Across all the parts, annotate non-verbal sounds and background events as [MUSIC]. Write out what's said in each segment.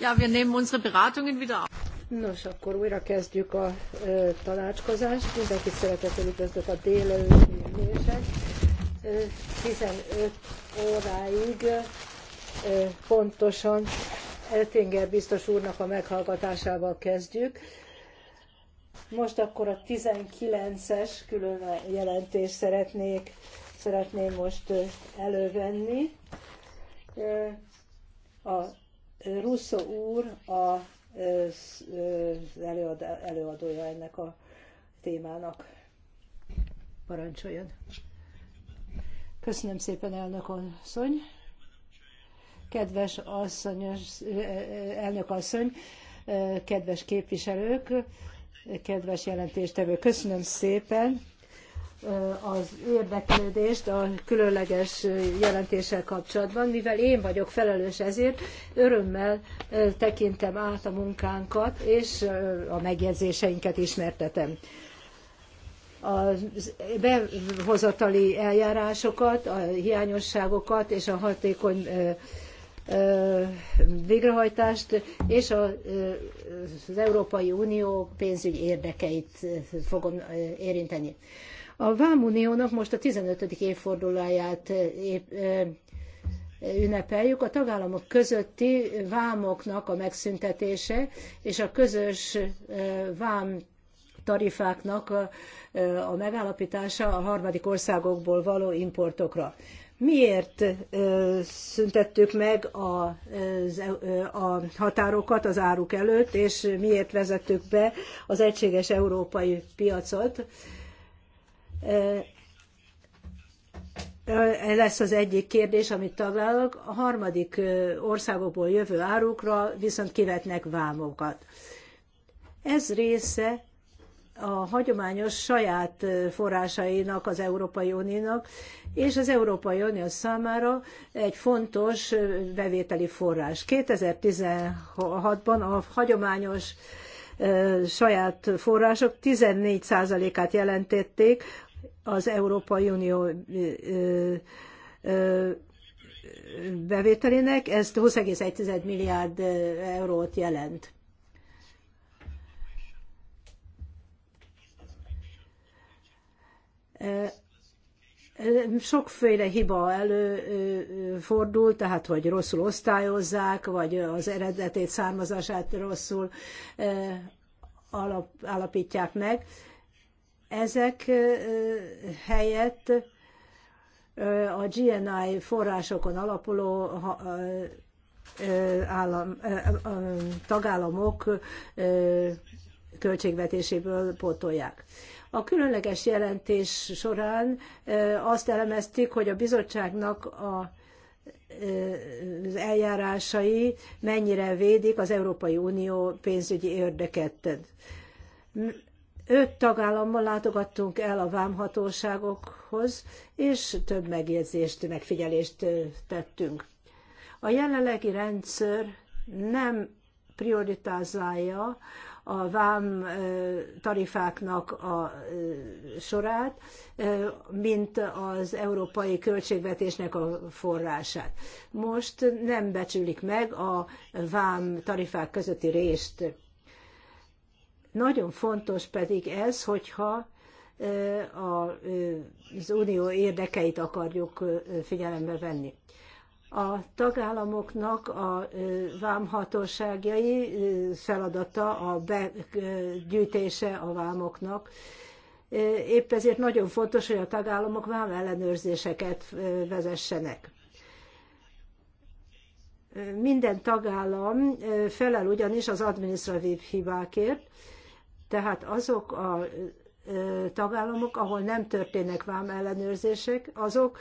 Ja, wir nehmen unsere Beratungen wieder auf. Nos, akkor újra kezdjük a ö, tanácskozást. Mindenkit szeretettel üdvözlök a délelőtti ülésen. 15 óráig ö, pontosan Eltinger biztos úrnak a meghallgatásával kezdjük. Most akkor a 19-es külön jelentést szeretnék, szeretném most elővenni. A Russo úr az előadója ennek a témának. Parancsoljon. Köszönöm szépen, elnök asszony. Kedves asszony, elnök asszony, kedves képviselők, kedves jelentéstevő, köszönöm szépen az érdeklődést a különleges jelentéssel kapcsolatban. Mivel én vagyok felelős ezért, örömmel tekintem át a munkánkat, és a megjegyzéseinket ismertetem. A behozatali eljárásokat, a hiányosságokat és a hatékony végrehajtást, és az Európai Unió pénzügyi érdekeit fogom érinteni. A Vámuniónak most a 15. évfordulóját eh, eh, ünnepeljük, a tagállamok közötti vámoknak a megszüntetése és a közös eh, vám tarifáknak a megállapítása a harmadik országokból való importokra. Miért szüntettük meg a, a határokat az áruk előtt, és miért vezettük be az egységes európai piacot? lesz az egyik kérdés, amit taglalok. A harmadik országokból jövő árukra viszont kivetnek vámokat. Ez része a hagyományos saját forrásainak az Európai Uniónak, és az Európai Unió számára egy fontos bevételi forrás. 2016-ban a hagyományos saját források 14%-át jelentették az Európai Unió bevételének, ez 20,1 milliárd eurót jelent. Sokféle hiba előfordul, tehát hogy rosszul osztályozzák, vagy az eredetét, származását rosszul alapítják meg ezek helyett a GNI forrásokon alapuló állam, tagállamok költségvetéséből pótolják. A különleges jelentés során azt elemeztük, hogy a bizottságnak a az eljárásai mennyire védik az Európai Unió pénzügyi érdeket. Öt tagállammal látogattunk el a vámhatóságokhoz, és több megjegyzést, megfigyelést tettünk. A jelenlegi rendszer nem prioritizálja a vám tarifáknak a sorát, mint az európai költségvetésnek a forrását. Most nem becsülik meg a vám tarifák közötti részt nagyon fontos pedig ez, hogyha az unió érdekeit akarjuk figyelembe venni. A tagállamoknak a vámhatóságjai feladata a begyűjtése a vámoknak. Épp ezért nagyon fontos, hogy a tagállamok vám ellenőrzéseket vezessenek minden tagállam felel ugyanis az adminisztratív hibákért, tehát azok a tagállamok, ahol nem történnek vám ellenőrzések, azok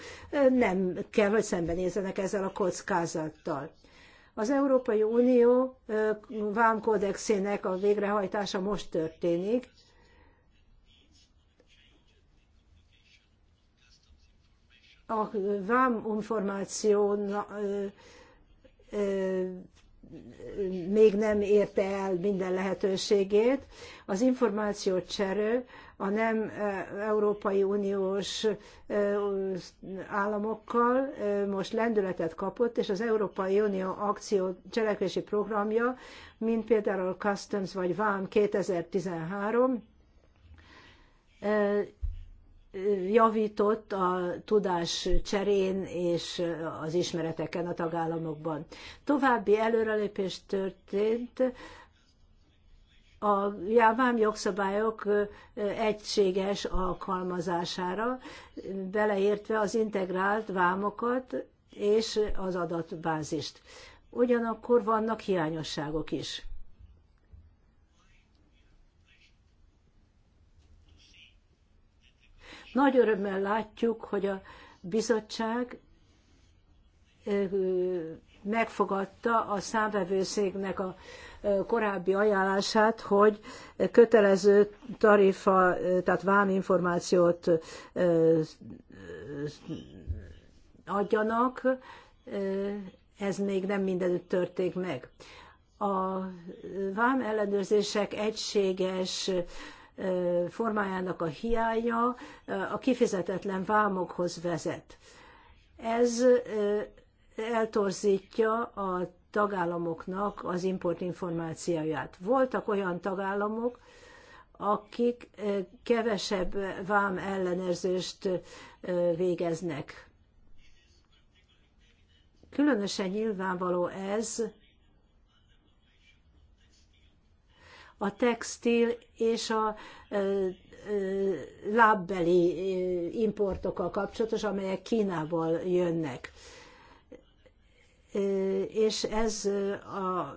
nem kell, hogy szembenézzenek ezzel a kockázattal. Az Európai Unió vámkódexének a végrehajtása most történik, a vám információ még nem érte el minden lehetőségét. Az cserő a nem Európai Uniós államokkal most lendületet kapott, és az Európai Unió akció cselekvési programja, mint például a Customs vagy VAM 2013, javított a tudás cserén és az ismereteken a tagállamokban. További előrelépés történt, a jávám jogszabályok egységes alkalmazására, beleértve az integrált vámokat és az adatbázist. Ugyanakkor vannak hiányosságok is. Nagy örömmel látjuk, hogy a bizottság megfogadta a számvevőszéknek a korábbi ajánlását, hogy kötelező tarifa, tehát váminformációt adjanak, ez még nem mindenütt történt meg. A vám ellenőrzések egységes formájának a hiánya a kifizetetlen vámokhoz vezet. Ez eltorzítja a tagállamoknak az importinformációját. Voltak olyan tagállamok, akik kevesebb vám ellenőrzést végeznek. Különösen nyilvánvaló ez a textil és a lábbeli importokkal kapcsolatos, amelyek Kínából jönnek. És ez a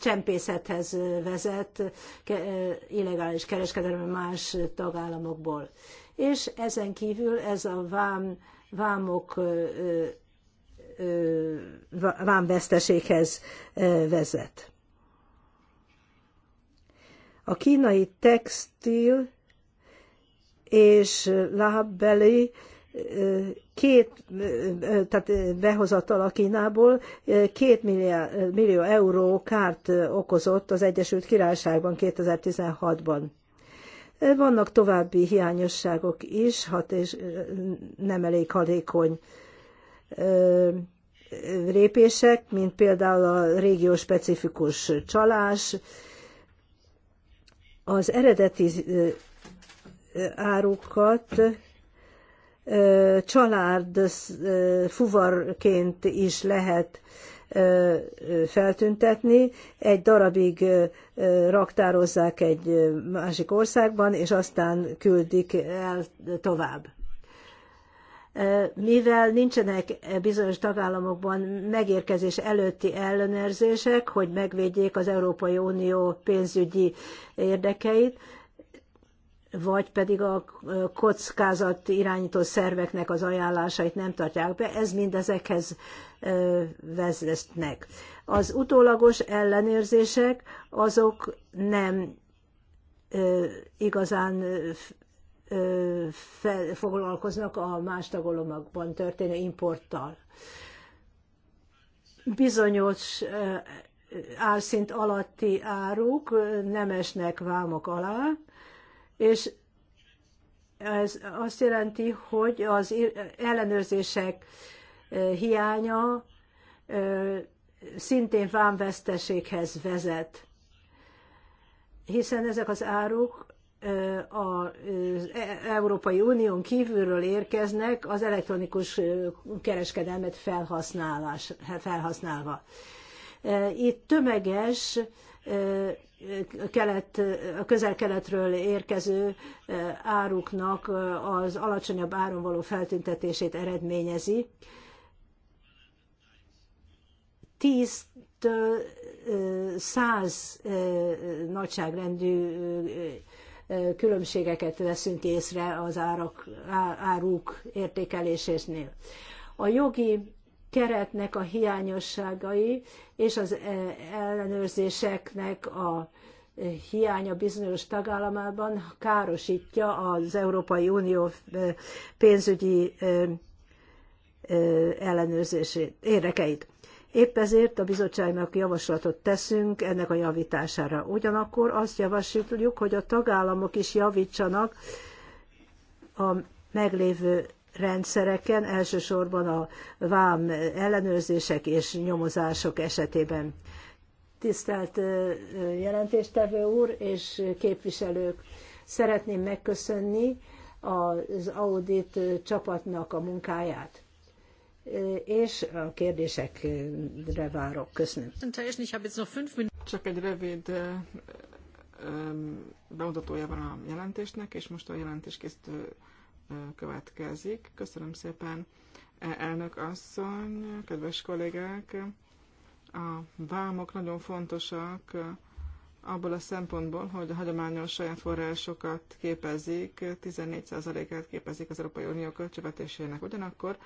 csempészethez vezet illegális kereskedelme más tagállamokból. És ezen kívül ez a vám, vámok vámveszteséghez vezet. A kínai textil és lábbeli két, tehát behozatal a Kínából két millió, millió euró kárt okozott az Egyesült Királyságban 2016-ban. Vannak további hiányosságok is, hat és nem elég hatékony répések, mint például a régió specifikus csalás, az eredeti árukat család fuvarként is lehet feltüntetni, egy darabig raktározzák egy másik országban, és aztán küldik el tovább mivel nincsenek bizonyos tagállamokban megérkezés előtti ellenőrzések, hogy megvédjék az Európai Unió pénzügyi érdekeit, vagy pedig a kockázat irányító szerveknek az ajánlásait nem tartják be, ez mindezekhez vezetnek. Az utólagos ellenőrzések azok nem igazán fel, foglalkoznak a más tagolomokban történő importtal. Bizonyos árszint alatti áruk nem esnek vámok alá, és ez azt jelenti, hogy az ellenőrzések hiánya szintén vámveszteséghez vezet, hiszen ezek az áruk az e, Európai Unión kívülről érkeznek az elektronikus kereskedelmet felhasználás, felhasználva. Itt tömeges kelet, a közel-keletről érkező áruknak az alacsonyabb áron való feltüntetését eredményezi. 10-től 100 nagyságrendű különbségeket veszünk észre az árak, áruk értékelésénél. A jogi keretnek a hiányosságai és az ellenőrzéseknek a hiánya bizonyos tagállamában károsítja az Európai Unió pénzügyi ellenőrzését, érdekeit. Épp ezért a bizottságnak javaslatot teszünk ennek a javítására. Ugyanakkor azt javasoljuk, hogy a tagállamok is javítsanak a meglévő rendszereken, elsősorban a vám ellenőrzések és nyomozások esetében. Tisztelt jelentéstevő úr és képviselők, szeretném megköszönni az audit csapatnak a munkáját és a kérdésekre várok. Köszönöm. Csak egy rövid bemutatója van a jelentésnek, és most a jelentéskészítő következik. Köszönöm szépen, elnök asszony, kedves kollégák! A vámok nagyon fontosak abból a szempontból, hogy a hagyományos saját forrásokat képezik, 14%-át képezik az Európai Unió költségvetésének. Ugyanakkor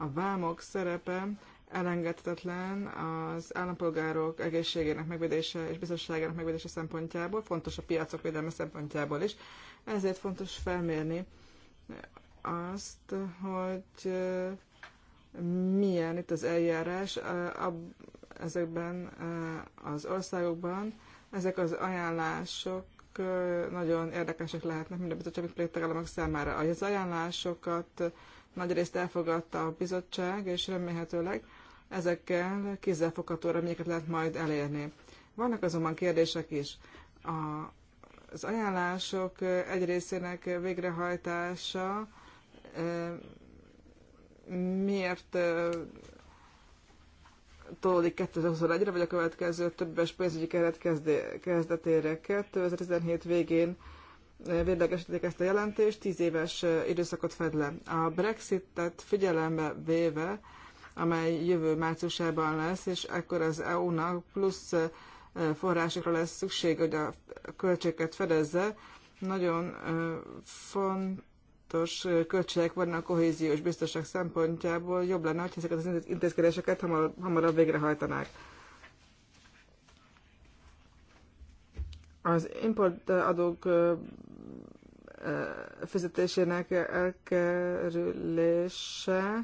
a vámok szerepe elengedhetetlen az állampolgárok egészségének megvédése és biztonságának megvédése szempontjából, fontos a piacok védelme szempontjából is. Ezért fontos felmérni azt, hogy eh, milyen itt az eljárás eh, ezekben eh, az országokban. Ezek az ajánlások nagyon érdekesek lehetnek mind a bizottsági tagállamok számára. Az ajánlásokat nagy részt elfogadta a bizottság, és remélhetőleg ezekkel kézzelfogható reményeket lehet majd elérni. Vannak azonban kérdések is. A, az ajánlások egy részének végrehajtása miért tolódik 2021-re, vagy a következő többes pénzügyi keret kezdetére. 2017 végén véglegesítik ezt a jelentést, tíz éves időszakot fed le. A Brexitet figyelembe véve, amely jövő márciusában lesz, és ekkor az EU-nak plusz forrásokra lesz szükség, hogy a költséget fedezze, nagyon fontos költségek vannak a kohéziós biztonság szempontjából, jobb lenne, ha ezeket az intézkedéseket hamar, hamarabb végrehajtanák. Az importadók fizetésének elkerülése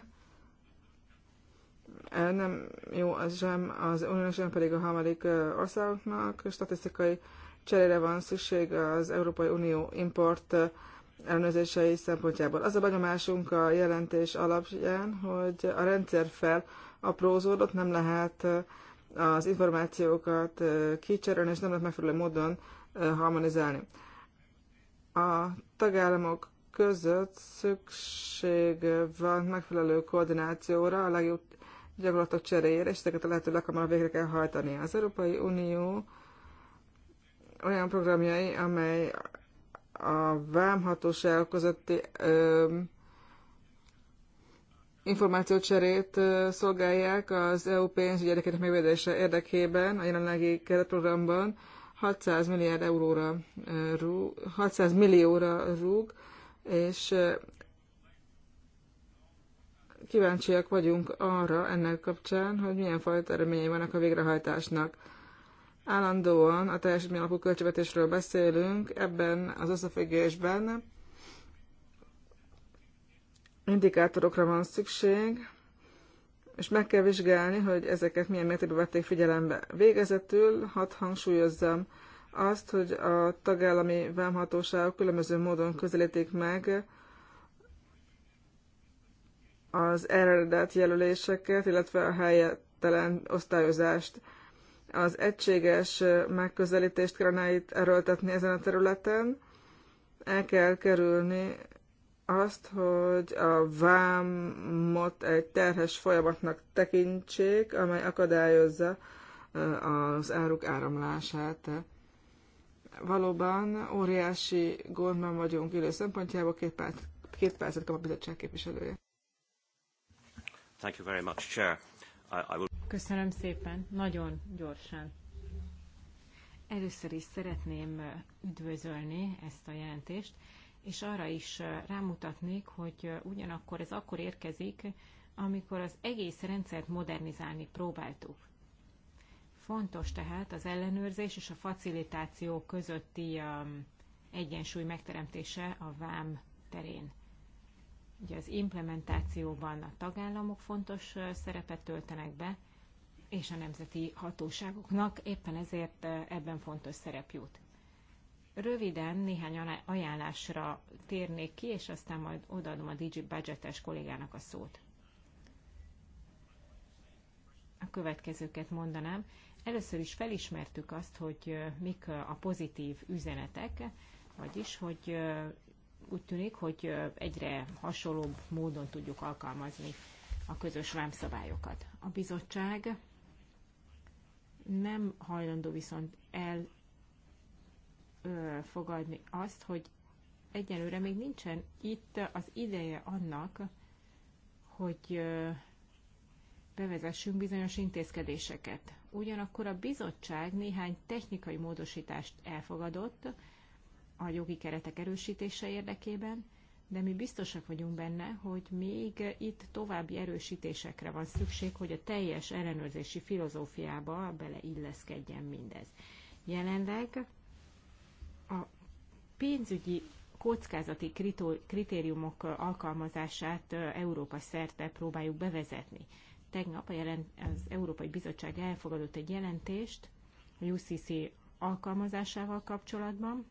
nem jó az sem az uniós, sem pedig a harmadik országoknak. Statisztikai cserére van szükség az Európai Unió import ellenőrzései szempontjából. Az a benyomásunk a jelentés alapján, hogy a rendszer fel aprózódott, nem lehet az információkat kicserélni, és nem lehet megfelelő módon harmonizálni. A tagállamok között szükség van megfelelő koordinációra, a legjobb gyakorlatok cseréjére, és ezeket a lehető leghamarabb végre kell hajtani. Az Európai Unió olyan programjai, amely a vámhatóság közötti ö, információcserét szolgálják az EU pénzügyi érdekének megvédése érdekében a jelenlegi keretprogramban 600 milliárd euróra rúg, 600 millióra rúg, és kíváncsiak vagyunk arra ennek kapcsán, hogy milyen fajta eredményei vannak a végrehajtásnak. Állandóan a teljesítmény alapú költségvetésről beszélünk, ebben az összefüggésben indikátorokra van szükség, és meg kell vizsgálni, hogy ezeket milyen mértékben vették figyelembe. Végezetül hadd hangsúlyozzam azt, hogy a tagállami vámhatóságok különböző módon közelítik meg az eredet jelöléseket, illetve a helyettelen osztályozást. Az egységes megközelítést kellene itt erőltetni ezen a területen, el kell kerülni azt, hogy a vámot egy terhes folyamatnak tekintsék, amely akadályozza az áruk áramlását. Valóban óriási gondban vagyunk idő szempontjából, két, perc, két percet kap a bizottság képviselője. Thank you very much, Chair. I, I will... Köszönöm szépen, nagyon gyorsan. Először is szeretném üdvözölni ezt a jelentést és arra is rámutatnék, hogy ugyanakkor ez akkor érkezik, amikor az egész rendszert modernizálni próbáltuk. Fontos tehát az ellenőrzés és a facilitáció közötti egyensúly megteremtése a vám terén. Ugye az implementációban a tagállamok fontos szerepet töltenek be, és a nemzeti hatóságoknak éppen ezért ebben fontos szerep jut. Röviden néhány ajánlásra térnék ki, és aztán majd odaadom a Digi Budgetes kollégának a szót. A következőket mondanám. Először is felismertük azt, hogy mik a pozitív üzenetek, vagyis, hogy úgy tűnik, hogy egyre hasonlóbb módon tudjuk alkalmazni a közös vámszabályokat. A bizottság nem hajlandó viszont el fogadni azt, hogy egyelőre még nincsen itt az ideje annak, hogy bevezessünk bizonyos intézkedéseket. Ugyanakkor a bizottság néhány technikai módosítást elfogadott a jogi keretek erősítése érdekében, de mi biztosak vagyunk benne, hogy még itt további erősítésekre van szükség, hogy a teljes ellenőrzési filozófiába beleilleszkedjen mindez. Jelenleg pénzügyi kockázati kritériumok alkalmazását Európa szerte próbáljuk bevezetni. Tegnap a az Európai Bizottság elfogadott egy jelentést a UCC alkalmazásával kapcsolatban,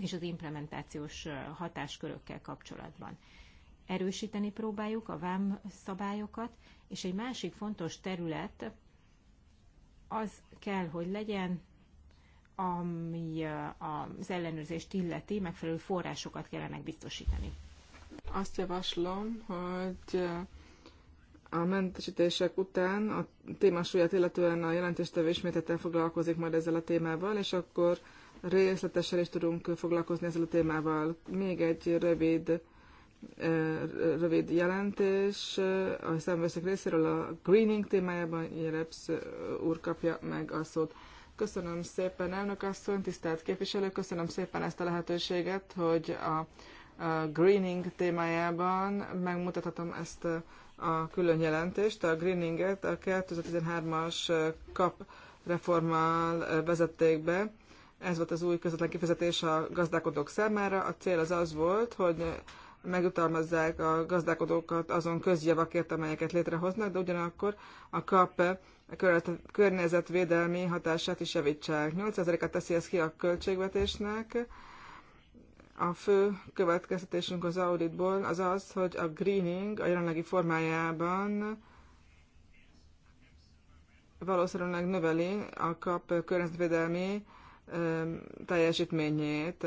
és az implementációs hatáskörökkel kapcsolatban. Erősíteni próbáljuk a vám szabályokat, és egy másik fontos terület az kell, hogy legyen ami az ellenőrzést illeti, megfelelő forrásokat kellene biztosítani. Azt javaslom, hogy a mentesítések után a témasúlyát illetően a jelentéstevő ismételten foglalkozik majd ezzel a témával, és akkor részletesen is tudunk foglalkozni ezzel a témával. Még egy rövid, rövid jelentés a szemveszek részéről a greening témájában, Jerebs úr kapja meg a szót. Köszönöm szépen, elnök asszony, tisztelt képviselő, köszönöm szépen ezt a lehetőséget, hogy a greening témájában megmutathatom ezt a külön jelentést. A greeninget a 2013-as kap reformmal vezették be. Ez volt az új közvetlen kifizetés a gazdálkodók számára. A cél az az volt, hogy megutalmazzák a gazdálkodókat azon közjavakért, amelyeket létrehoznak, de ugyanakkor a kap a környezetvédelmi hatását is javítsák. 8%-át teszi ez ki a költségvetésnek. A fő következtetésünk az auditból az az, hogy a greening a jelenlegi formájában valószínűleg növeli a kap környezetvédelmi teljesítményét.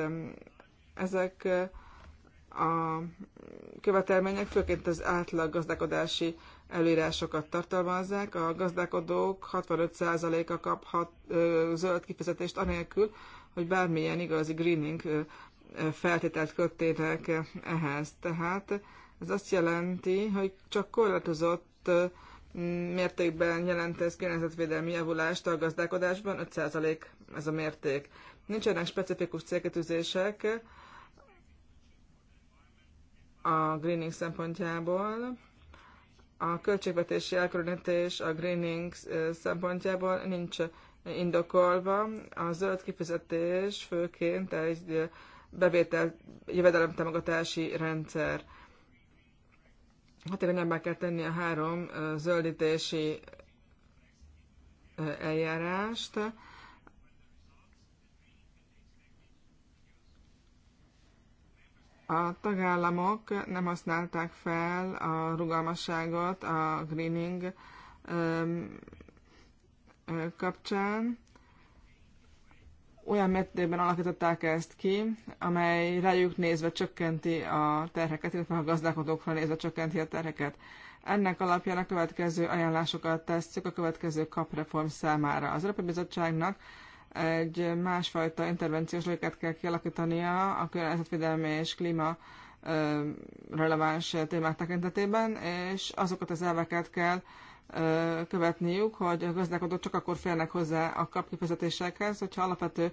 Ezek a követelmények főként az átlag gazdálkodási előírásokat tartalmazzák. A gazdálkodók 65%-a kaphat ö, zöld kifizetést anélkül, hogy bármilyen igazi greening ö, feltételt köttének ehhez. Tehát ez azt jelenti, hogy csak korlátozott mértékben jelent környezetvédelmi javulást a gazdálkodásban, 5% ez a mérték. Nincsenek specifikus célkötőzések a greening szempontjából, a költségvetési elkülönítés a greening eh, szempontjából nincs indokolva. A zöld kifizetés főként egy eh, bevétel jövedelemtámogatási rendszer. Hatékonyabbá kell tenni a három eh, zöldítési eljárást. A tagállamok nem használták fel a rugalmasságot a greening kapcsán. Olyan mértékben alakították ezt ki, amely rájuk nézve csökkenti a terheket, illetve a gazdálkodókra nézve csökkenti a terheket. Ennek alapján a következő ajánlásokat tesszük a következő kapreform számára. Az Európai Bizottságnak egy másfajta intervenciós logikát kell kialakítania a környezetvédelmi és klíma releváns témák tekintetében, és azokat az elveket kell követniük, hogy a gazdálkodók csak akkor férnek hozzá a kapkifizetésekhez, hogyha alapvető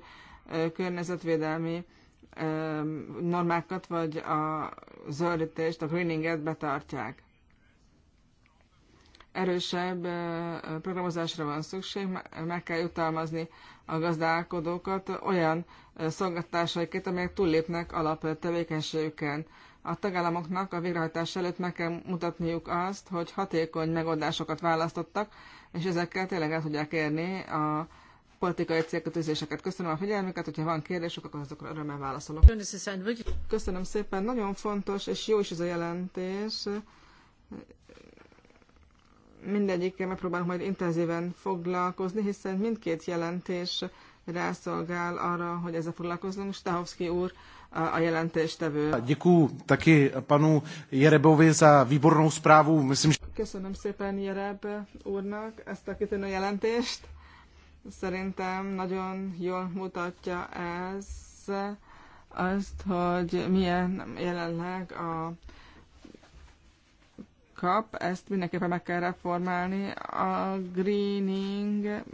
környezetvédelmi normákat, vagy a zöldítést, a greeninget betartják erősebb programozásra van szükség, meg kell jutalmazni a gazdálkodókat olyan szolgáltatásaikért, amelyek túllépnek alaptevékenységüken. A tagállamoknak a végrehajtás előtt meg kell mutatniuk azt, hogy hatékony megoldásokat választottak, és ezekkel tényleg el tudják érni a politikai célkötőzéseket. Köszönöm a figyelmüket, hogyha van kérdésük, akkor azokra örömmel válaszolok. Köszönöm szépen, nagyon fontos és jó is ez a jelentés mindegyikkel megpróbálunk majd intenzíven foglalkozni, hiszen mindkét jelentés rászolgál arra, hogy ezzel foglalkozunk. Stahovski úr a jelentéstevő. Děkuji taky panu Jerebovi za výbornou zprávu. Myslím, že... Köszönöm szépen Jereb úrnak ezt a kitűnő jelentést. Szerintem nagyon jól mutatja ez azt, hogy milyen jelenleg a kap, ezt mindenképpen meg kell reformálni. A greening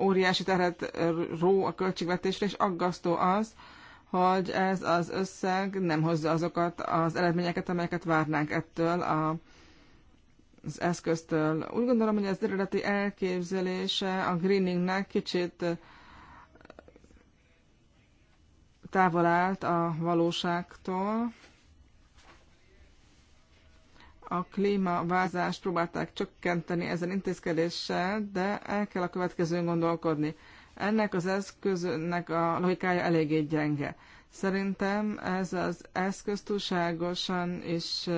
óriási terhet ró a költségvetésre, és aggasztó az, hogy ez az összeg nem hozza azokat az eredményeket, amelyeket várnánk ettől a, az eszköztől. Úgy gondolom, hogy az eredeti elképzelése a greeningnek kicsit távol állt a valóságtól a klímavázást próbálták csökkenteni ezen intézkedéssel, de el kell a következőn gondolkodni. Ennek az eszköznek a logikája eléggé gyenge. Szerintem ez az eszköz túlságosan és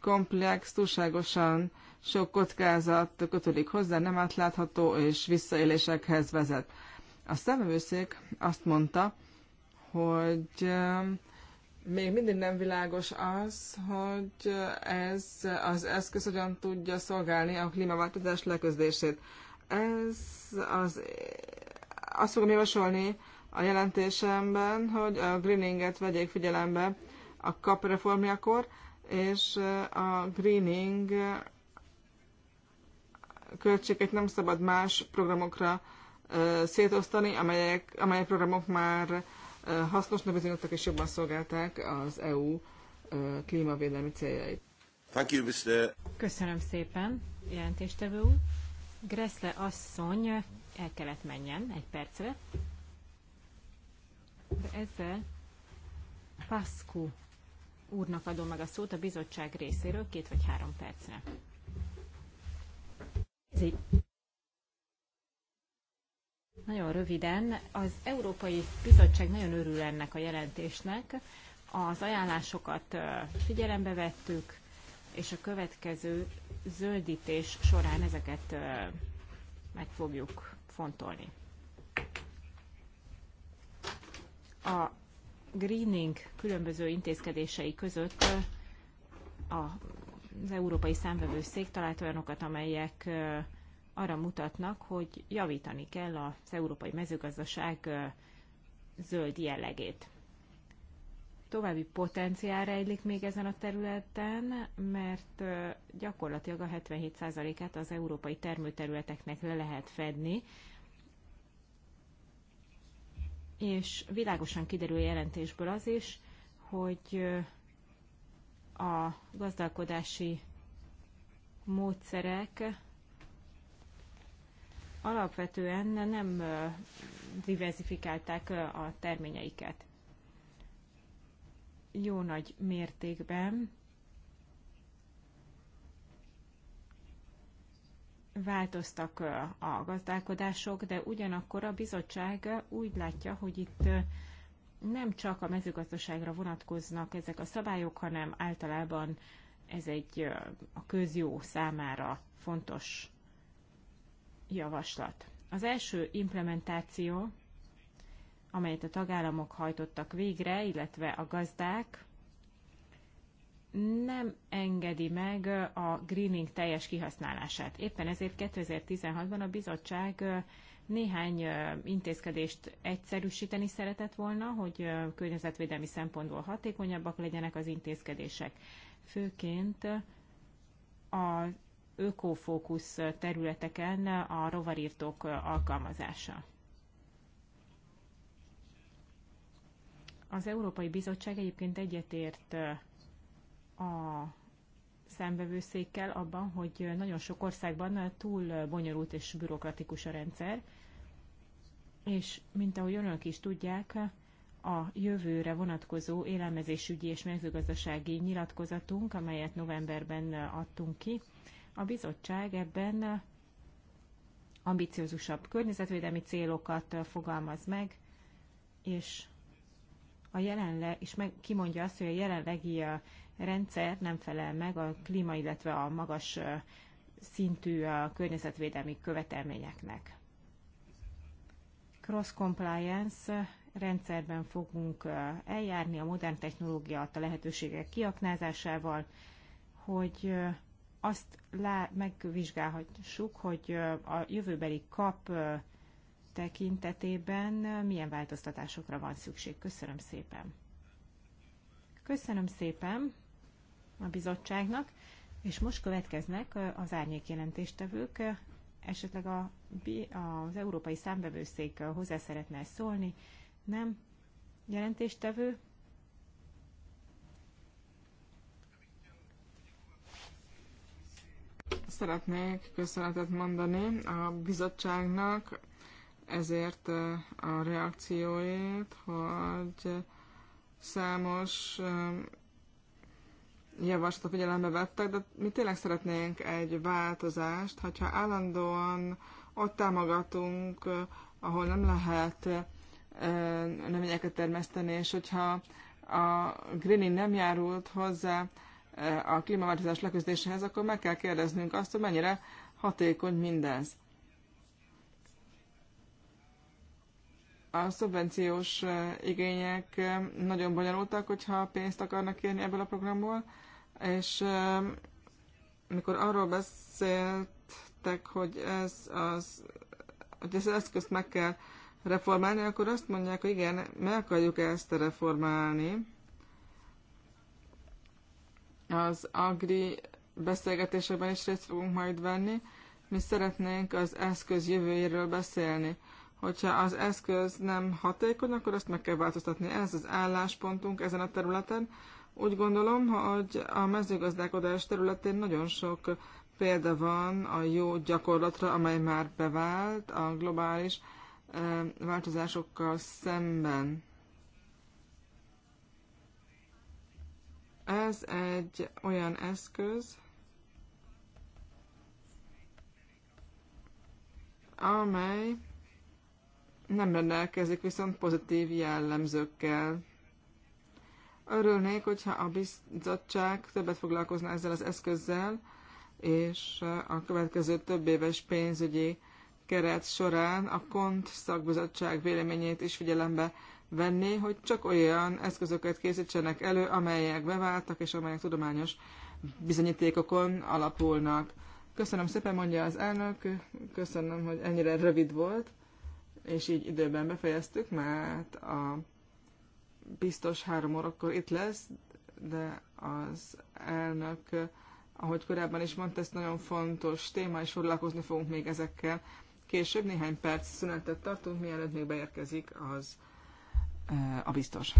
komplex, túlságosan sok kockázat kötődik hozzá, nem átlátható és visszaélésekhez vezet. A szemövőszék azt mondta, hogy még mindig nem világos az, hogy ez az eszköz hogyan tudja szolgálni a klímaváltozás leközdését. Ez az, azt fogom javasolni a jelentésemben, hogy a greeninget vegyék figyelembe a kap reformjakor, és a greening költséget nem szabad más programokra szétosztani, amelyek, amely programok már hasznosnak bizonyultak és jobban szolgálták az EU klímavédelmi céljait. Thank you, Mr. Köszönöm szépen, jelentéstevő úr. Gressle asszony el kellett menjen egy percre. De ezzel Pascu úrnak adom meg a szót a bizottság részéről két vagy három percre. Ez egy nagyon röviden, az Európai Bizottság nagyon örül ennek a jelentésnek. Az ajánlásokat figyelembe vettük, és a következő zöldítés során ezeket meg fogjuk fontolni. A greening különböző intézkedései között az Európai Számvevőszék talált olyanokat, amelyek arra mutatnak, hogy javítani kell az európai mezőgazdaság zöld jellegét. További potenciál rejlik még ezen a területen, mert gyakorlatilag a 77%-át az európai termőterületeknek le lehet fedni, és világosan kiderül jelentésből az is, hogy a gazdálkodási módszerek alapvetően nem diversifikálták a terményeiket. Jó nagy mértékben változtak a gazdálkodások, de ugyanakkor a bizottság úgy látja, hogy itt nem csak a mezőgazdaságra vonatkoznak ezek a szabályok, hanem általában ez egy a közjó számára fontos javaslat. Az első implementáció, amelyet a tagállamok hajtottak végre, illetve a gazdák, nem engedi meg a greening teljes kihasználását. Éppen ezért 2016-ban a bizottság néhány intézkedést egyszerűsíteni szeretett volna, hogy környezetvédelmi szempontból hatékonyabbak legyenek az intézkedések. Főként a ökofókusz területeken a rovarírtók alkalmazása. Az Európai Bizottság egyébként egyetért a szembevőszékkel abban, hogy nagyon sok országban túl bonyolult és bürokratikus a rendszer, és mint ahogy önök is tudják, a jövőre vonatkozó élelmezésügyi és mezőgazdasági nyilatkozatunk, amelyet novemberben adtunk ki, a bizottság ebben eh, ambiciózusabb környezetvédelmi célokat eh, fogalmaz meg, és a jelenleg, és meg kimondja azt, hogy a jelenlegi eh, rendszer nem felel meg a klíma, illetve a magas szintű környezetvédelmi követelményeknek. Cross compliance rendszerben fogunk eljárni a modern technológia a lehetőségek kiaknázásával, hogy azt le megvizsgálhatjuk, hogy a jövőbeli kap tekintetében milyen változtatásokra van szükség. Köszönöm szépen. Köszönöm szépen a bizottságnak, és most következnek az árnyékjelentéstevők. Esetleg a, az Európai Számbevőszék hozzá szeretne szólni, nem? Jelentéstevő, Szeretnék köszönetet mondani a bizottságnak ezért a reakcióért, hogy számos javaslatot figyelembe vettek, de mi tényleg szeretnénk egy változást, hogyha állandóan ott támogatunk, ahol nem lehet növényeket termeszteni, és hogyha a greening nem járult hozzá a klímaváltozás leküzdéséhez, akkor meg kell kérdeznünk azt, hogy mennyire hatékony mindez. A szubvenciós igények nagyon bonyolultak, hogyha pénzt akarnak kérni ebből a programból, és mikor arról beszéltek, hogy ez az, hogy ezt az eszközt meg kell reformálni, akkor azt mondják, hogy igen, meg akarjuk ezt reformálni, az agri beszélgetésekben is részt fogunk majd venni. Mi szeretnénk az eszköz jövőjéről beszélni. Hogyha az eszköz nem hatékony, akkor azt meg kell változtatni. Ez az álláspontunk ezen a területen. Úgy gondolom, hogy a mezőgazdálkodás területén nagyon sok példa van a jó gyakorlatra, amely már bevált a globális eh, változásokkal szemben. Ez egy olyan eszköz, amely nem rendelkezik viszont pozitív jellemzőkkel. Örülnék, hogyha a bizottság többet foglalkozna ezzel az eszközzel, és a következő több éves pénzügyi keret során a KONT szakbizottság véleményét is figyelembe venni, hogy csak olyan eszközöket készítsenek elő, amelyek beváltak és amelyek tudományos bizonyítékokon alapulnak. Köszönöm szépen, mondja az elnök, köszönöm, hogy ennyire rövid volt, és így időben befejeztük, mert a biztos három órakor itt lesz, de az elnök, ahogy korábban is mondta, ez nagyon fontos téma, és foglalkozni fogunk még ezekkel. Később néhány perc szünetet tartunk, mielőtt még beérkezik az a biztos.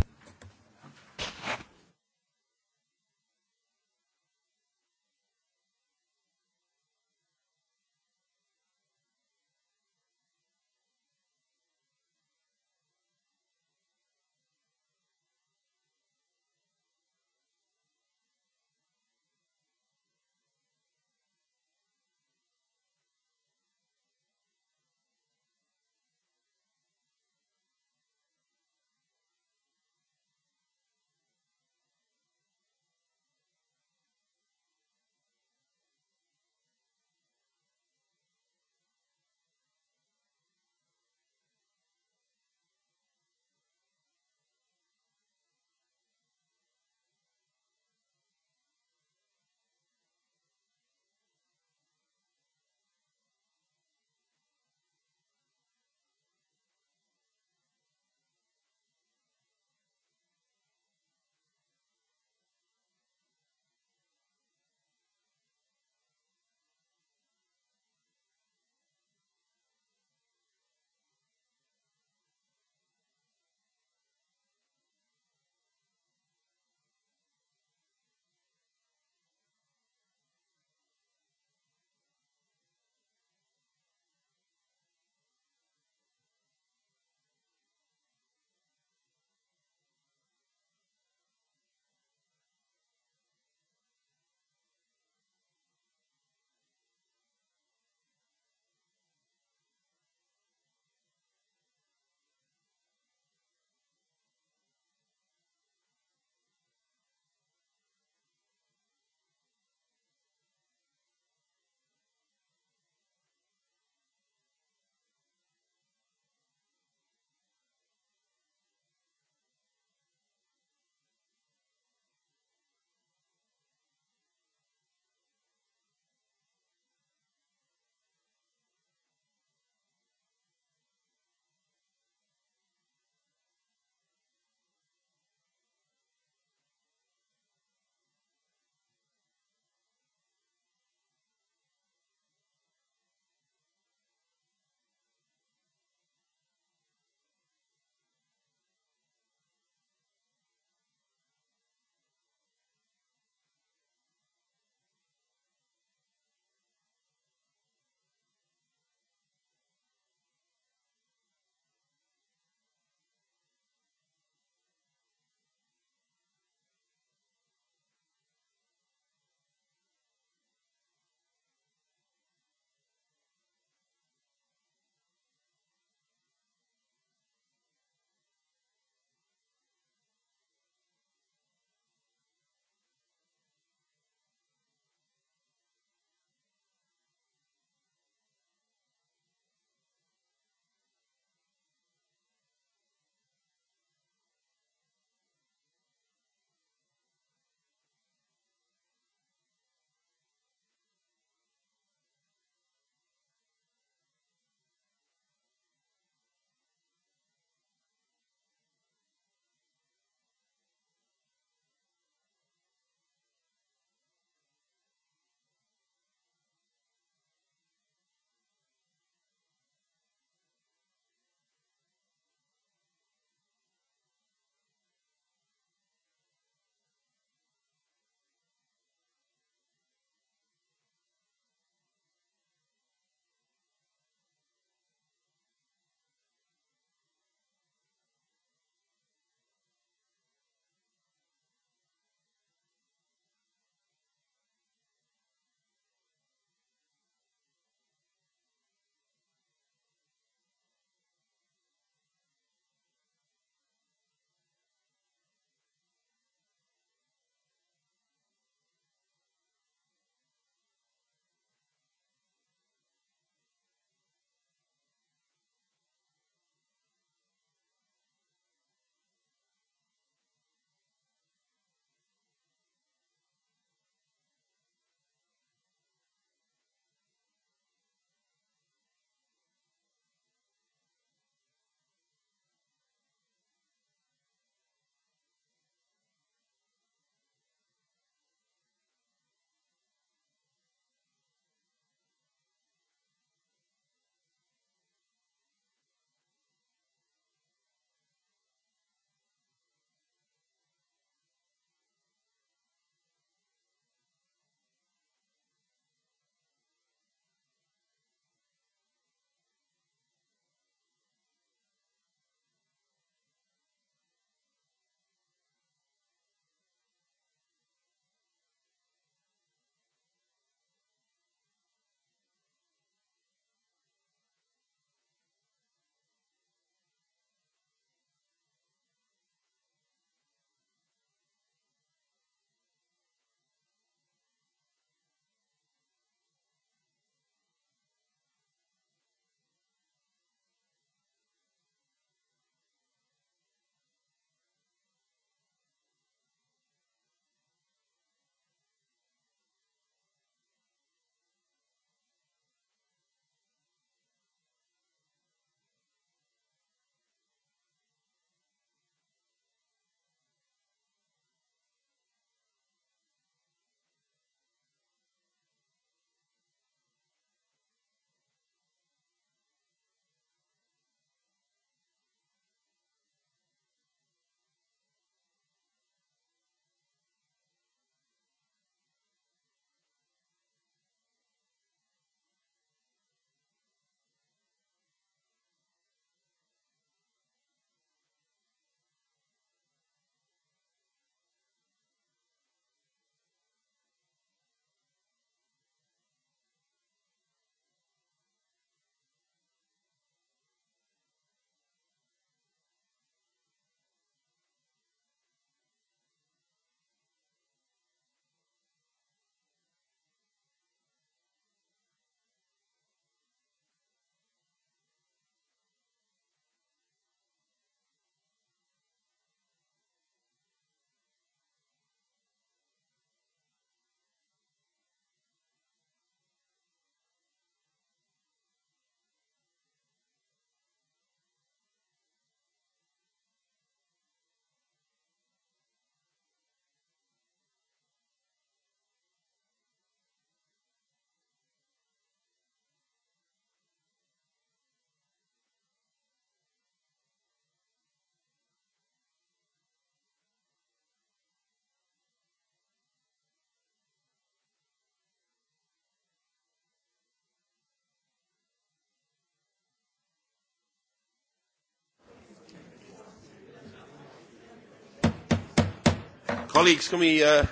Colleagues, can we uh,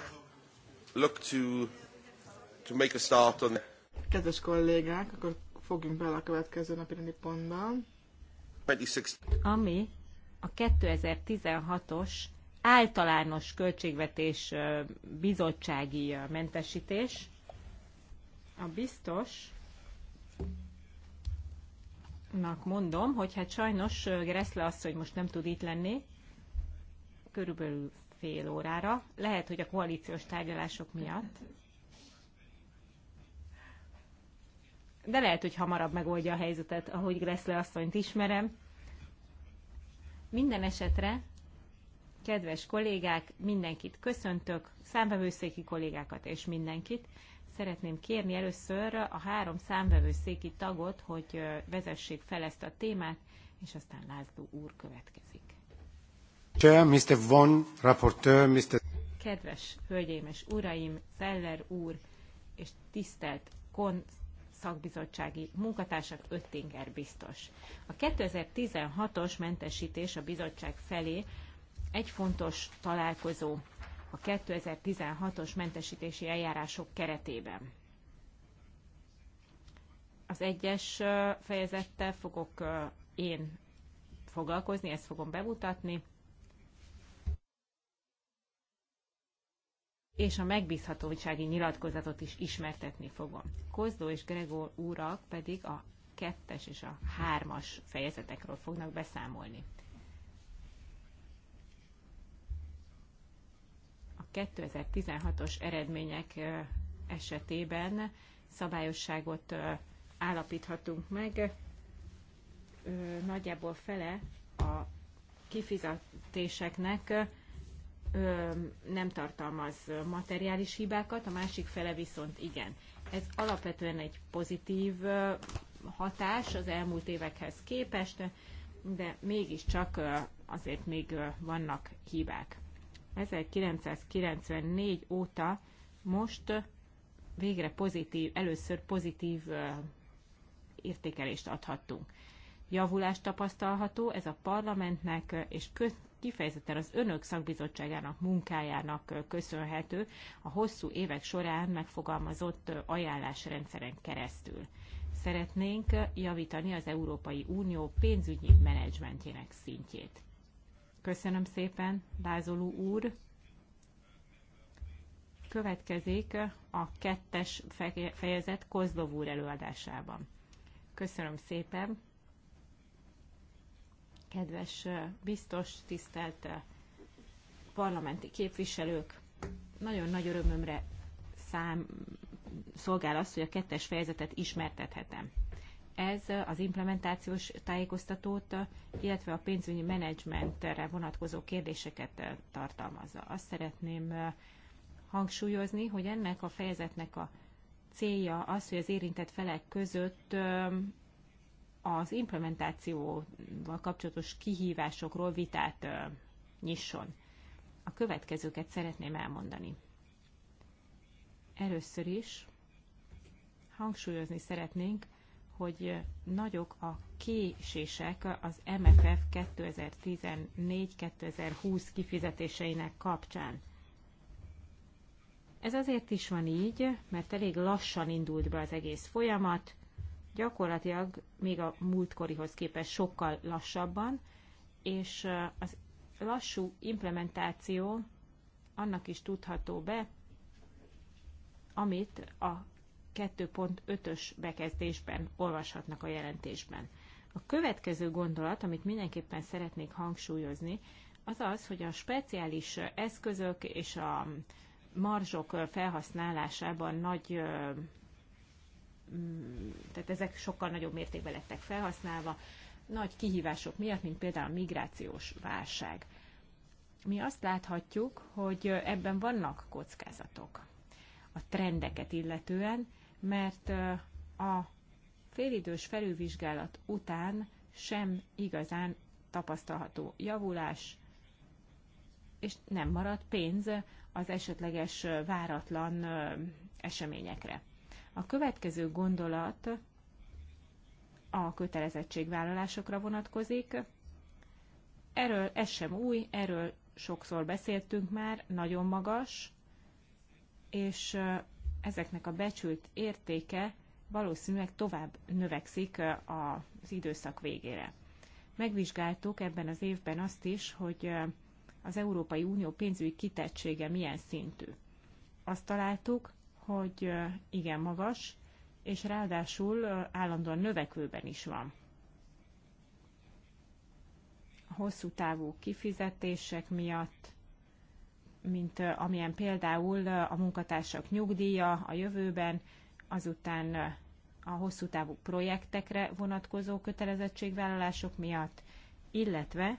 look to, to make a start on... Kedves kollégák, akkor fogjunk bele a következő napi rendi pontba. Ami a 2016-os általános költségvetés bizottsági mentesítés. A biztos mondom, hogy hát sajnos Greszle azt, hogy most nem tud itt lenni, körülbelül fél órára. Lehet, hogy a koalíciós tárgyalások miatt. De lehet, hogy hamarabb megoldja a helyzetet, ahogy le asszonyt ismerem. Minden esetre, kedves kollégák, mindenkit köszöntök, számvevőszéki kollégákat és mindenkit. Szeretném kérni először a három számvevőszéki tagot, hogy vezessék fel ezt a témát, és aztán László úr következik. Kedves hölgyeim és uraim, Zeller úr és tisztelt kon szakbizottsági munkatársak Öttinger biztos. A 2016-os mentesítés a bizottság felé egy fontos találkozó a 2016-os mentesítési eljárások keretében. Az egyes fejezettel fogok én foglalkozni, ezt fogom bemutatni. és a megbízhatósági nyilatkozatot is ismertetni fogom. Kozdó és Gregor úrak pedig a kettes és a hármas fejezetekről fognak beszámolni. A 2016-os eredmények esetében szabályosságot állapíthatunk meg. Nagyjából fele a kifizetéseknek nem tartalmaz materiális hibákat, a másik fele viszont igen. Ez alapvetően egy pozitív hatás az elmúlt évekhez képest, de mégiscsak azért még vannak hibák. 1994 óta most végre pozitív, először pozitív értékelést adhattunk. Javulás tapasztalható, ez a parlamentnek és kifejezetten az önök szakbizottságának munkájának köszönhető a hosszú évek során megfogalmazott ajánlásrendszeren keresztül. Szeretnénk javítani az Európai Unió pénzügyi menedzsmentjének szintjét. Köszönöm szépen, Bázolú úr! Következik a kettes fejezet Kozlov úr előadásában. Köszönöm szépen! kedves biztos, tisztelt parlamenti képviselők! Nagyon nagy örömömre szám, szolgál az, hogy a kettes fejezetet ismertethetem. Ez az implementációs tájékoztatót, illetve a pénzügyi menedzsmentre vonatkozó kérdéseket tartalmazza. Azt szeretném hangsúlyozni, hogy ennek a fejezetnek a célja az, hogy az érintett felek között az implementációval kapcsolatos kihívásokról vitát nyisson. A következőket szeretném elmondani. Először is hangsúlyozni szeretnénk, hogy nagyok a késések az MFF 2014-2020 kifizetéseinek kapcsán. Ez azért is van így, mert elég lassan indult be az egész folyamat, gyakorlatilag még a múltkorihoz képest sokkal lassabban, és az lassú implementáció annak is tudható be, amit a 2.5-ös bekezdésben olvashatnak a jelentésben. A következő gondolat, amit mindenképpen szeretnék hangsúlyozni, az az, hogy a speciális eszközök és a marzsok felhasználásában nagy Mm, tehát ezek sokkal nagyobb mértékben lettek felhasználva, nagy kihívások miatt, mint például a migrációs válság. Mi azt láthatjuk, hogy ebben vannak kockázatok a trendeket illetően, mert a félidős felülvizsgálat után sem igazán tapasztalható javulás, és nem marad pénz az esetleges váratlan eseményekre. A következő gondolat a kötelezettségvállalásokra vonatkozik. Erről ez sem új, erről sokszor beszéltünk már, nagyon magas, és ezeknek a becsült értéke valószínűleg tovább növekszik az időszak végére. Megvizsgáltuk ebben az évben azt is, hogy az Európai Unió pénzügyi kitettsége milyen szintű. Azt találtuk, hogy igen magas, és ráadásul állandóan növekvőben is van. A hosszú távú kifizetések miatt, mint amilyen például a munkatársak nyugdíja a jövőben, azután a hosszú távú projektekre vonatkozó kötelezettségvállalások miatt, illetve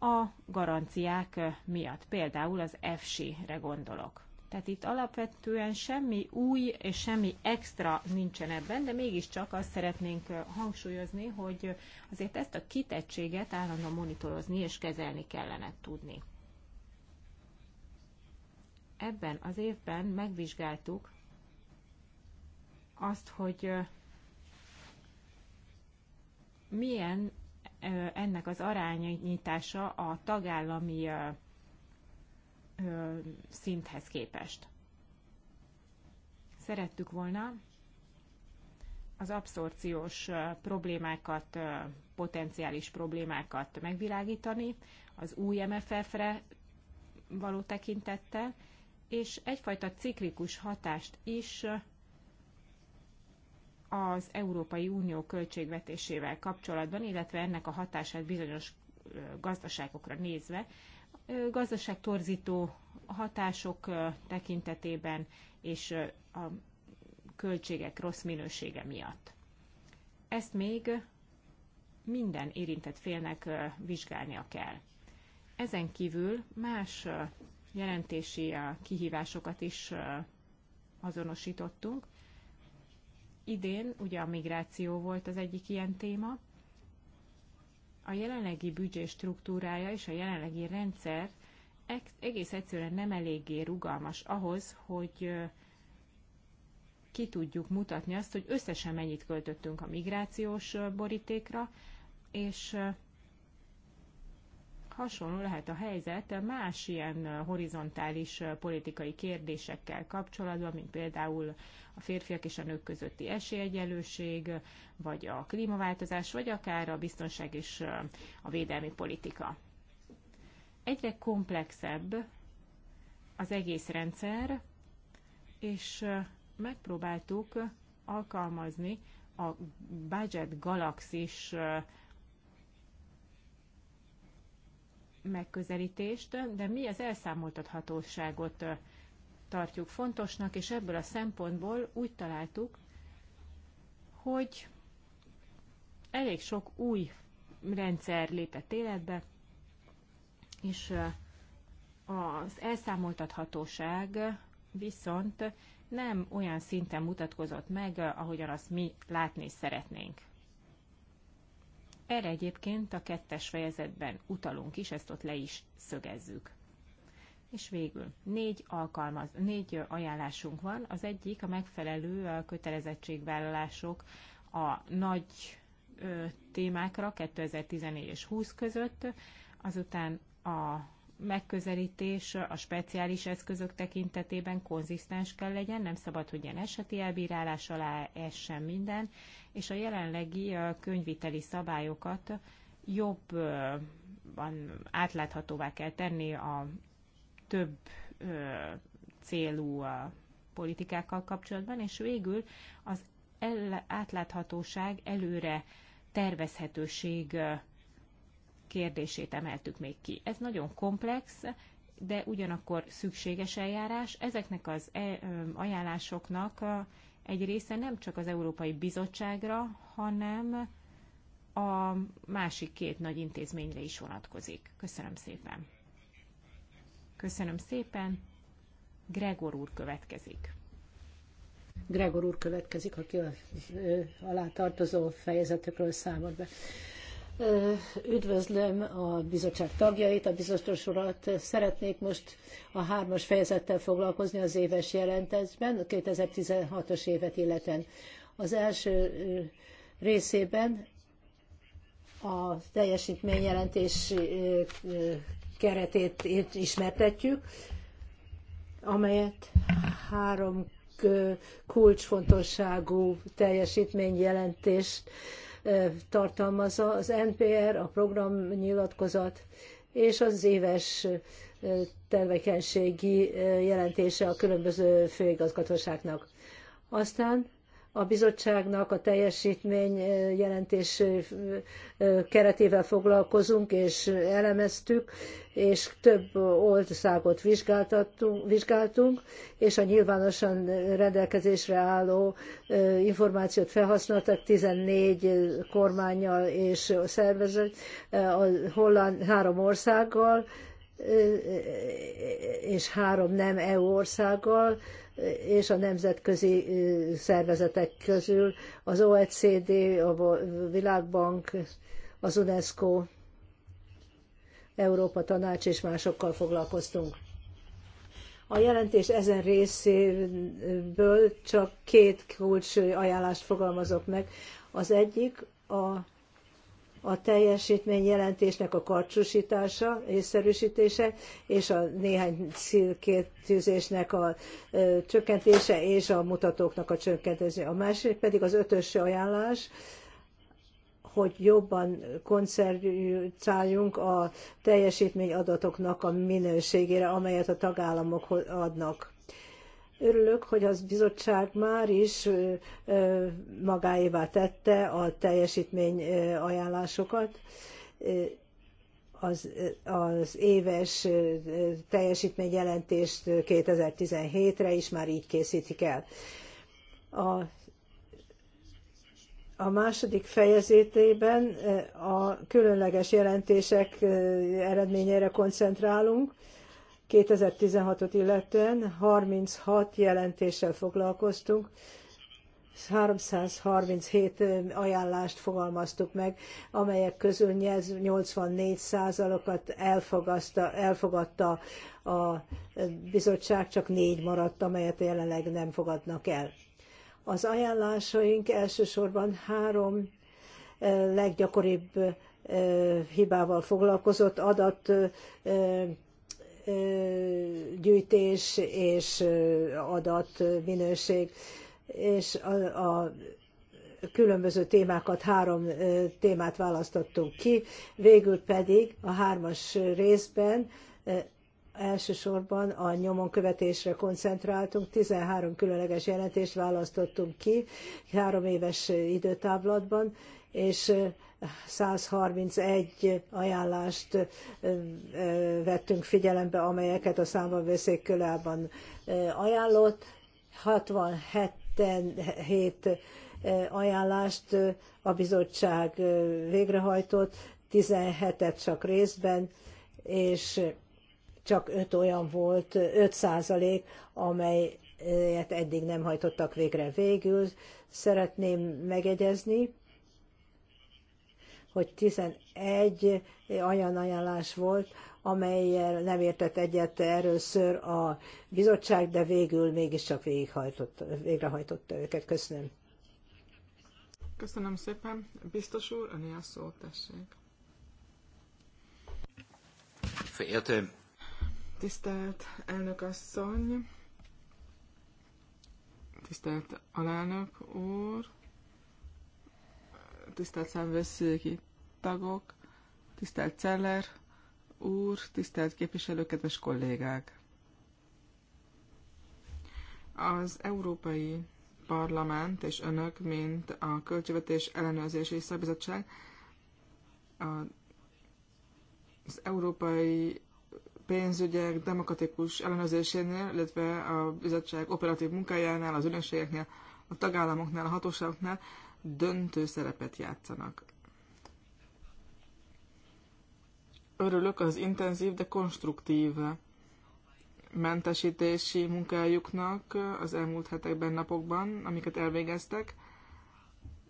a garanciák miatt, például az EFSI-re gondolok. Tehát itt alapvetően semmi új és semmi extra nincsen ebben, de mégiscsak azt szeretnénk hangsúlyozni, hogy azért ezt a kitettséget állandóan monitorozni és kezelni kellene tudni. Ebben az évben megvizsgáltuk azt, hogy milyen ennek az arányítása a tagállami szinthez képest. Szerettük volna az abszorciós problémákat, potenciális problémákat megvilágítani az új MFF-re való tekintettel, és egyfajta ciklikus hatást is az Európai Unió költségvetésével kapcsolatban, illetve ennek a hatását bizonyos gazdaságokra nézve gazdaságtorzító hatások tekintetében és a költségek rossz minősége miatt. Ezt még minden érintett félnek vizsgálnia kell. Ezen kívül más jelentési kihívásokat is azonosítottunk. Idén ugye a migráció volt az egyik ilyen téma, a jelenlegi büdzsé struktúrája és a jelenlegi rendszer egész egyszerűen nem eléggé rugalmas ahhoz, hogy ki tudjuk mutatni azt, hogy összesen mennyit költöttünk a migrációs borítékra, és hasonló lehet a helyzet más ilyen horizontális politikai kérdésekkel kapcsolatban, mint például a férfiak és a nők közötti esélyegyelőség, vagy a klímaváltozás, vagy akár a biztonság és a védelmi politika. Egyre komplexebb az egész rendszer, és megpróbáltuk alkalmazni a budget galaxis megközelítést, de mi az elszámoltathatóságot tartjuk fontosnak, és ebből a szempontból úgy találtuk, hogy elég sok új rendszer lépett életbe, és az elszámoltathatóság viszont nem olyan szinten mutatkozott meg, ahogyan azt mi látni szeretnénk. Erre egyébként a kettes fejezetben utalunk is, ezt ott le is szögezzük. És végül négy, alkalmaz, négy ajánlásunk van. Az egyik a megfelelő a kötelezettségvállalások a nagy ö, témákra 2014 és 20 között, azután a megközelítés a speciális eszközök tekintetében konzisztens kell legyen, nem szabad, hogy ilyen eseti elbírálás alá essen minden, és a jelenlegi könyviteli szabályokat jobb átláthatóvá kell tenni a több célú politikákkal kapcsolatban, és végül az átláthatóság előre tervezhetőség kérdését emeltük még ki. Ez nagyon komplex, de ugyanakkor szükséges eljárás. Ezeknek az e, ajánlásoknak egy része nem csak az Európai Bizottságra, hanem a másik két nagy intézményre is vonatkozik. Köszönöm szépen. Köszönöm szépen. Gregor úr következik. Gregor úr következik, aki alá tartozó fejezetekről számol be. Üdvözlöm a bizottság tagjait, a biztos urat. Szeretnék most a hármas fejezettel foglalkozni az éves jelentésben, a 2016-os évet illeten. Az első részében a teljesítményjelentés keretét ismertetjük, amelyet három kulcsfontosságú teljesítményjelentést tartalmazza az NPR, a programnyilatkozat és az éves tevékenységi jelentése a különböző főigazgatóságnak. Aztán a bizottságnak a teljesítmény jelentés keretével foglalkozunk, és elemeztük, és több országot vizsgáltunk, és a nyilvánosan rendelkezésre álló információt felhasználtak 14 kormányjal és szervezet, a holland három országgal, és három nem EU országgal, és a nemzetközi szervezetek közül az OECD, a Világbank, az UNESCO, Európa Tanács és másokkal foglalkoztunk. A jelentés ezen részéből csak két kulcs ajánlást fogalmazok meg. Az egyik a a teljesítményjelentésnek a karcsúsítása, észszerűsítése, és a néhány célkétűzésnek a csökkentése, és a mutatóknak a csökkentése. A másik pedig az ötös ajánlás, hogy jobban koncentráljunk a teljesítményadatoknak a minőségére, amelyet a tagállamok adnak Örülök, hogy az bizottság már is magáévá tette a teljesítmény ajánlásokat. Az, az éves teljesítményjelentést 2017-re is már így készítik el. A a második fejezetében a különleges jelentések eredményére koncentrálunk, 2016-ot illetően 36 jelentéssel foglalkoztunk, 337 ajánlást fogalmaztuk meg, amelyek közül 84 százalokat elfogadta a bizottság, csak négy maradt, amelyet jelenleg nem fogadnak el. Az ajánlásaink elsősorban három leggyakoribb hibával foglalkozott adat gyűjtés és adatminőség, és a, a különböző témákat, három témát választottunk ki, végül pedig a hármas részben elsősorban a nyomon követésre koncentráltunk, 13 különleges jelentést választottunk ki három éves időtáblatban, és 131 ajánlást vettünk figyelembe, amelyeket a veszék külában ajánlott, 67 ajánlást a bizottság végrehajtott, 17-et csak részben, és csak 5 olyan volt, 5 százalék, amelyet eddig nem hajtottak végre. Végül szeretném megegyezni, hogy 11 olyan ajánlás volt, amelyel nem értett egyet először a bizottság, de végül mégiscsak végrehajtotta őket. Köszönöm. Köszönöm szépen. Biztos úr, öné a szó, tessék. Féltem. Tisztelt elnök asszony, tisztelt alelnök úr, tisztelt számvőszéki tagok, tisztelt Celler úr, tisztelt képviselő, kedves kollégák! Az Európai Parlament és önök, mint a Költségvetés Ellenőrzési Szabizottság, az európai pénzügyek demokratikus ellenőrzésénél, illetve a bizottság operatív munkájánál, az ügynökségeknél, a tagállamoknál, a hatóságoknál döntő szerepet játszanak. Örülök az intenzív, de konstruktív mentesítési munkájuknak az elmúlt hetekben, napokban, amiket elvégeztek.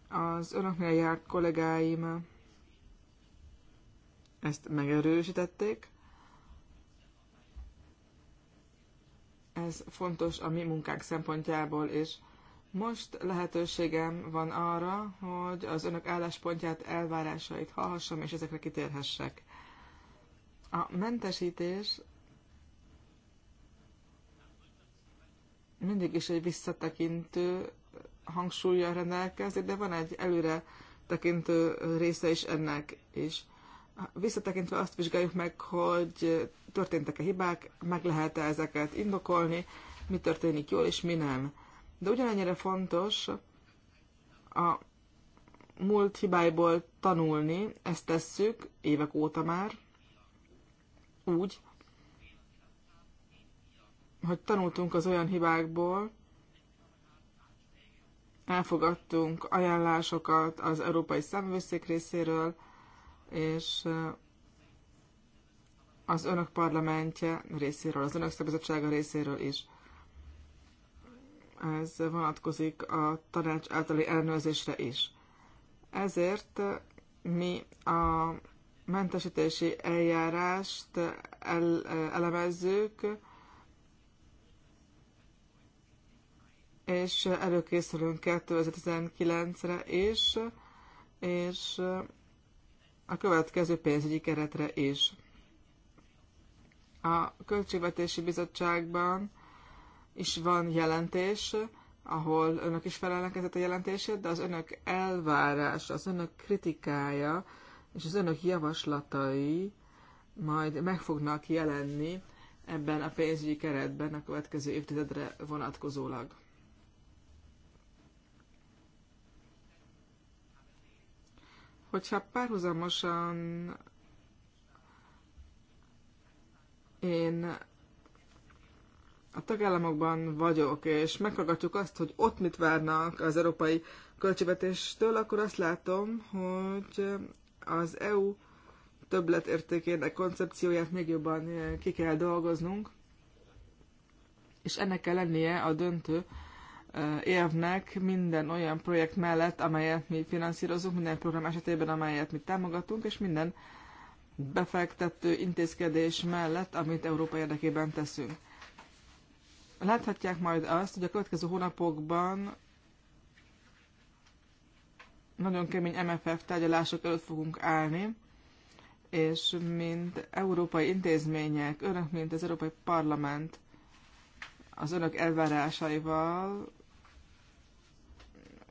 Az önöknél járt kollégáim ezt megerősítették. Ez fontos a mi munkánk szempontjából, és most lehetőségem van arra, hogy az önök álláspontját, elvárásait hallhassam, és ezekre kitérhessek. A mentesítés mindig is egy visszatekintő hangsúlyjal rendelkezik, de van egy előre tekintő része is ennek is. Visszatekintve azt vizsgáljuk meg, hogy történtek-e hibák, meg lehet-e ezeket indokolni, mi történik jól és mi nem de ugyanennyire fontos a múlt hibáiból tanulni, ezt tesszük évek óta már, úgy, hogy tanultunk az olyan hibákból, elfogadtunk ajánlásokat az Európai Számvőszék részéről, és eh, az önök parlamentje részéről, az önök szabizottsága részéről is ez vonatkozik a tanács általi ellenőrzésre is. Ezért mi a mentesítési eljárást elemezzük, és előkészülünk 2019-re is, és a következő pénzügyi keretre is. A Költségvetési Bizottságban is van jelentés, ahol önök is felelnek ezért a jelentését, de az önök elvárása, az önök kritikája és az önök javaslatai majd meg fognak jelenni ebben a pénzügyi keretben a következő évtizedre vonatkozólag. Hogyha párhuzamosan én a tagállamokban vagyok, és meghallgatjuk azt, hogy ott mit várnak az európai költségvetéstől, akkor azt látom, hogy az EU többletértékének koncepcióját még jobban ki kell dolgoznunk, és ennek kell lennie a döntő érvnek minden olyan projekt mellett, amelyet mi finanszírozunk, minden program esetében, amelyet mi támogatunk, és minden befektető intézkedés mellett, amit Európa érdekében teszünk. Láthatják majd azt, hogy a következő hónapokban nagyon kemény MFF tárgyalások előtt fogunk állni, és mint európai intézmények, önök, mint az Európai Parlament az önök elvárásaival,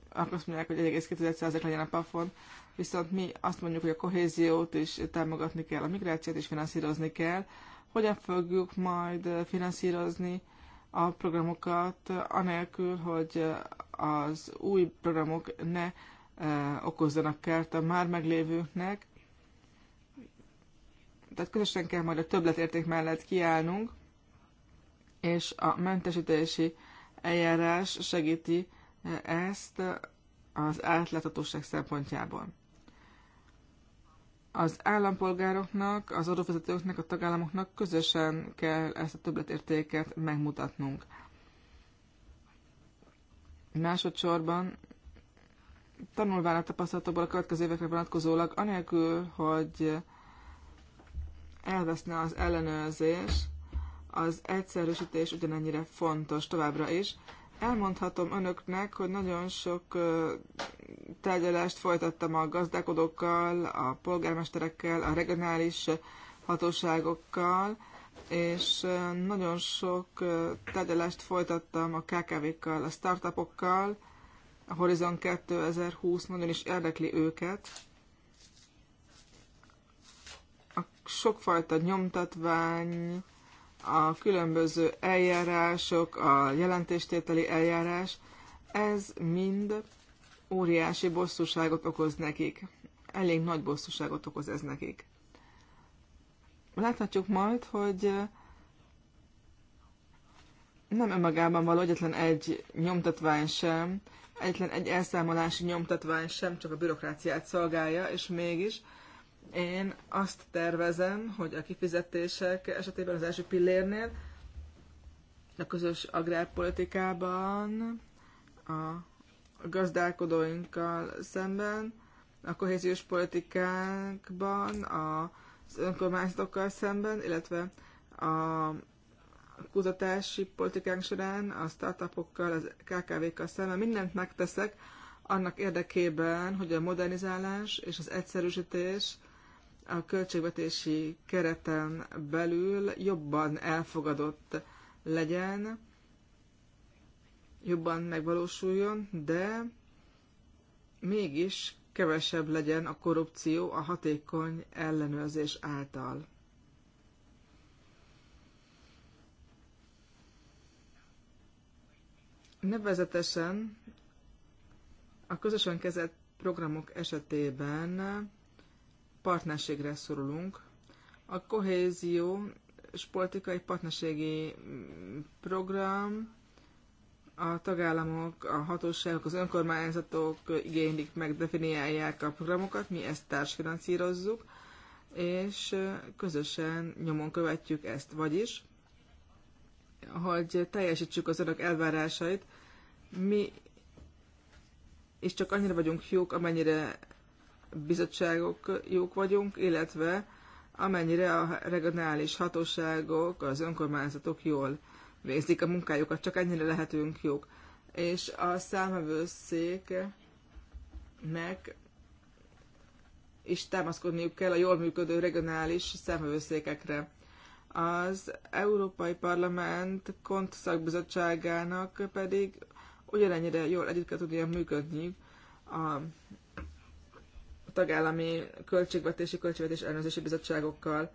akkor azt mondják, hogy 1,2% legyen a plafon, viszont mi azt mondjuk, hogy a kohéziót is támogatni kell, a migrációt is finanszírozni kell. Hogyan fogjuk majd finanszírozni a programokat, anélkül, hogy az új programok ne eh, okozzanak kárt a már meglévőknek. Tehát közösen kell majd a többletérték mellett kiállnunk, és a mentesítési eljárás segíti eh, ezt az átláthatóság szempontjából az állampolgároknak, az adófizetőknek, a tagállamoknak közösen kell ezt a többletértéket megmutatnunk. Másodszorban tanulván a tapasztalatokból a következő évekre vonatkozólag, anélkül, hogy elveszne az ellenőrzés, az egyszerűsítés ugyanennyire fontos továbbra is, elmondhatom önöknek, hogy nagyon sok tárgyalást folytattam a gazdálkodókkal, a polgármesterekkel, a regionális hatóságokkal, és nagyon sok tárgyalást folytattam a KKV-kkal, a startupokkal, a Horizon 2020 nagyon is érdekli őket. A sokfajta nyomtatvány, a különböző eljárások, a jelentéstételi eljárás, ez mind óriási bosszúságot okoz nekik. Elég nagy bosszúságot okoz ez nekik. Láthatjuk majd, hogy nem önmagában való egyetlen egy nyomtatvány sem, egyetlen egy elszámolási nyomtatvány sem csak a bürokráciát szolgálja, és mégis én azt tervezem, hogy a kifizetések esetében az első pillérnél, a közös agrárpolitikában, a gazdálkodóinkkal szemben, a kohéziós politikákban, az önkormányzatokkal szemben, illetve a kutatási politikánk során, a startupokkal, az KKV-kkal szemben mindent megteszek annak érdekében, hogy a modernizálás és az egyszerűsítés a költségvetési kereten belül jobban elfogadott legyen, jobban megvalósuljon, de mégis kevesebb legyen a korrupció a hatékony ellenőrzés által. Nevezetesen a közösen kezelt programok esetében partnerségre szorulunk. A kohézió és politikai partnerségi program a tagállamok, a hatóságok, az önkormányzatok igénylik, megdefiniálják a programokat, mi ezt társfinanszírozzuk, és közösen nyomon követjük ezt. Vagyis, hogy teljesítsük az önök elvárásait, mi és csak annyira vagyunk jók, amennyire bizottságok jók vagyunk, illetve amennyire a regionális hatóságok, az önkormányzatok jól végzik a munkájukat, csak ennyire lehetünk jók. És a számövőszéknek is támaszkodniuk kell a jól működő regionális számövőszékekre. Az Európai Parlament kont szakbizottságának pedig ugyanennyire jól együtt kell tudnia működni a tagállami költségvetési, költségvetés ellenőrzési bizottságokkal.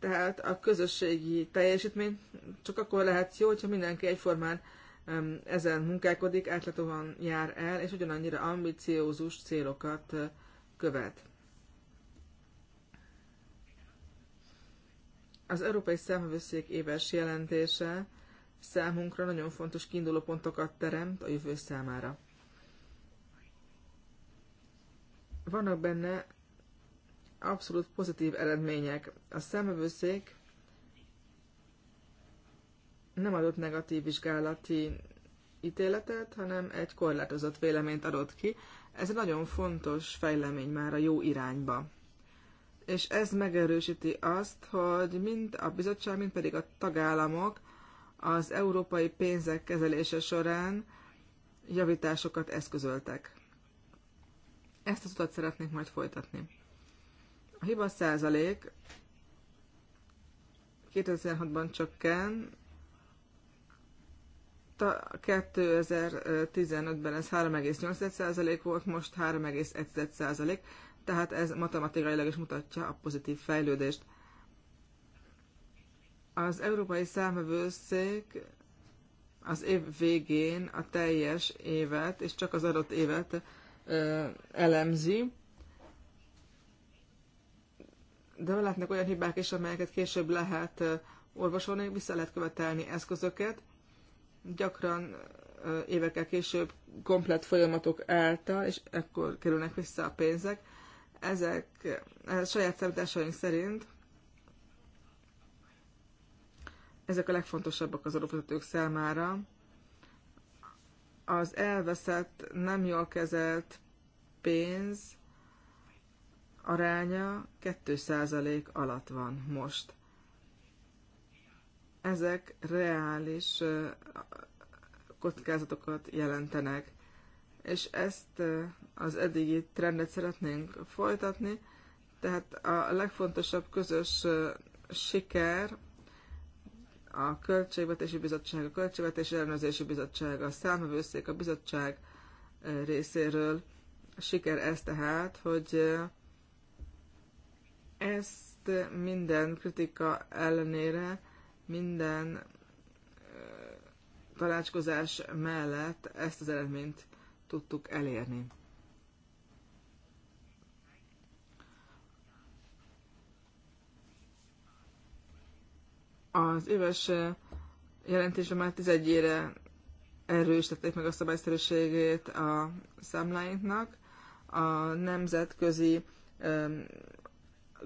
Tehát a közösségi teljesítmény csak akkor lehet jó, hogyha mindenki egyformán ezen munkálkodik, átlátóan jár el, és ugyanannyira ambiciózus célokat követ. Az Európai Számvevőszék éves jelentése számunkra nagyon fontos kiindulópontokat teremt a jövő számára. vannak benne abszolút pozitív eredmények. A szemövőszék nem adott negatív vizsgálati ítéletet, hanem egy korlátozott véleményt adott ki. Ez egy nagyon fontos fejlemény már a jó irányba. És ez megerősíti azt, hogy mind a bizottság, mind pedig a tagállamok az európai pénzek kezelése során javításokat eszközöltek. Ezt az utat szeretnénk majd folytatni. A hiba százalék 2006-ban csökken, 2015-ben ez 3,8% százalék volt, most 3,1%, százalék, tehát ez matematikailag is mutatja a pozitív fejlődést. Az Európai Számvevőszék az év végén a teljes évet és csak az adott évet elemzi, de lehetnek olyan hibák is, amelyeket később lehet orvosolni, vissza lehet követelni eszközöket, gyakran évekkel később komplet folyamatok által, és ekkor kerülnek vissza a pénzek. Ezek a saját szemtársaink szerint ezek a legfontosabbak az adófizetők számára az elveszett, nem jól kezelt pénz aránya 2% alatt van most. Ezek reális kockázatokat jelentenek, és ezt az eddigi trendet szeretnénk folytatni, tehát a legfontosabb közös siker a Költségvetési Bizottság, a Költségvetési Ellenőrzési Bizottság, a Számövőszék, a Bizottság eh, részéről. Siker ez tehát, hogy eh, ezt minden kritika ellenére, minden eh, találkozás mellett ezt az eredményt tudtuk elérni. Az éves eh, jelentésben már 11-ére erősítették meg a szabályszerűségét a számláinknak. A nemzetközi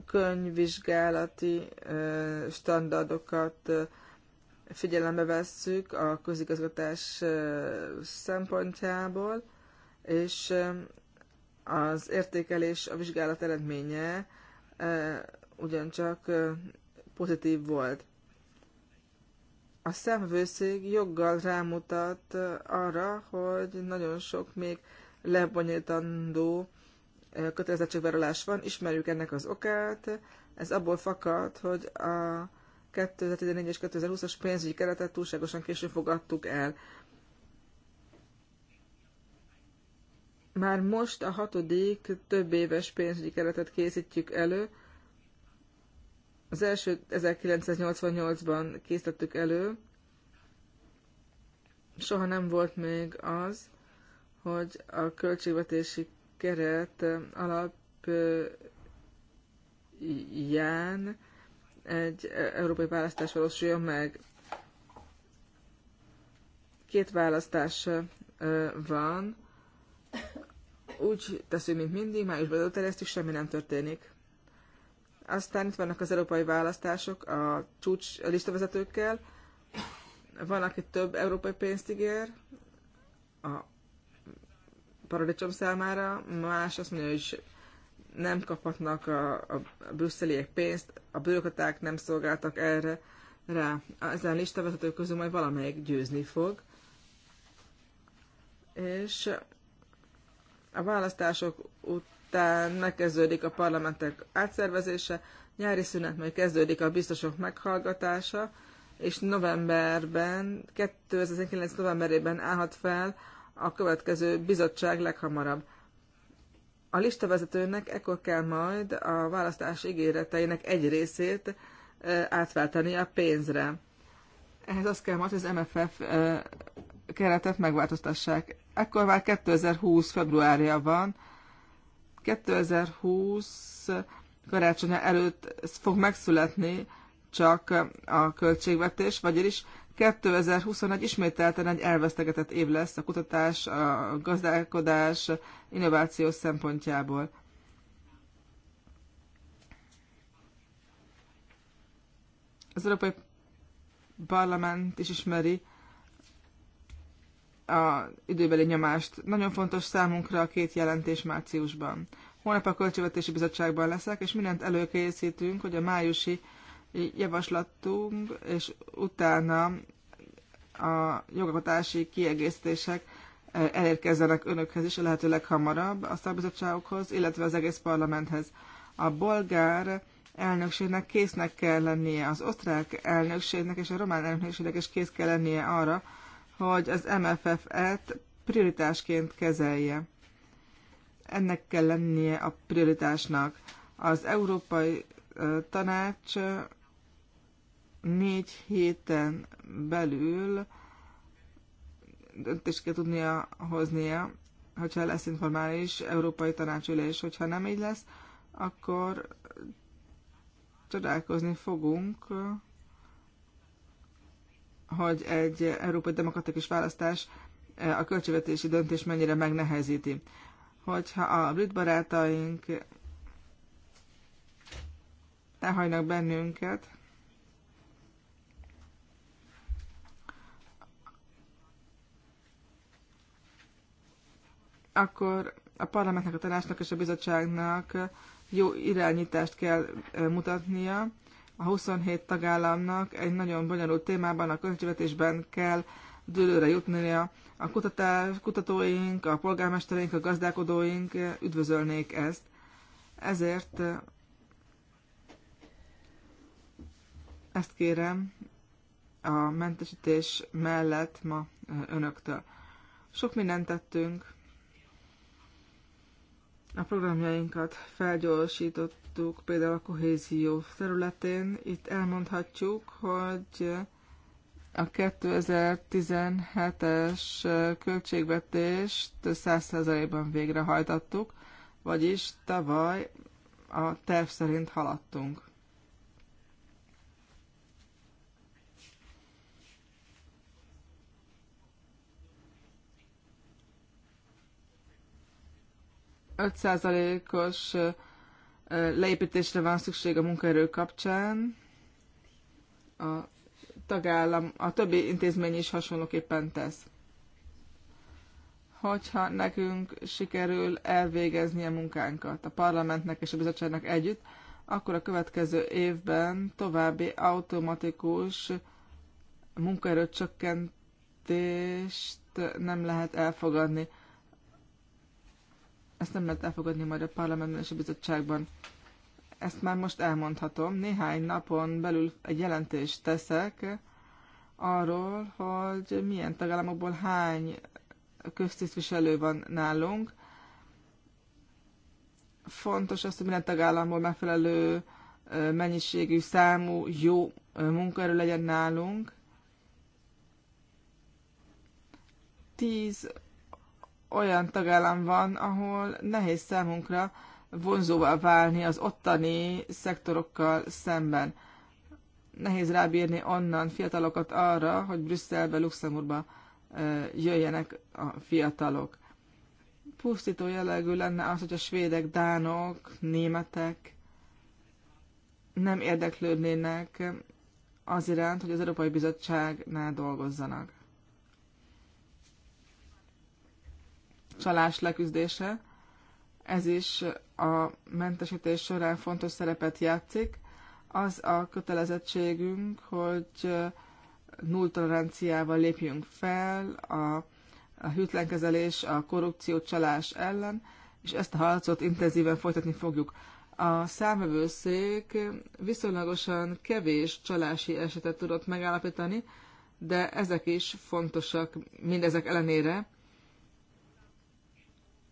könyvvizsgálati eh, standardokat eh, figyelembe vesszük a közigazgatás szempontjából, és az értékelés, a vizsgálat eredménye ugyancsak pozitív volt a szemvőszék joggal rámutat arra, hogy nagyon sok még lebonyolítandó kötelezettségvárolás van, ismerjük ennek az okát. Ez abból fakad, hogy a 2014 és 2020-as pénzügyi keretet túlságosan későn fogadtuk el. Már most a hatodik több éves pénzügyi keretet készítjük elő, az első 1988-ban készítettük elő, soha nem volt még az, hogy a költségvetési keret alapján egy európai választás valósuljon meg. Két választás van. Úgy teszünk, mint mindig, májusban előterjesztjük, semmi nem történik. Aztán itt vannak az európai választások a csúcs a listavezetőkkel. Van, aki több európai pénzt ígér a paradicsom számára, más azt mondja, hogy nem kaphatnak a, a brüsszeliek pénzt, a bürokraták nem szolgáltak erre rá. Ezen listavezetők közül majd valamelyik győzni fog. És a választások ut- aztán megkezdődik a parlamentek átszervezése, nyári szünet majd kezdődik a biztosok meghallgatása, és novemberben, 2019 novemberében állhat fel a következő bizottság leghamarabb. A listavezetőnek ekkor kell majd a választás ígéreteinek egy részét átváltani a pénzre. Ehhez azt kell majd, hogy az MFF keretet megváltoztassák. Ekkor már 2020 februárja van, 2020 karácsonya előtt fog megszületni csak a költségvetés, vagyis 2021 ismételten egy elvesztegetett év lesz a kutatás, a gazdálkodás, innováció szempontjából. Az Európai Parlament is ismeri a időbeli nyomást. Nagyon fontos számunkra a két jelentés márciusban. Holnap a Költségvetési Bizottságban leszek, és mindent előkészítünk, hogy a májusi javaslatunk, és utána a jogalkotási kiegészítések e, elérkezzenek önökhez is a lehető leghamarabb a szakbizottságokhoz, illetve az egész parlamenthez. A bolgár elnökségnek késznek kell lennie, az osztrák elnökségnek és a román elnökségnek is kész kell lennie arra, hogy az MFF-et prioritásként kezelje. Ennek kell lennie a prioritásnak. Az Európai Tanács négy héten belül döntést kell tudnia hoznia, hogyha lesz informális Európai Tanácsülés, hogyha nem így lesz, akkor csodálkozni fogunk, hogy egy európai demokratikus választás eh, a költségvetési döntés mennyire megnehezíti. Hogyha a brit barátaink elhajnak bennünket, akkor a parlamentnek, a tanácsnak és a bizottságnak jó irányítást kell eh, mutatnia, a 27 tagállamnak egy nagyon bonyolult témában, a költségvetésben kell dőlőre jutnia. A kutatás, kutatóink, a polgármestereink, a gazdálkodóink üdvözölnék ezt. Ezért eh, ezt kérem a mentesítés mellett ma eh, önöktől. Sok mindent tettünk a programjainkat felgyorsítottuk például a kohézió területén. Itt elmondhatjuk, hogy a 2017-es költségvetést 100%-ban végrehajtottuk, vagyis tavaly a terv szerint haladtunk. 5%-os leépítésre van szükség a munkaerő kapcsán. A tagállam, a többi intézmény is hasonlóképpen tesz. Hogyha nekünk sikerül elvégezni a munkánkat, a parlamentnek és a bizottságnak együtt, akkor a következő évben további automatikus csökkentést nem lehet elfogadni. Ezt nem lehet elfogadni majd a parlamentben és a bizottságban. Ezt már most elmondhatom. Néhány napon belül egy jelentést teszek arról, hogy milyen tagállamokból hány köztisztviselő van nálunk. Fontos az, hogy minden tagállamból megfelelő mennyiségű, számú, jó munkaerő legyen nálunk. Tíz olyan tagállam van, ahol nehéz számunkra vonzóvá válni az ottani szektorokkal szemben. Nehéz rábírni onnan fiatalokat arra, hogy Brüsszelbe, Luxemburgba jöjjenek a fiatalok. Pusztító jellegű lenne az, hogy a svédek, dánok, németek nem érdeklődnének az iránt, hogy az Európai Bizottságnál dolgozzanak. csalás leküzdése. Ez is a mentesítés során fontos szerepet játszik. Az a kötelezettségünk, hogy null toleranciával lépjünk fel a, a hűtlenkezelés, a korrupció, csalás ellen, és ezt a harcot intenzíven folytatni fogjuk. A számvevőszék viszonylagosan kevés csalási esetet tudott megállapítani, de ezek is fontosak mindezek ellenére,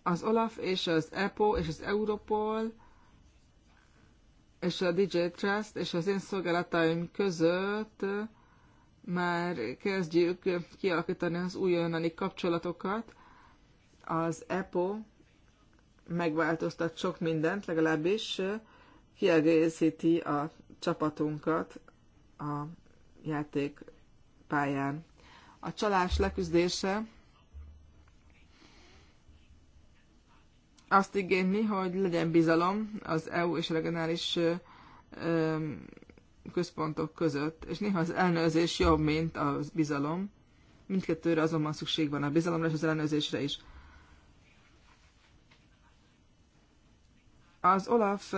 az Olaf és az EPO és az Europol és a DJ Trust és az én szolgálataim között már kezdjük kialakítani az újonnani kapcsolatokat. Az EPO megváltoztat sok mindent, legalábbis kiegészíti a csapatunkat a játékpályán. A csalás leküzdése azt igényli, hogy legyen bizalom az EU és a regionális központok között, és néha az ellenőrzés jobb, mint a bizalom. Mindkettőre azonban szükség van a bizalomra és az ellenőrzésre is. Az Olaf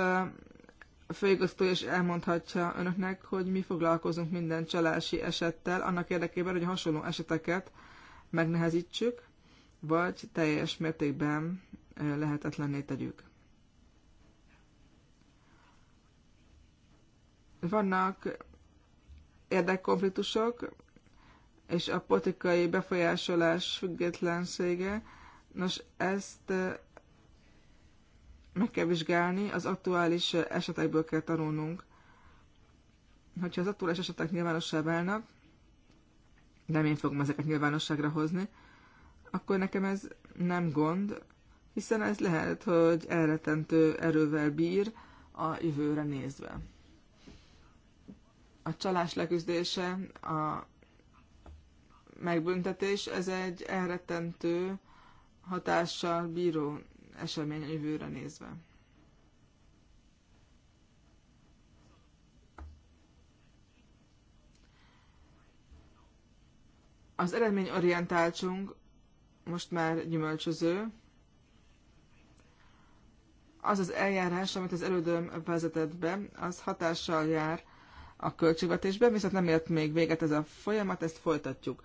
főigazgatója is elmondhatja önöknek, hogy mi foglalkozunk minden csalási esettel, annak érdekében, hogy hasonló eseteket megnehezítsük, vagy teljes mértékben lehetetlenné tegyük. Vannak érdekkonfliktusok, és a politikai befolyásolás függetlensége. Nos, ezt eh, meg kell vizsgálni, az aktuális esetekből kell tanulnunk. Hogyha az aktuális esetek nyilvánossá válnak, nem én fogom ezeket nyilvánosságra hozni, akkor nekem ez nem gond, hiszen ez lehet, hogy elretentő erővel bír a jövőre nézve. A csalás leküzdése, a megbüntetés, ez egy elretentő hatással bíró esemény a jövőre nézve. Az eredményorientáltsunk most már gyümölcsöző, az az eljárás, amit az elődöm vezetett be, az hatással jár a költségvetésben, viszont nem ért még véget ez a folyamat, ezt folytatjuk.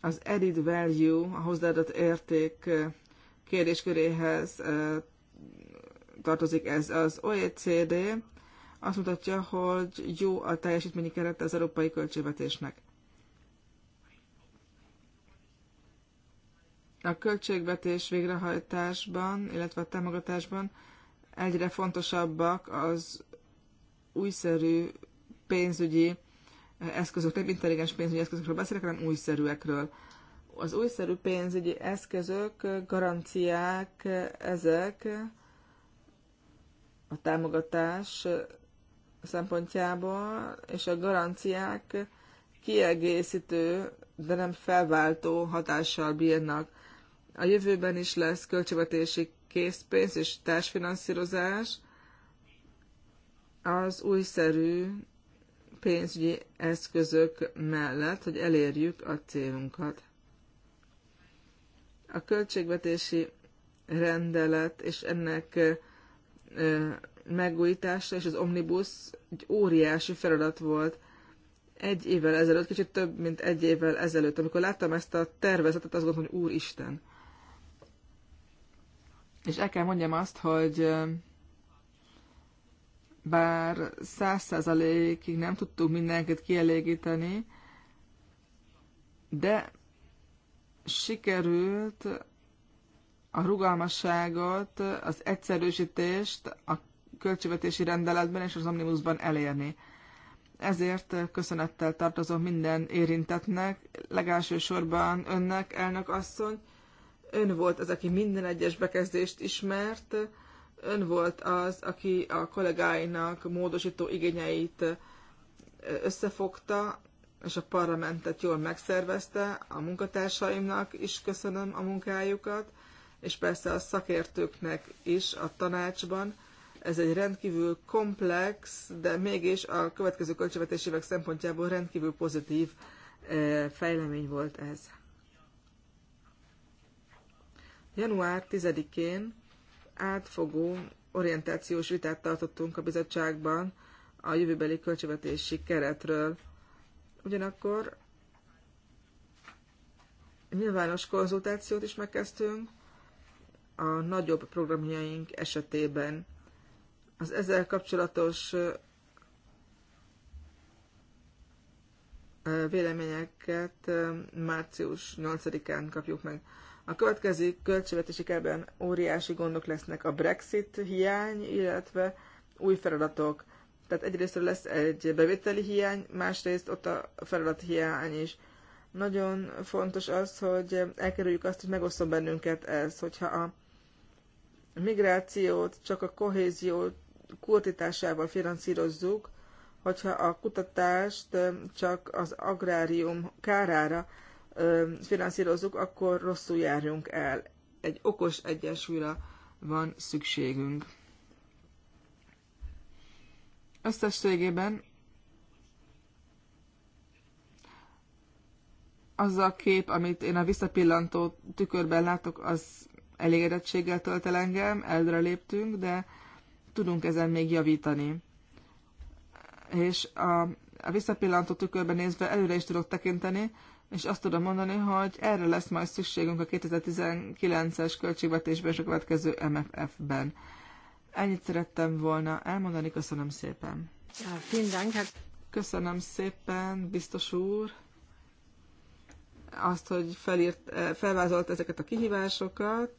Az added value, a hozzáadott érték kérdésköréhez tartozik ez az OECD, azt mutatja, hogy jó a teljesítményi keret az európai költségvetésnek. A költségvetés végrehajtásban, illetve a támogatásban egyre fontosabbak az újszerű pénzügyi eszközök, nem intelligens pénzügyi eszközökről beszélek, hanem újszerűekről. Az újszerű pénzügyi eszközök, garanciák, ezek a támogatás szempontjából, és a garanciák kiegészítő, de nem felváltó hatással bírnak. A jövőben is lesz költségvetési készpénz és társfinanszírozás. Az újszerű pénzügyi eszközök mellett, hogy elérjük a célunkat. A költségvetési rendelet és ennek megújítása és az omnibus egy óriási feladat volt egy évvel ezelőtt, kicsit több, mint egy évvel ezelőtt. Amikor láttam ezt a tervezetet, azt gondoltam, hogy úristen. És el kell mondjam azt, hogy bár száz százalékig nem tudtuk mindenkit kielégíteni, de sikerült a rugalmasságot, az egyszerűsítést a költségvetési rendeletben és az omnibusban elérni. Ezért köszönettel tartozom minden érintetnek, legelső sorban önnek, elnök asszony, Ön volt az, aki minden egyes bekezdést ismert, ön volt az, aki a kollégáinak módosító igényeit összefogta, és a parlamentet jól megszervezte, a munkatársaimnak is köszönöm a munkájukat, és persze a szakértőknek is a tanácsban. Ez egy rendkívül komplex, de mégis a következő költségvetési évek szempontjából rendkívül pozitív fejlemény volt ez. Január 10-én átfogó orientációs vitát tartottunk a bizottságban a jövőbeli költségvetési keretről. Ugyanakkor nyilvános konzultációt is megkezdtünk a nagyobb programjaink esetében. Az ezzel kapcsolatos véleményeket március 8-án kapjuk meg. A következő költségvetési kerben óriási gondok lesznek a Brexit hiány, illetve új feladatok. Tehát egyrészt lesz egy bevételi hiány, másrészt ott a feladat hiány is. Nagyon fontos az, hogy elkerüljük azt, hogy megosszon bennünket ez, hogyha a migrációt csak a kohézió kurtításával finanszírozzuk, hogyha a kutatást csak az agrárium kárára finanszírozzuk, akkor rosszul járjunk el. Egy okos egyensúlyra van szükségünk. Összességében az a kép, amit én a visszapillantó tükörben látok, az elégedettséggel tölt el engem, eldre léptünk, de tudunk ezen még javítani. És a, a visszapillantó tükörben nézve előre is tudok tekinteni, és azt tudom mondani, hogy erre lesz majd szükségünk a 2019-es költségvetésben és a következő MFF-ben. Ennyit szerettem volna elmondani, köszönöm szépen. Köszönöm szépen, biztos úr, azt, hogy felírt, felvázolt ezeket a kihívásokat.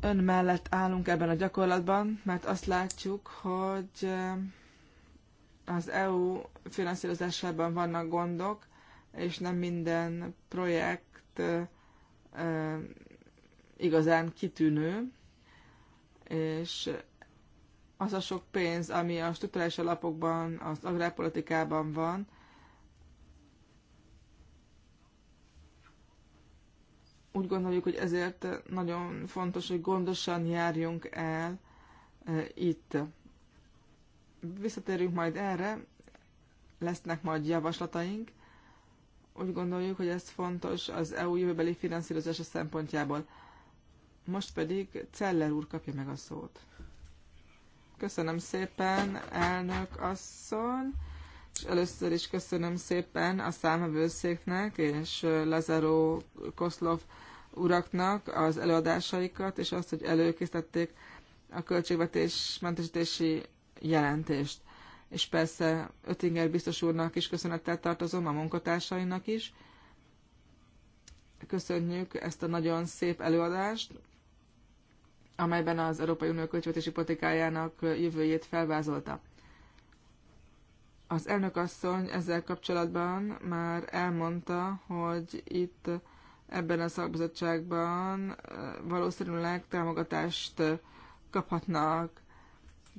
Ön mellett állunk ebben a gyakorlatban, mert azt látjuk, hogy az EU finanszírozásában vannak gondok, és nem minden projekt igazán kitűnő, és az a sok pénz, ami a struktúrális alapokban, az agrárpolitikában van, úgy gondoljuk, hogy ezért nagyon fontos, hogy gondosan járjunk el itt. Visszatérünk majd erre, lesznek majd javaslataink, úgy gondoljuk, hogy ez fontos az EU jövőbeli finanszírozása szempontjából. Most pedig Celler úr kapja meg a szót. Köszönöm szépen, elnök asszony, és először is köszönöm szépen a számövőszéknek és Lazaro Koszlov uraknak az előadásaikat, és azt, hogy előkészítették a költségvetés mentesítési jelentést és persze Ötinger biztos úrnak is köszönettel tartozom, a munkatársainak is. Köszönjük ezt a nagyon szép előadást, amelyben az Európai Unió költségvetési politikájának jövőjét felvázolta. Az elnök asszony ezzel kapcsolatban már elmondta, hogy itt ebben a szakbizottságban valószínűleg támogatást kaphatnak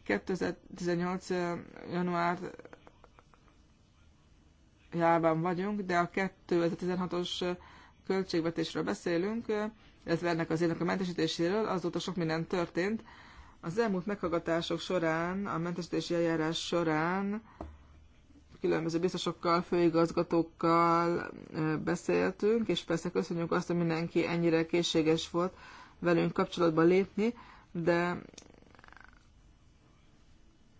2018. január jában vagyunk, de a 2016-os költségvetésről beszélünk, illetve ennek az évnek a mentesítéséről, azóta sok minden történt. Az elmúlt meghallgatások során, a mentesítési eljárás során különböző biztosokkal, főigazgatókkal beszéltünk, és persze köszönjük azt, hogy mindenki ennyire készséges volt velünk kapcsolatba lépni, de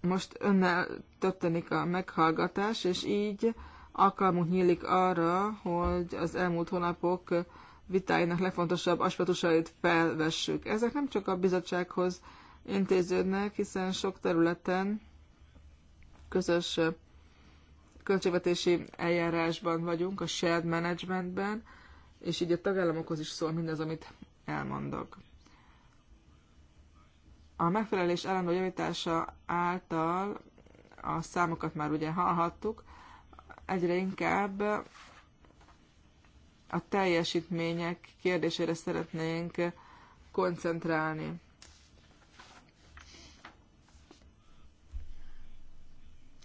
most önnel történik a meghallgatás, és így alkalmunk nyílik arra, hogy az elmúlt hónapok vitáinak legfontosabb aspektusait felvessük. Ezek nem csak a bizottsághoz intéződnek, hiszen sok területen közös költségvetési eljárásban vagyunk, a shared managementben, és így a tagállamokhoz is szól mindez, amit elmondok. A megfelelés állandó javítása által a számokat már ugye hallhattuk, egyre inkább a teljesítmények kérdésére szeretnénk koncentrálni.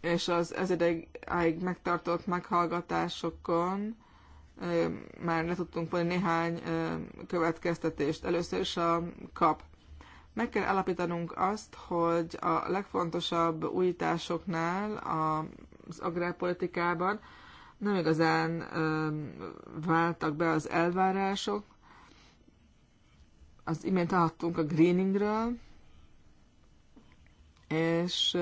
És az ez ideig megtartott meghallgatásokon már le tudtunk vonni néhány következtetést. Először is a kap meg kell alapítanunk azt, hogy a legfontosabb újításoknál az agrárpolitikában nem igazán váltak be az elvárások. Az imént hallhattunk a greeningről, és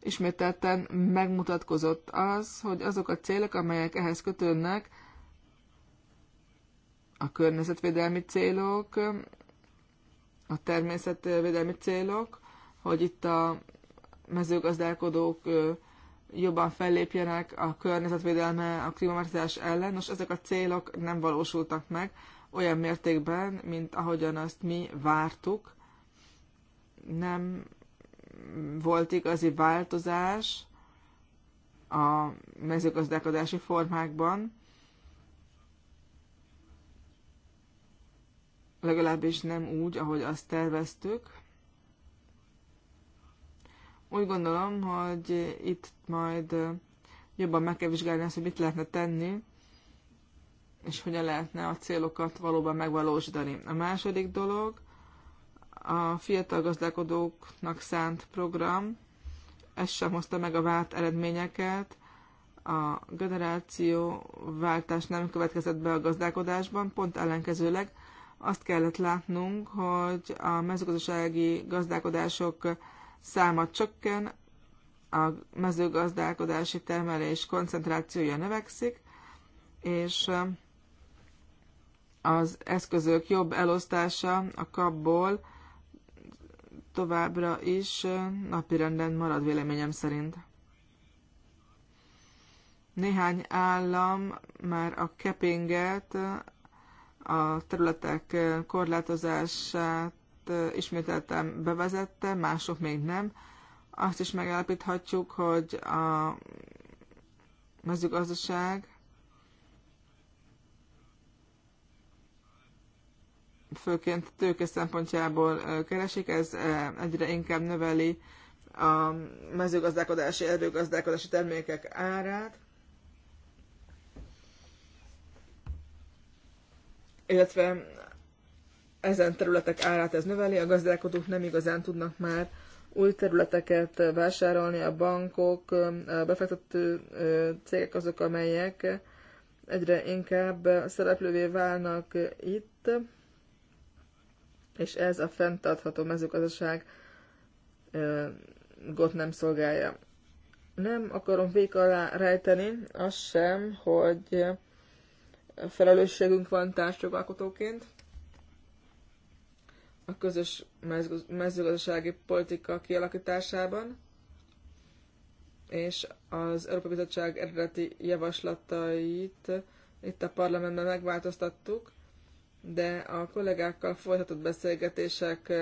ismételten megmutatkozott az, hogy azok a célok, amelyek ehhez kötődnek, a környezetvédelmi célok, a természetvédelmi célok, hogy itt a mezőgazdálkodók jobban fellépjenek a környezetvédelme, a klímaváltozás ellen. Nos, ezek a célok nem valósultak meg olyan mértékben, mint ahogyan azt mi vártuk. Nem volt igazi változás a mezőgazdálkodási formákban, legalábbis nem úgy, ahogy azt terveztük. Úgy gondolom, hogy itt majd jobban meg kell vizsgálni azt, hogy mit lehetne tenni, és hogyan lehetne a célokat valóban megvalósítani. A második dolog a fiatal gazdálkodóknak szánt program. Ez sem hozta meg a várt eredményeket. A generáció váltás nem következett be a gazdálkodásban, pont ellenkezőleg azt kellett látnunk, hogy a mezőgazdasági gazdálkodások száma csökken, a mezőgazdálkodási termelés koncentrációja növekszik, és eh, az eszközök jobb elosztása a kapból továbbra is eh, napirenden marad véleményem szerint. Néhány állam már a kepinget eh, a területek korlátozását ismételtem bevezette, mások még nem. Azt is megállapíthatjuk, hogy a mezőgazdaság főként tőke szempontjából keresik, ez egyre inkább növeli a mezőgazdálkodási, erdőgazdálkodási termékek árát, illetve ezen területek árát ez növeli, a gazdálkodók nem igazán tudnak már új területeket vásárolni, a bankok, a befektető cégek azok, amelyek egyre inkább szereplővé válnak itt, és ez a fenntartható mezőgazdaság gott nem szolgálja. Nem akarom vék alá rejteni azt sem, hogy felelősségünk van társjogalkotóként. A közös mezőgazdasági politika kialakításában, és az Európai Bizottság eredeti javaslatait itt a parlamentben megváltoztattuk, de a kollégákkal folytatott beszélgetések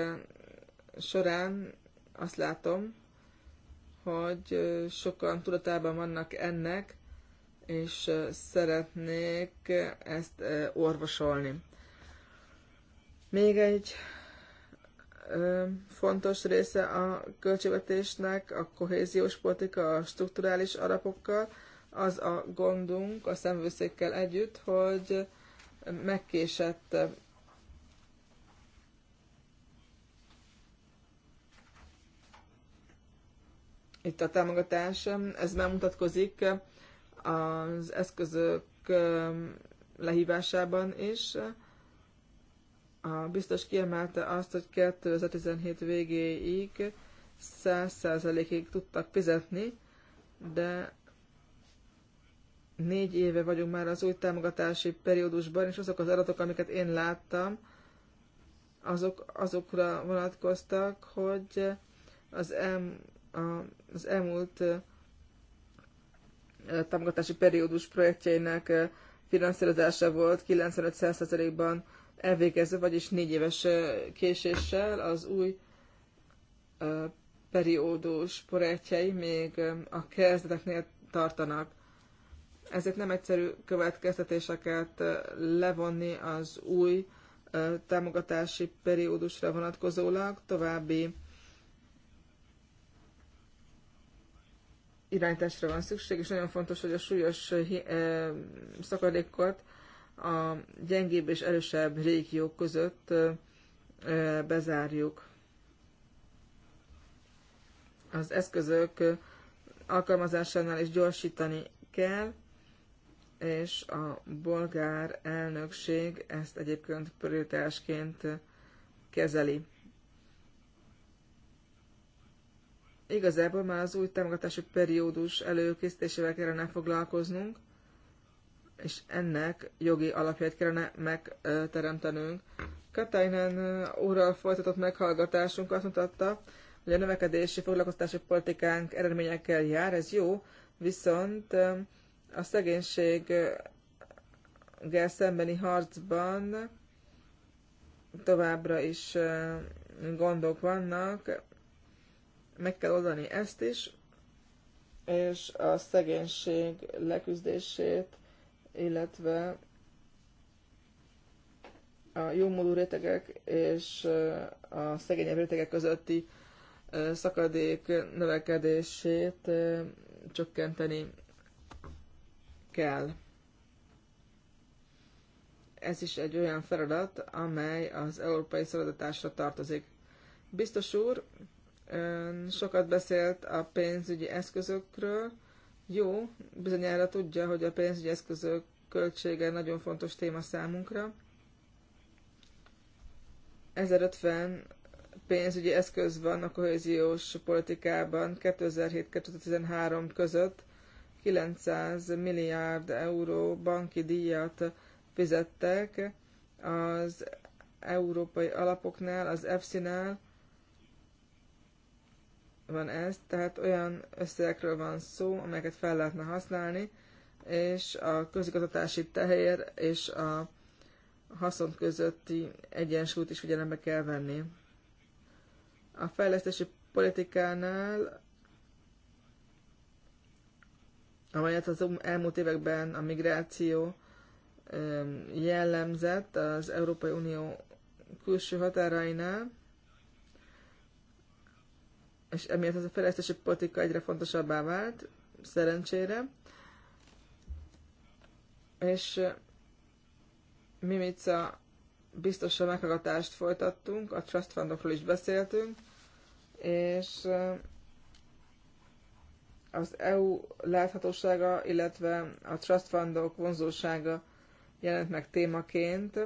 során azt látom, hogy sokan tudatában vannak ennek, és szeretnék ezt orvosolni. Még egy fontos része a költségvetésnek a kohéziós politika a strukturális alapokkal, az a gondunk a szemvőszékkel együtt, hogy megkésett itt a támogatás, ez bemutatkozik az eszközök lehívásában is. A biztos kiemelte azt, hogy 2017 végéig 100%-ig tudtak fizetni, de négy éve vagyunk már az új támogatási periódusban, és azok az adatok, amiket én láttam, azok, azokra vonatkoztak, hogy az, el, a, az elmúlt támogatási periódus projektjeinek finanszírozása volt 95%-ban elvégezve, vagyis négy éves késéssel az új periódus projektjei még a kezdeteknél tartanak. Ezért nem egyszerű következtetéseket levonni az új támogatási periódusra vonatkozólag, további irányításra van szükség, és nagyon fontos, hogy a súlyos szakadékot a gyengébb és erősebb régiók között bezárjuk. Az eszközök alkalmazásánál is gyorsítani kell, és a bolgár elnökség ezt egyébként prioritásként kezeli. Igazából már az új támogatási periódus előkészítésével kellene foglalkoznunk, és ennek jogi alapját kellene megteremtenünk. Katainen úrral folytatott meghallgatásunk azt mutatta, hogy a növekedési foglalkoztási politikánk eredményekkel jár, ez jó, viszont a szegénységgel szembeni harcban továbbra is gondok vannak, meg kell oldani ezt is, és a szegénység leküzdését, illetve a jómódú rétegek és a szegényebb rétegek közötti szakadék növekedését csökkenteni kell. Ez is egy olyan feladat, amely az európai szolidatásra tartozik. Biztos úr, sokat beszélt a pénzügyi eszközökről. Jó, bizonyára tudja, hogy a pénzügyi eszközök költsége nagyon fontos téma számunkra. 1050 pénzügyi eszköz van a kohéziós politikában 2007-2013 között 900 milliárd euró banki díjat fizettek az európai alapoknál, az EFSI-nál, van ez, tehát olyan összegekről van szó, amelyeket fel lehetne használni, és a közigazgatási tehér és a haszon közötti egyensúlyt is figyelembe kell venni. A fejlesztési politikánál, amelyet az elmúlt években a migráció jellemzett az Európai Unió külső határainál, és emiatt ez a fejlesztési politika egyre fontosabbá vált, szerencsére. És Mimica biztosan meghallgatást folytattunk, a trust fundokról is beszéltünk, és az EU láthatósága, illetve a trust fundok vonzósága jelent meg témaként,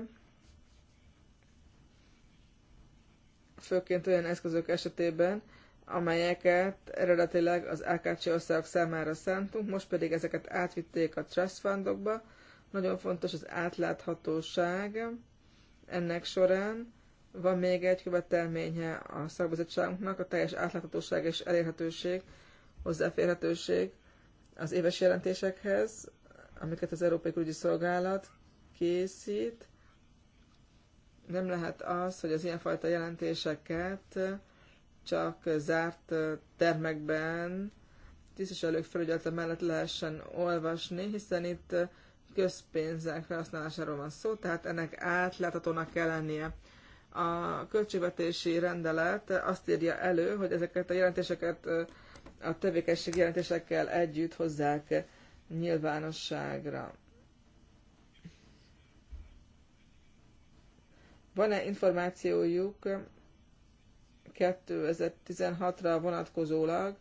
főként olyan eszközök esetében, amelyeket eredetileg az AKC országok számára szántunk, most pedig ezeket átvitték a trust fundokba. Nagyon fontos az átláthatóság ennek során. Van még egy követelménye a szakbizottságunknak, a teljes átláthatóság és elérhetőség, hozzáférhetőség az éves jelentésekhez, amiket az Európai Külügyi Szolgálat készít. Nem lehet az, hogy az ilyenfajta jelentéseket csak zárt termekben tisztviselők felügyelete mellett lehessen olvasni, hiszen itt közpénzek felhasználásáról van szó, tehát ennek átláthatónak kell lennie. A költségvetési rendelet azt írja elő, hogy ezeket a jelentéseket a tevékenység jelentésekkel együtt hozzák nyilvánosságra. Van-e információjuk 2016-ra vonatkozólag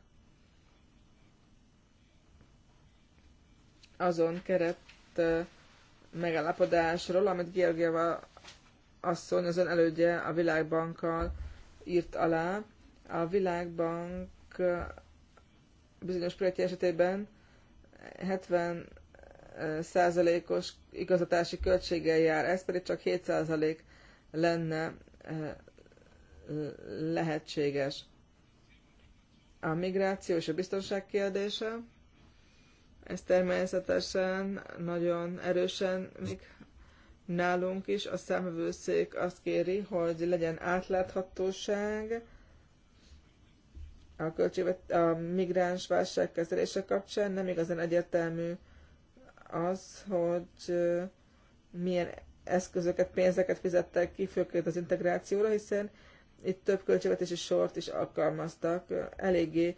azon keret megállapodásról, amit Georgieva asszony, azon elődje a Világbankkal írt alá. A Világbank bizonyos projektje esetében 70 százalékos igazatási költséggel jár, ez pedig csak 7 százalék lenne lehetséges. A migráció és a biztonság kérdése, ez természetesen nagyon erősen még nálunk is a számvevőszék azt kéri, hogy legyen átláthatóság a, költségvet, a migráns válság kezelése kapcsán. Nem igazán egyértelmű az, hogy milyen eszközöket, pénzeket fizettek ki, főként az integrációra, hiszen itt több költségvetési sort is alkalmaztak, eléggé,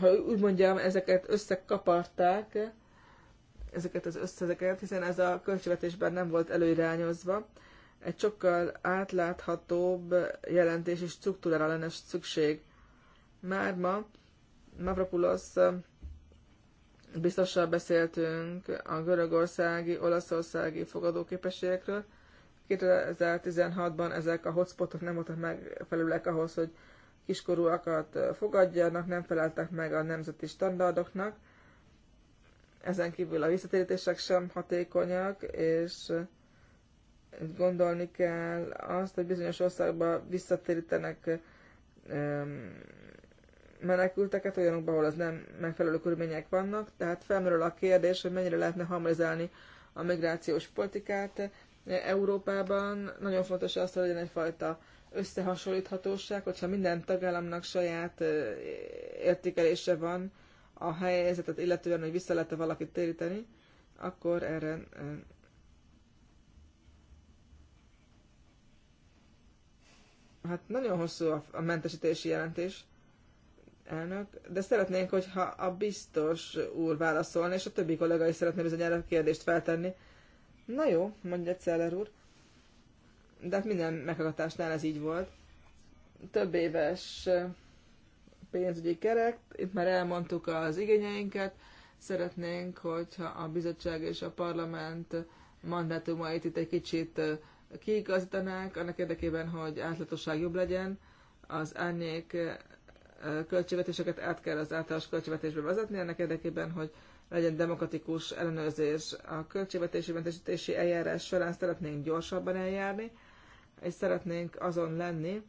ha úgy mondjam, ezeket összekaparták, ezeket az összezeket, hiszen ez a költségvetésben nem volt előirányozva. Egy sokkal átláthatóbb jelentési struktúrára lenne szükség. Már ma Mavropoulos biztossal beszéltünk a görögországi, olaszországi fogadóképességekről, 2016-ban ezek a hotspotok nem voltak megfelelőek ahhoz, hogy kiskorúakat fogadjanak, nem feleltek meg a nemzeti standardoknak, ezen kívül a visszatérítések sem hatékonyak, és gondolni kell azt, hogy bizonyos országba visszatérítenek menekülteket olyanokba, ahol az nem megfelelő körülmények vannak, tehát felmerül a kérdés, hogy mennyire lehetne harmonizálni a migrációs politikát, Európában nagyon fontos az, hogy legyen egyfajta összehasonlíthatóság, hogyha minden tagállamnak saját értékelése van a helyzetet, illetően, hogy vissza lehet -e valakit téríteni, akkor erre hát nagyon hosszú a mentesítési jelentés, elnök, de szeretnénk, hogyha a biztos úr válaszolna, és a többi kollega is szeretné bizonyára a kérdést feltenni, Na jó, mondja Celler úr, de hát minden meghallgatásnál ez így volt. Több éves pénzügyi kerek, itt már elmondtuk az igényeinket, szeretnénk, hogyha a bizottság és a parlament mandátumait itt egy kicsit kiigazítanák, annak érdekében, hogy átlatosság jobb legyen, az árnyék költségvetéseket át kell az általános költségvetésbe vezetni, annak érdekében, hogy legyen demokratikus ellenőrzés. A költségvetési mentesítési eljárás során szeretnénk gyorsabban eljárni, és szeretnénk azon lenni,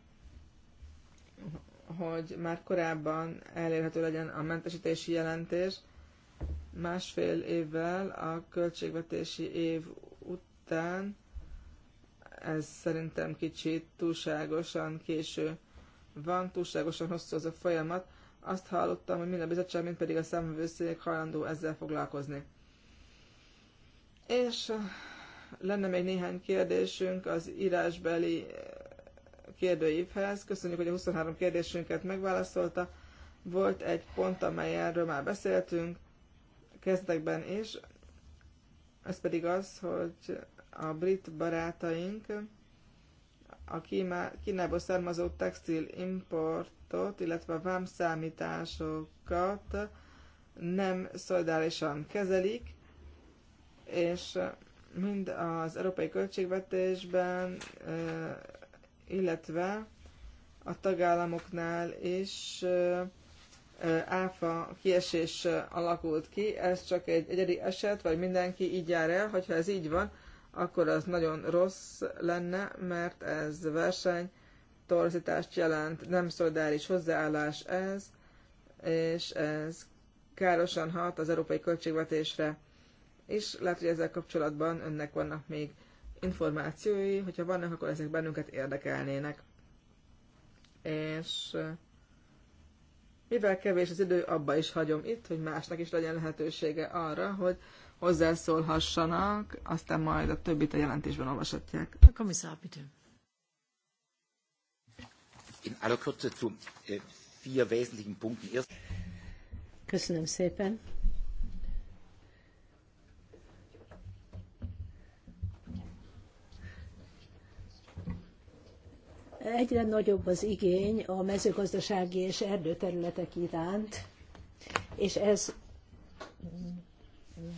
hogy már korábban elérhető legyen a mentesítési jelentés, másfél évvel a költségvetési év után, ez szerintem kicsit túlságosan késő van, túlságosan hosszú az a folyamat, azt hallottam, hogy mind a bizottság, mind pedig a szemvőszék hajlandó ezzel foglalkozni. És lenne még néhány kérdésünk az írásbeli kérdőívhez. Köszönjük, hogy a 23 kérdésünket megválaszolta. Volt egy pont, erről már beszéltünk kezdetekben is, ez pedig az, hogy a brit barátaink a Kínából származó textil importot, illetve a vámszámításokat nem szolidálisan kezelik, és mind az európai költségvetésben, illetve a tagállamoknál is áfa kiesés alakult ki. Ez csak egy egyedi eset, vagy mindenki így jár el, hogyha ez így van, akkor az nagyon rossz lenne, mert ez verseny torzítást jelent, nem szolidáris hozzáállás ez, és ez károsan hat az európai költségvetésre. És lehet, hogy ezzel kapcsolatban önnek vannak még információi, hogyha vannak, akkor ezek bennünket érdekelnének. És mivel kevés az idő, abba is hagyom itt, hogy másnak is legyen lehetősége arra, hogy hozzászólhassanak, aztán majd a többit a jelentésben olvashatják. A komisszár, bitte. In aller Kürze zu äh, vier wesentlichen Punkten. Köszönöm szépen. Egyre nagyobb az igény a mezőgazdasági és erdőterületek iránt, és ez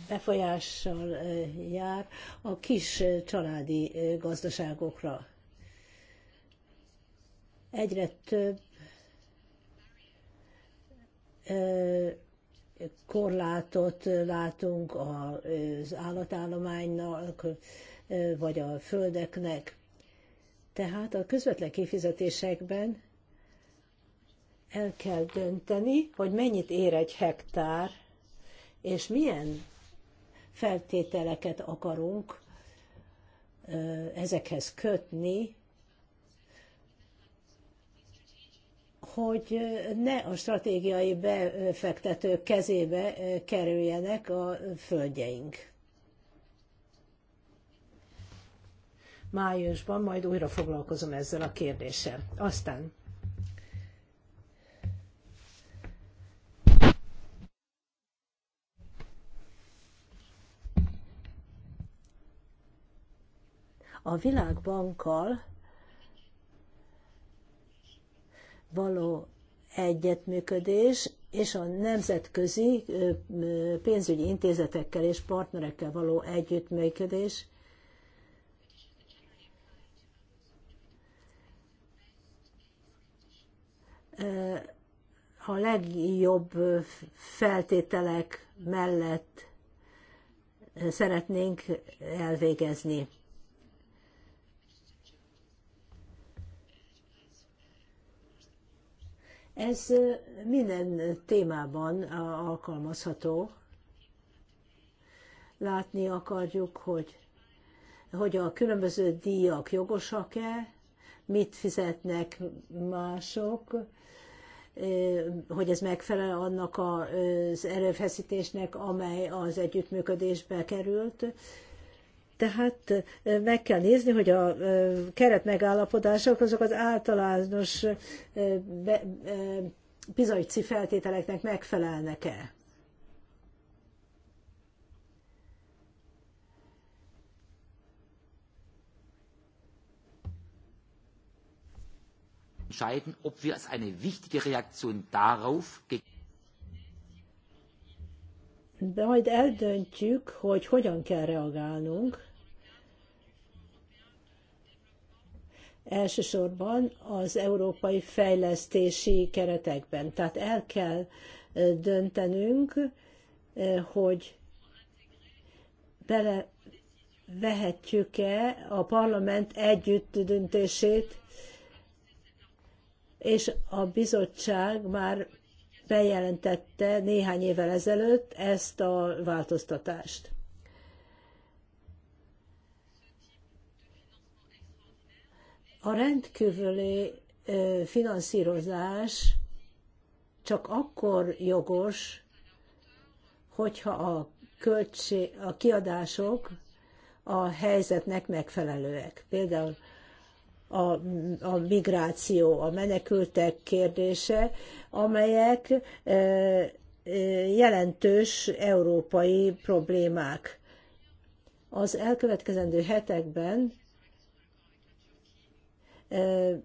befolyással eh, jár a kis eh, családi eh, gazdaságokra. Egyre több korlátot látunk az állatállománynak, vagy a földeknek. Tehát a közvetlen kifizetésekben el kell dönteni, hogy mennyit ér egy hektár, és milyen feltételeket akarunk ezekhez kötni, hogy ne a stratégiai befektetők kezébe kerüljenek a földjeink. Májusban majd újra foglalkozom ezzel a kérdéssel. Aztán a világbankkal való egyetműködés és a nemzetközi pénzügyi intézetekkel és partnerekkel való együttműködés a legjobb feltételek mellett szeretnénk elvégezni. Ez minden témában alkalmazható. Látni akarjuk, hogy, hogy a különböző díjak jogosak-e, mit fizetnek mások, hogy ez megfelel annak az erőfeszítésnek, amely az együttműködésbe került, tehát meg kell nézni, hogy a keretmegállapodások azok az általános bizonyci feltételeknek megfelelnek-e. entscheiden, ob wir als eine wichtige Reaktion darauf de majd eldöntjük, hogy hogyan kell reagálnunk, elsősorban az európai fejlesztési keretekben. Tehát el kell döntenünk, hogy bele vehetjük-e a parlament együtt döntését, és a bizottság már bejelentette néhány évvel ezelőtt ezt a változtatást. A rendkívüli finanszírozás csak akkor jogos, hogyha a, költség, a kiadások a helyzetnek megfelelőek. Például a, a migráció, a menekültek kérdése, amelyek jelentős európai problémák. Az elkövetkezendő hetekben el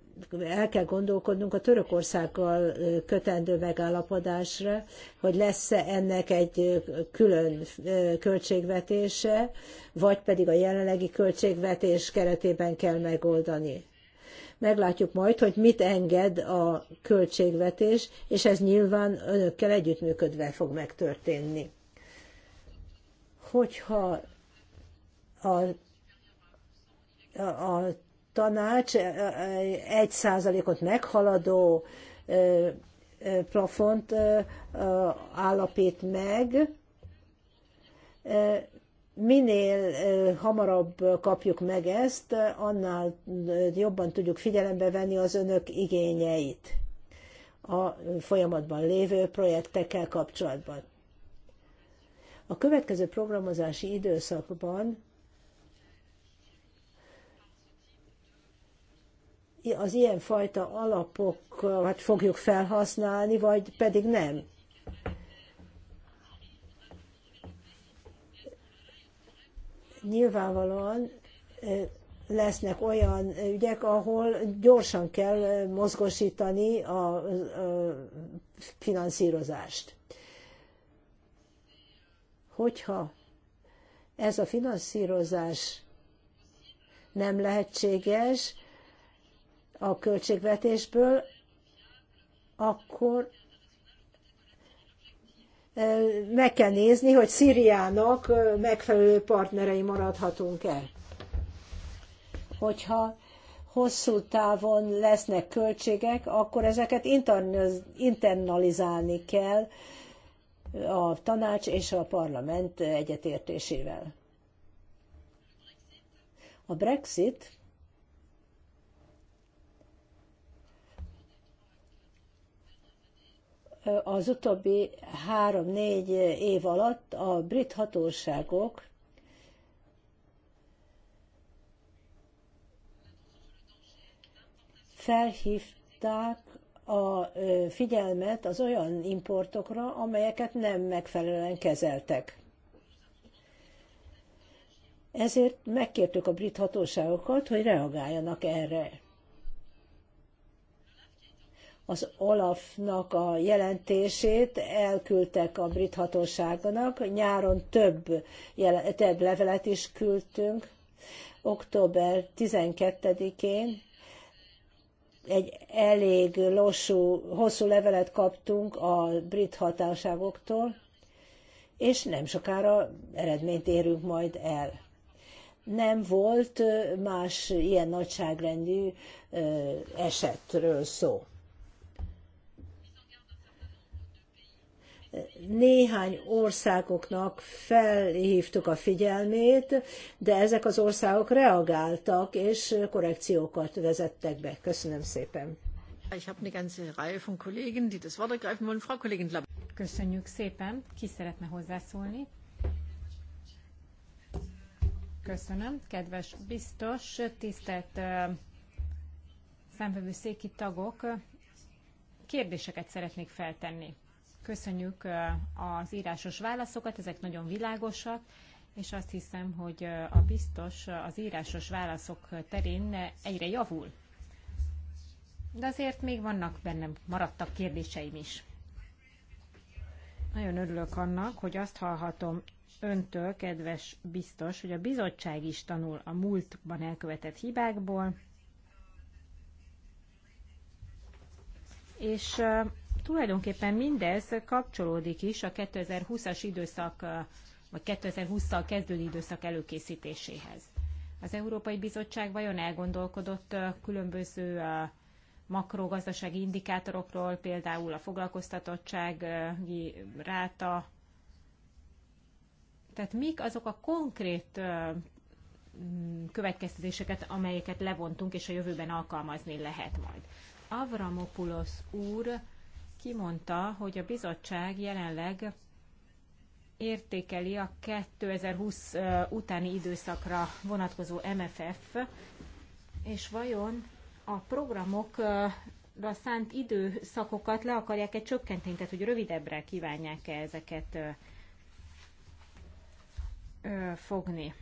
kell gondolkodnunk a Törökországgal kötendő megállapodásra, hogy lesz-e ennek egy külön költségvetése, vagy pedig a jelenlegi költségvetés keretében kell megoldani. Meglátjuk majd, hogy mit enged a költségvetés, és ez nyilván önökkel együttműködve fog megtörténni. Hogyha a, a tanács e, e, egy százalékot meghaladó e, plafont állapít meg, minél hamarabb kapjuk meg ezt, annál jobban tudjuk figyelembe venni az önök igényeit a folyamatban lévő projektekkel kapcsolatban. A következő programozási időszakban az ilyen fajta alapokat hát fogjuk felhasználni, vagy pedig nem. Nyilvánvalóan lesznek olyan ügyek, ahol gyorsan kell mozgosítani a finanszírozást. Hogyha ez a finanszírozás nem lehetséges, a költségvetésből, akkor meg kell nézni, hogy Szíriának megfelelő partnerei maradhatunk-e. Hogyha hosszú távon lesznek költségek, akkor ezeket internalizálni kell a tanács és a parlament egyetértésével. A Brexit az utóbbi három-négy év alatt a brit hatóságok felhívták a figyelmet az olyan importokra, amelyeket nem megfelelően kezeltek. Ezért megkértük a brit hatóságokat, hogy reagáljanak erre az Olafnak a jelentését elküldtek a brit hatóságoknak. Nyáron több, több levelet is küldtünk. Október 12-én egy elég lassú, hosszú levelet kaptunk a brit hatóságoktól, és nem sokára eredményt érünk majd el. Nem volt más ilyen nagyságrendű esetről szó. Néhány országoknak felhívtuk a figyelmét, de ezek az országok reagáltak, és korrekciókat vezettek be. Köszönöm szépen. Köszönjük szépen. Ki szeretne hozzászólni? Köszönöm. Kedves biztos, tisztelt széki tagok, kérdéseket szeretnék feltenni. Köszönjük az írásos válaszokat, ezek nagyon világosak, és azt hiszem, hogy a biztos az írásos válaszok terén egyre javul. De azért még vannak bennem maradtak kérdéseim is. Nagyon örülök annak, hogy azt hallhatom öntől, kedves biztos, hogy a bizottság is tanul a múltban elkövetett hibákból, és Tulajdonképpen mindez kapcsolódik is a 2020-as időszak, vagy 2020-szal kezdődő időszak előkészítéséhez. Az Európai Bizottság vajon elgondolkodott különböző makrogazdasági indikátorokról, például a foglalkoztatottsági ráta. Tehát mik azok a konkrét következtetéseket, amelyeket levontunk, és a jövőben alkalmazni lehet majd. Avramopoulos úr kimondta, hogy a bizottság jelenleg értékeli a 2020 utáni időszakra vonatkozó MFF, és vajon a programokra szánt időszakokat le akarják-e csökkenteni, tehát hogy rövidebbre kívánják-e ezeket fogni.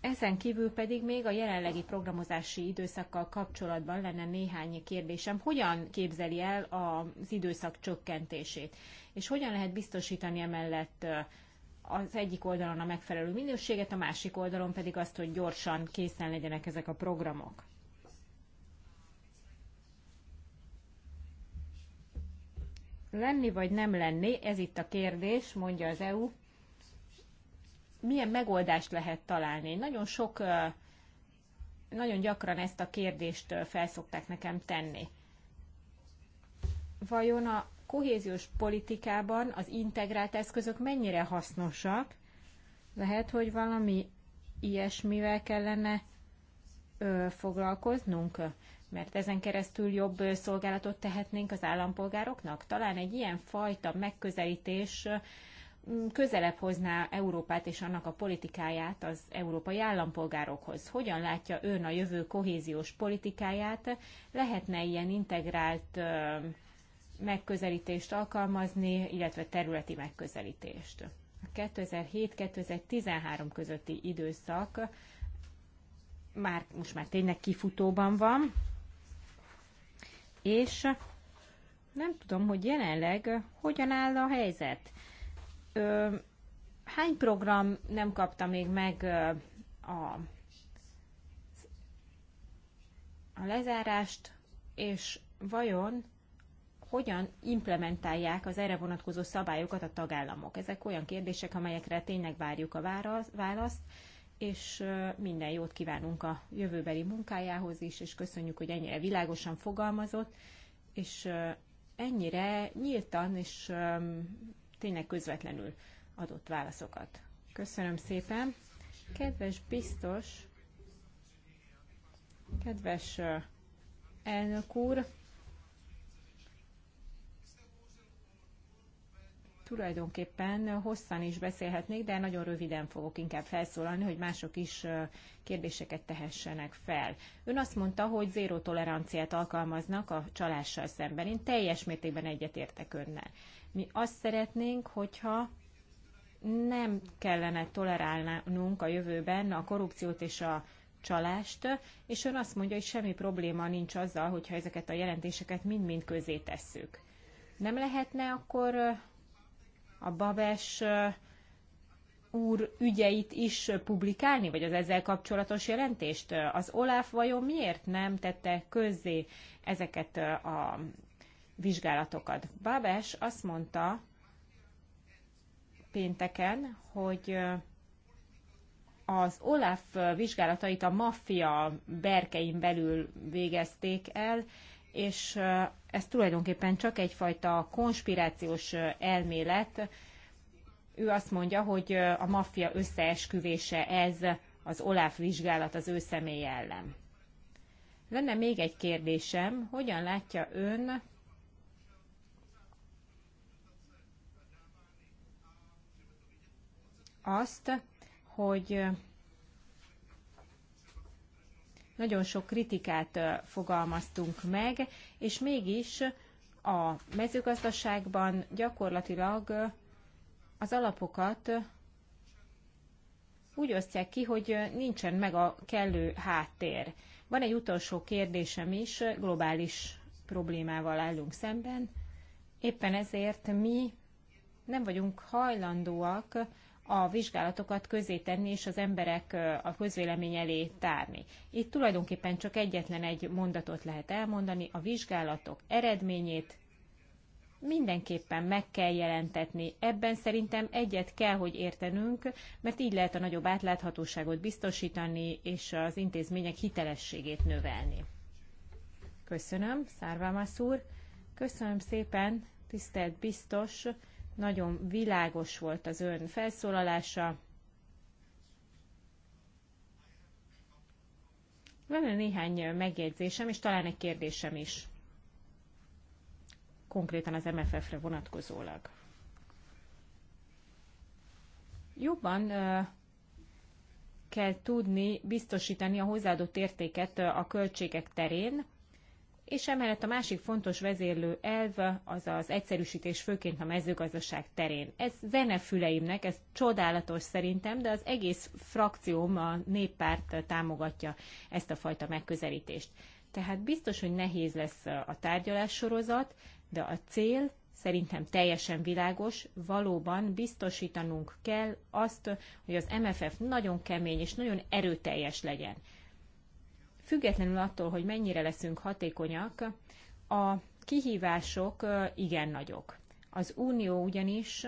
Ezen kívül pedig még a jelenlegi programozási időszakkal kapcsolatban lenne néhány kérdésem. Hogyan képzeli el az időszak csökkentését? És hogyan lehet biztosítani emellett az egyik oldalon a megfelelő minőséget, a másik oldalon pedig azt, hogy gyorsan készen legyenek ezek a programok? Lenni vagy nem lenni, ez itt a kérdés, mondja az EU milyen megoldást lehet találni. Nagyon sok, nagyon gyakran ezt a kérdést felszokták nekem tenni. Vajon a kohéziós politikában az integrált eszközök mennyire hasznosak? Lehet, hogy valami ilyesmivel kellene ö, foglalkoznunk, mert ezen keresztül jobb szolgálatot tehetnénk az állampolgároknak? Talán egy ilyen fajta megközelítés közelebb hozná Európát és annak a politikáját az európai állampolgárokhoz. Hogyan látja ön a jövő kohéziós politikáját? Lehetne ilyen integrált megközelítést alkalmazni, illetve területi megközelítést? A 2007-2013 közötti időszak már most már tényleg kifutóban van, és nem tudom, hogy jelenleg hogyan áll a helyzet hány program nem kapta még meg a, a lezárást, és vajon hogyan implementálják az erre vonatkozó szabályokat a tagállamok. Ezek olyan kérdések, amelyekre tényleg várjuk a választ, és minden jót kívánunk a jövőbeli munkájához is, és köszönjük, hogy ennyire világosan fogalmazott, és ennyire nyíltan és tényleg közvetlenül adott válaszokat. Köszönöm szépen. Kedves biztos, kedves elnök úr, tulajdonképpen hosszan is beszélhetnék, de nagyon röviden fogok inkább felszólalni, hogy mások is kérdéseket tehessenek fel. Ön azt mondta, hogy zéró toleranciát alkalmaznak a csalással szemben. Én teljes mértékben egyetértek önnel. Mi azt szeretnénk, hogyha nem kellene tolerálnunk a jövőben a korrupciót és a csalást, és ön azt mondja, hogy semmi probléma nincs azzal, hogyha ezeket a jelentéseket mind-mind közé tesszük. Nem lehetne akkor a Babes úr ügyeit is publikálni, vagy az ezzel kapcsolatos jelentést? Az Olaf vajon miért nem tette közzé ezeket a vizsgálatokat. Babes azt mondta pénteken, hogy az Olaf vizsgálatait a maffia berkein belül végezték el, és ez tulajdonképpen csak egyfajta konspirációs elmélet. Ő azt mondja, hogy a maffia összeesküvése ez az Olaf vizsgálat az ő személy ellen. Lenne még egy kérdésem, hogyan látja ön azt, hogy nagyon sok kritikát fogalmaztunk meg, és mégis a mezőgazdaságban gyakorlatilag az alapokat úgy osztják ki, hogy nincsen meg a kellő háttér. Van egy utolsó kérdésem is, globális problémával állunk szemben. Éppen ezért mi nem vagyunk hajlandóak a vizsgálatokat közé tenni és az emberek a közvélemény elé tárni. Itt tulajdonképpen csak egyetlen egy mondatot lehet elmondani, a vizsgálatok eredményét mindenképpen meg kell jelentetni. Ebben szerintem egyet kell, hogy értenünk, mert így lehet a nagyobb átláthatóságot biztosítani, és az intézmények hitelességét növelni. Köszönöm, Szárvámasz úr. Köszönöm szépen, tisztelt biztos. Nagyon világos volt az ön felszólalása. -e néhány megjegyzésem, és talán egy kérdésem is. Konkrétan az MFF-re vonatkozólag. Jobban kell tudni biztosítani a hozzáadott értéket a költségek terén, és emellett a másik fontos vezérlő elv az az egyszerűsítés főként a mezőgazdaság terén. Ez füleimnek, ez csodálatos szerintem, de az egész frakcióm, a néppárt támogatja ezt a fajta megközelítést. Tehát biztos, hogy nehéz lesz a tárgyalás sorozat, de a cél szerintem teljesen világos, valóban biztosítanunk kell azt, hogy az MFF nagyon kemény és nagyon erőteljes legyen. Függetlenül attól, hogy mennyire leszünk hatékonyak, a kihívások igen nagyok. Az Unió ugyanis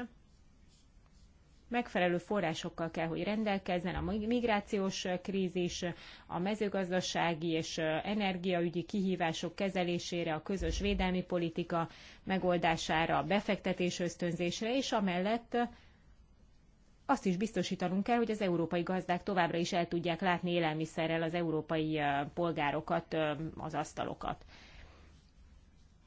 megfelelő forrásokkal kell, hogy rendelkezzen a migrációs krízis, a mezőgazdasági és energiaügyi kihívások kezelésére, a közös védelmi politika megoldására, a befektetés ösztönzésre, és amellett azt is biztosítanunk kell, hogy az európai gazdák továbbra is el tudják látni élelmiszerrel az európai polgárokat, az asztalokat.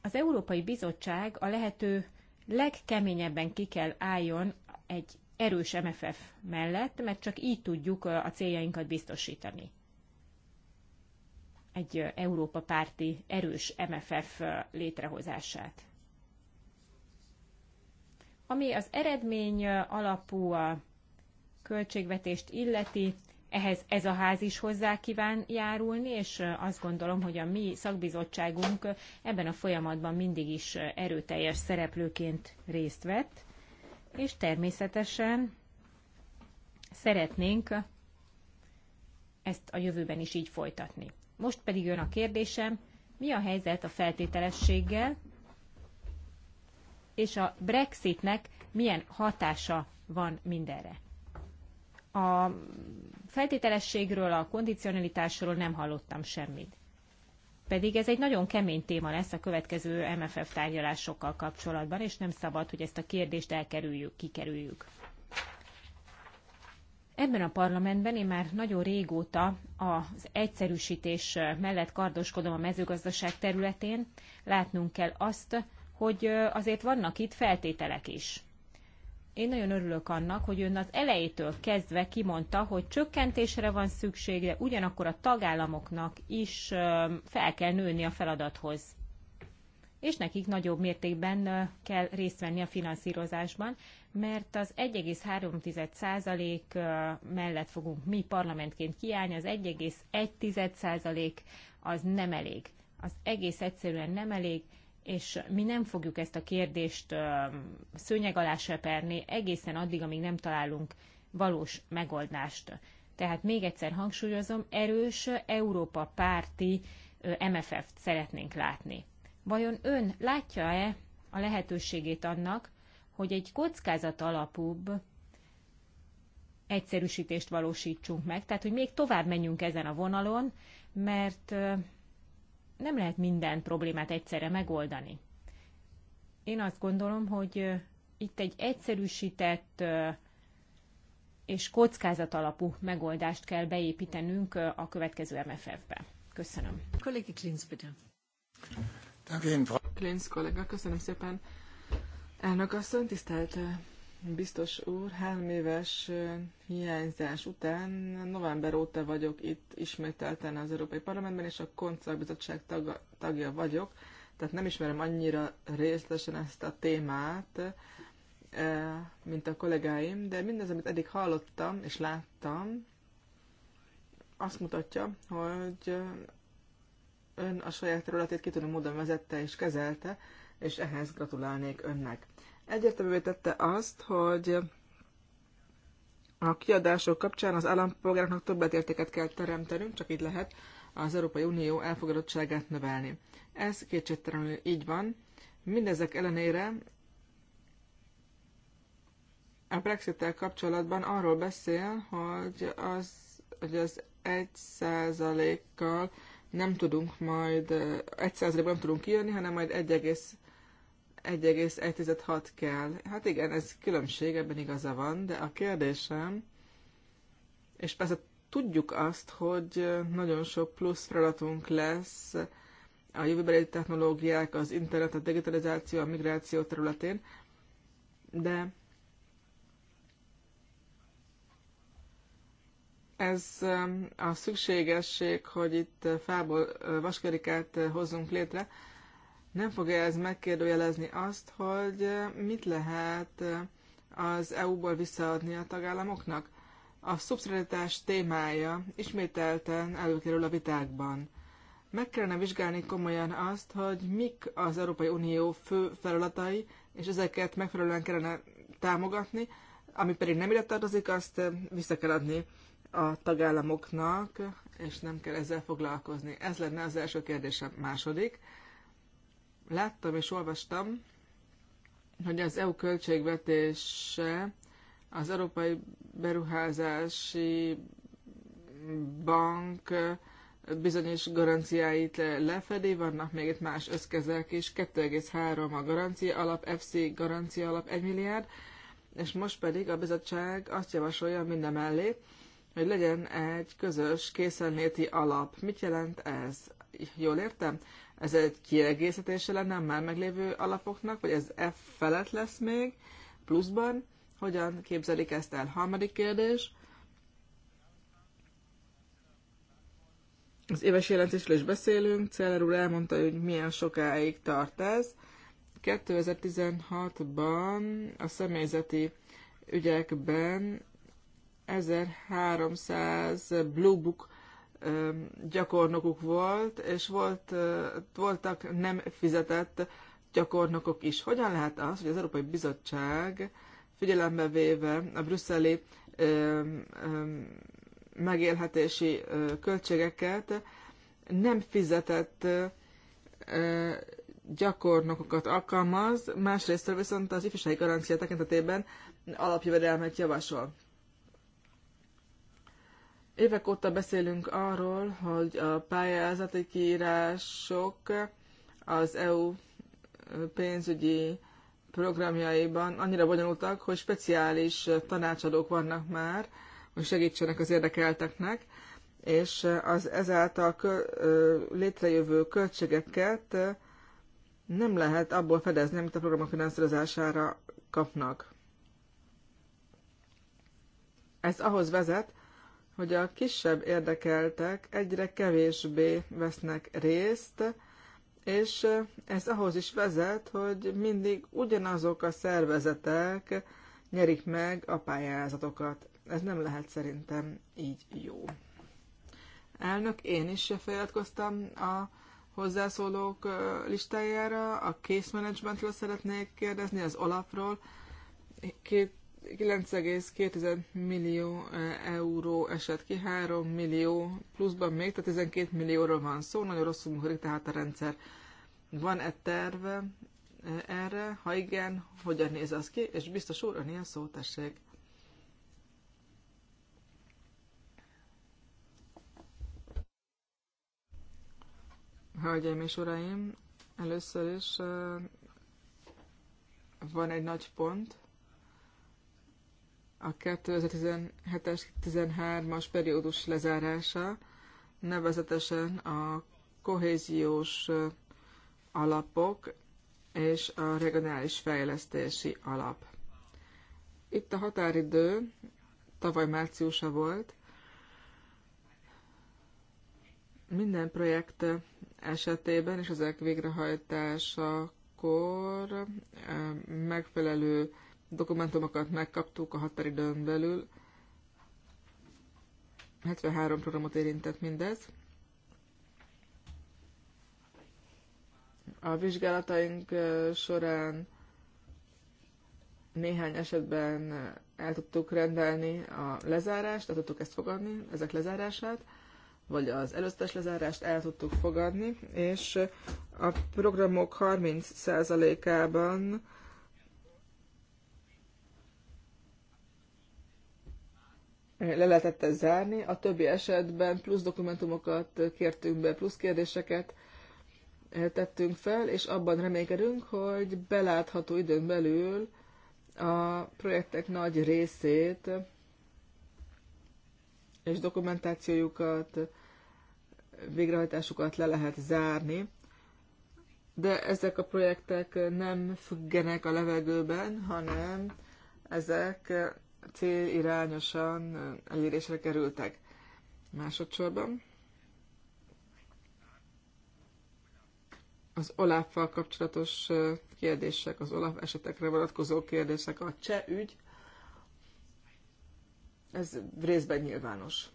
Az Európai Bizottság a lehető legkeményebben ki kell álljon egy erős MFF mellett, mert csak így tudjuk a céljainkat biztosítani. Egy Európa párti erős MFF létrehozását. Ami az eredmény alapú költségvetést illeti, ehhez ez a ház is hozzá kíván járulni, és azt gondolom, hogy a mi szakbizottságunk ebben a folyamatban mindig is erőteljes szereplőként részt vett, és természetesen szeretnénk ezt a jövőben is így folytatni. Most pedig jön a kérdésem, mi a helyzet a feltételességgel, és a Brexitnek milyen hatása van mindenre. A feltételességről, a kondicionalitásról nem hallottam semmit. Pedig ez egy nagyon kemény téma lesz a következő MFF tárgyalásokkal kapcsolatban, és nem szabad, hogy ezt a kérdést elkerüljük, kikerüljük. Ebben a parlamentben én már nagyon régóta az egyszerűsítés mellett kardoskodom a mezőgazdaság területén. Látnunk kell azt, hogy azért vannak itt feltételek is. Én nagyon örülök annak, hogy ön az elejétől kezdve kimondta, hogy csökkentésre van szükség, de ugyanakkor a tagállamoknak is fel kell nőni a feladathoz. És nekik nagyobb mértékben kell részt venni a finanszírozásban, mert az 1,3% mellett fogunk mi parlamentként kiállni, az 1,1% az nem elég. Az egész egyszerűen nem elég, és mi nem fogjuk ezt a kérdést szőnyeg alá seperni egészen addig, amíg nem találunk valós megoldást. Tehát még egyszer hangsúlyozom, erős Európa párti MFF-t szeretnénk látni. Vajon ön látja-e a lehetőségét annak, hogy egy kockázat alapúbb egyszerűsítést valósítsunk meg, tehát hogy még tovább menjünk ezen a vonalon, mert nem lehet minden problémát egyszerre megoldani. Én azt gondolom, hogy itt egy egyszerűsített és kockázat alapú megoldást kell beépítenünk a következő MFF-be. Köszönöm. Kollégi Klinz, bitte. Klinz kollega, köszönöm szépen. Elnök asszony, tisztelt Biztos úr, három éves hiányzás után november óta vagyok itt ismételten az Európai Parlamentben, és a Koncertbizottság tagja vagyok, tehát nem ismerem annyira részletesen ezt a témát, mint a kollégáim, de mindez, amit eddig hallottam és láttam, azt mutatja, hogy ön a saját területét kitűnő módon vezette és kezelte, és ehhez gratulálnék önnek. Egyértelművé tette azt, hogy a kiadások kapcsán az állampolgároknak értéket kell teremtenünk, csak így lehet az Európai Unió elfogadottságát növelni. Ez kétségtelenül így van. Mindezek ellenére a Brexit-tel kapcsolatban arról beszél, hogy az, hogy az 1%-kal nem tudunk majd, 1%-ban nem tudunk kijönni, hanem majd 1, 1,1,6 kell. Hát igen, ez különbség, ebben igaza van, de a kérdésem, és persze tudjuk azt, hogy nagyon sok plusz feladatunk lesz a jövőbeli technológiák, az internet, a digitalizáció, a migráció területén, de ez um, a szükségesség, hogy itt fából uh, vaskerikát uh, hozzunk létre, nem fogja ez megkérdőjelezni azt, hogy mit lehet az EU-ból visszaadni a tagállamoknak? A szubszidiaritás témája ismételten előkerül a vitákban. Meg kellene vizsgálni komolyan azt, hogy mik az Európai Unió fő feladatai, és ezeket megfelelően kellene támogatni, ami pedig nem ide tartozik, azt vissza kell adni a tagállamoknak, és nem kell ezzel foglalkozni. Ez lenne az első kérdésem. Második, láttam és olvastam, hogy az EU költségvetése az Európai Beruházási Bank bizonyos garanciáit lefedi, vannak még itt más összkezek is, 2,3 a garancia alap, FC garancia alap 1 milliárd, és most pedig a bizottság azt javasolja minden mellé, hogy legyen egy közös készenléti alap. Mit jelent ez? Jól értem? Ez egy kiegészítése lenne a már meglévő alapoknak, vagy ez F felett lesz még pluszban? Hogyan képzelik ezt el? Harmadik kérdés. Az éves jelentésről is beszélünk, Celler úr elmondta, hogy milyen sokáig tart ez. 2016-ban a személyzeti ügyekben 1300 Blue Book gyakornokuk volt, és volt, voltak nem fizetett gyakornokok is. Hogyan lehet az, hogy az Európai Bizottság figyelembe véve a brüsszeli megélhetési költségeket nem fizetett gyakornokokat alkalmaz, másrészt viszont az ifjúsági garancia tekintetében alapjövedelmet javasol. Évek óta beszélünk arról, hogy a pályázati kiírások az EU pénzügyi programjaiban annyira bonyolultak, hogy speciális tanácsadók vannak már, hogy segítsenek az érdekelteknek, és az ezáltal létrejövő költségeket nem lehet abból fedezni, amit a programok finanszírozására kapnak. Ez ahhoz vezet, hogy a kisebb érdekeltek egyre kevésbé vesznek részt, és ez ahhoz is vezet, hogy mindig ugyanazok a szervezetek nyerik meg a pályázatokat. Ez nem lehet szerintem így jó. Elnök, én is feliratkoztam a hozzászólók listájára, a case managementről szeretnék kérdezni, az Olafról. 9,2 millió eh, euró esett ki, 3 millió pluszban még, tehát 12 millióról van szó, nagyon rosszul működik tehát a rendszer. Van-e terve eh, erre? Ha igen, hogyan néz az ki? És biztos úr, ön ilyen szó, tessék. Hölgyeim és uraim, először is eh, van egy nagy pont, a 2017-es 13-as periódus lezárása, nevezetesen a kohéziós alapok és a regionális fejlesztési alap. Itt a határidő tavaly márciusa volt. Minden projekt esetében és ezek végrehajtásakor megfelelő dokumentumokat megkaptuk a határidőn belül. 73 programot érintett mindez. A vizsgálataink során néhány esetben el tudtuk rendelni a lezárást, el tudtuk ezt fogadni, ezek lezárását, vagy az előztes lezárást el tudtuk fogadni, és a programok 30%-ában le lehetett ezt zárni. A többi esetben plusz dokumentumokat kértünk be, plusz kérdéseket eh, tettünk fel, és abban reménykedünk, hogy belátható időn belül a projektek nagy részét és dokumentációjukat, végrehajtásukat le lehet zárni, de ezek a projektek nem függenek a levegőben, hanem ezek célirányosan elérésre kerültek. Másodszorban az olaf kapcsolatos kérdések, az Olaf esetekre vonatkozó kérdések, a cseh ügy, ez részben nyilvános.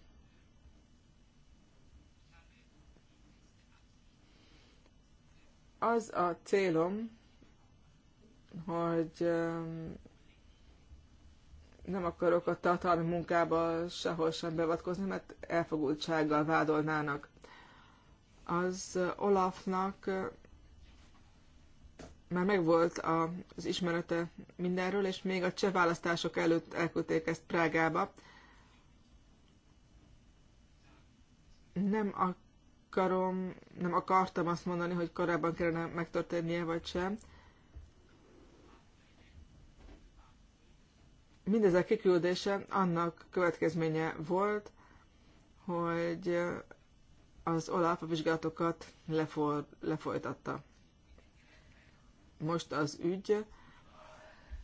Az a célom, hogy nem akarok a tartalmi munkába sehol sem bevatkozni, mert elfogultsággal vádolnának. Az Olafnak már megvolt az ismerete mindenről, és még a cseh választások előtt elküldték ezt Prágába. Nem akarom, nem akartam azt mondani, hogy korábban kellene megtörténnie, vagy sem. mindezek kiküldése annak következménye volt, hogy az OLAF a vizsgálatokat lefor, lefolytatta. Most az ügy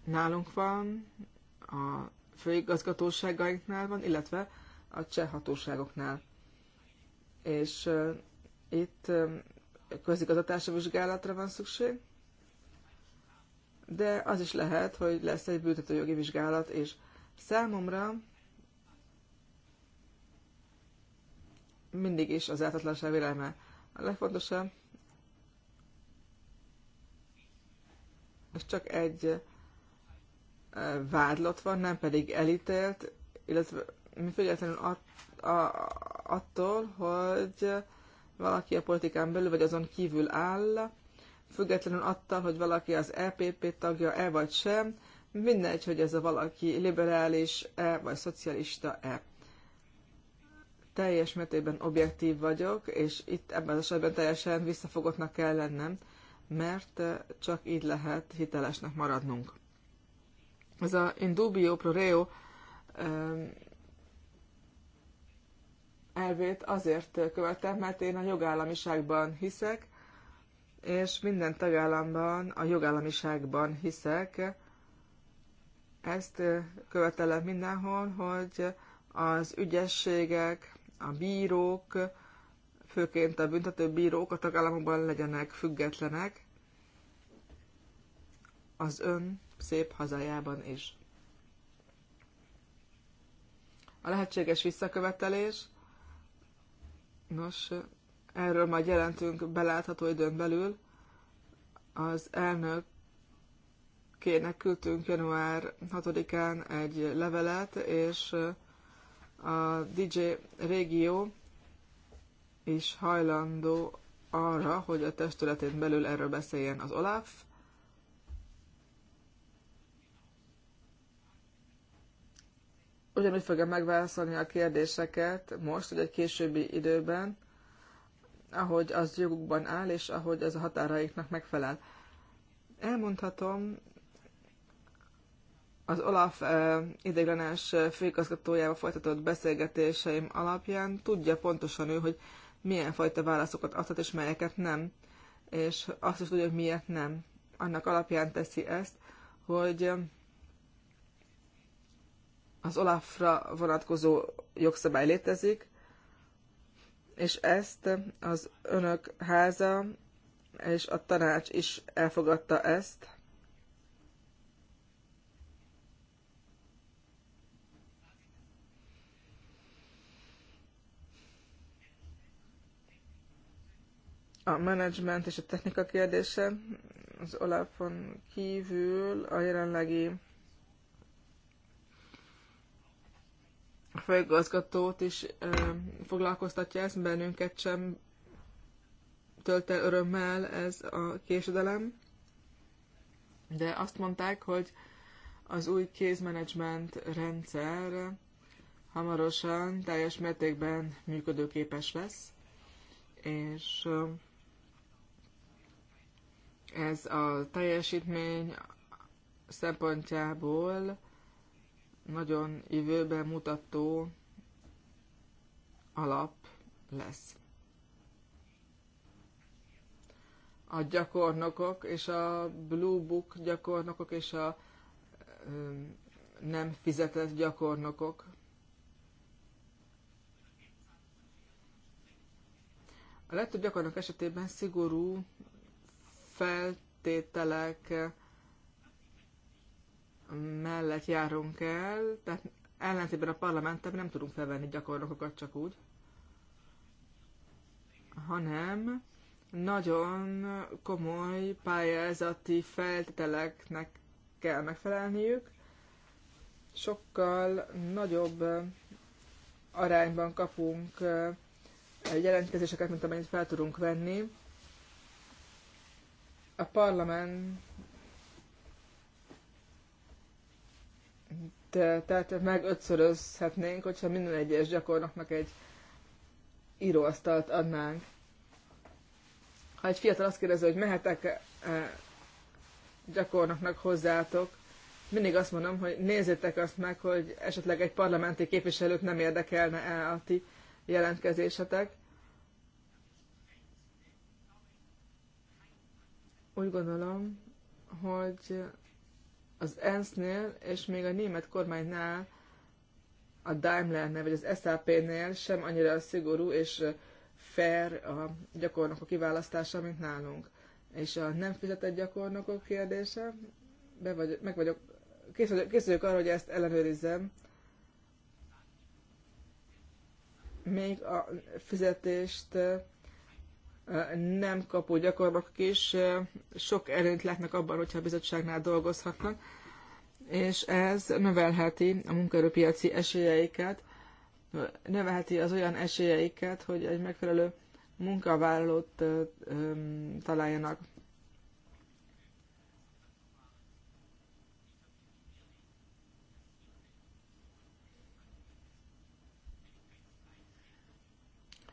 nálunk van, a főigazgatóságainknál van, illetve a cseh hatóságoknál. És uh, itt uh, közigazgatási vizsgálatra van szükség de az is lehet, hogy lesz egy büntetőjogi vizsgálat, és számomra mindig is az ártatlanság vélelme a legfontosabb, és csak egy vádlott van, nem pedig elítélt, illetve mi függetlenül att, a, attól, hogy valaki a politikán belül vagy azon kívül áll, függetlenül attól, hogy valaki az EPP tagja-e vagy sem, mindegy, hogy ez a valaki liberális-e vagy szocialista-e. Teljes mértékben objektív vagyok, és itt ebben az esetben teljesen visszafogottnak kell lennem, mert eh, csak így lehet hitelesnek maradnunk. Ez a indubio pro reo elvét azért követem, mert én a jogállamiságban hiszek, és minden tagállamban a jogállamiságban hiszek. Ezt követelem mindenhol, hogy az ügyességek, a bírók, főként a büntető bírók a tagállamokban legyenek függetlenek az ön szép hazájában is. A lehetséges visszakövetelés. Nos, erről majd jelentünk belátható időn belül. Az elnök kének küldtünk január 6-án egy levelet, és uh, a DJ régió is hajlandó arra, hogy a testületén belül erről beszéljen az Olaf. Ugyanúgy fogja megválaszolni a kérdéseket most, vagy egy későbbi időben, ahogy az jogukban áll, és ahogy ez a határaiknak megfelel. Elmondhatom, az Olaf ideiglenes főigazgatójával folytatott beszélgetéseim alapján tudja pontosan ő, hogy milyen fajta válaszokat adhat, és melyeket nem. És azt is tudja, hogy miért nem. Annak alapján teszi ezt, hogy az Olafra vonatkozó jogszabály létezik, és ezt az önök háza és a tanács is elfogadta ezt. A menedzsment és a technika kérdése az Olafon kívül a jelenlegi főigazgatót is foglalkoztatja ezt, bennünket sem tölt el örömmel ez a késedelem. De azt mondták, hogy az új kézmenedzsment rendszer hamarosan teljes mértékben működőképes lesz, és ez a teljesítmény szempontjából nagyon jövőben mutató alap lesz. A gyakornokok és a Blue Book gyakornokok és a nem fizetett gyakornokok. A legtöbb gyakornok esetében szigorú feltételek mellett járunk el, tehát ellentétben a parlamentben nem tudunk felvenni gyakornokokat csak úgy, hanem nagyon komoly pályázati feltételeknek kell megfelelniük, sokkal nagyobb arányban kapunk jelentkezéseket, mint amennyit fel tudunk venni. A parlament tehát meg ötszörözhetnénk, hogyha minden egyes gyakornoknak egy íróasztalt adnánk. Ha egy fiatal azt kérdezi, hogy mehetek -e gyakornoknak hozzátok, mindig azt mondom, hogy nézzétek azt meg, hogy esetleg egy parlamenti képviselőt nem érdekelne el a ti jelentkezésetek. Úgy gondolom, hogy az ENSZ-nél és még a német kormánynál, a Daimler-nél, vagy az SAP-nél sem annyira szigorú és fair a gyakornokok kiválasztása, mint nálunk. És a nem fizetett gyakornokok kérdése, be vagy, meg vagyok, kész vagyok, kész vagyok arra, hogy ezt ellenőrizzem. Még a fizetést nem kapó gyakornokok is sok előnyt látnak abban, hogyha a bizottságnál dolgozhatnak, és ez növelheti a munkaerőpiaci esélyeiket, növelheti az olyan esélyeiket, hogy egy megfelelő munkavállalót találjanak.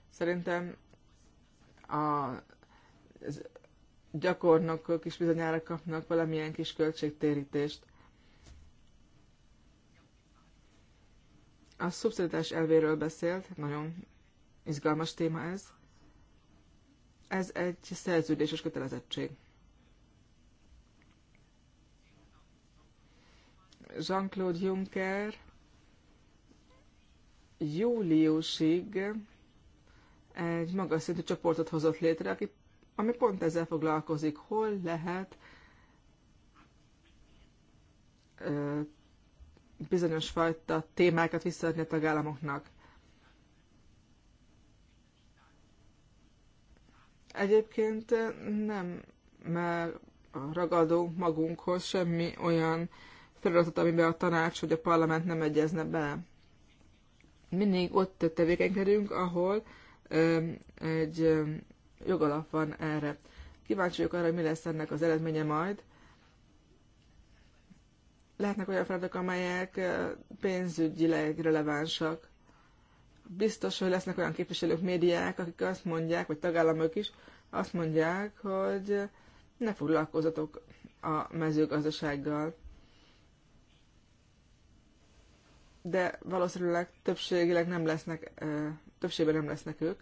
Szerintem a gyakornokok is bizonyára kapnak valamilyen kis költségtérítést. A szubszidítás elvéről beszélt, nagyon izgalmas téma ez. Ez egy szerződéses kötelezettség. Jean-Claude Juncker júliusig egy magas szintű csoportot hozott létre, aki, ami pont ezzel foglalkozik, hol lehet ö, bizonyos fajta témákat visszaadni a tagállamoknak. Egyébként nem mert magunkhoz semmi olyan feladatot, amiben a tanács vagy a parlament nem egyezne be. Mindig ott tevékenykedünk, ahol egy jogalap van erre. Kíváncsi vagyok arra, hogy mi lesz ennek az eredménye majd. Lehetnek olyan feladatok, amelyek pénzügyileg relevánsak. Biztos, hogy lesznek olyan képviselők, médiák, akik azt mondják, vagy tagállamok is, azt mondják, hogy ne foglalkozatok a mezőgazdasággal. De valószínűleg többségileg nem lesznek többségben nem lesznek ők.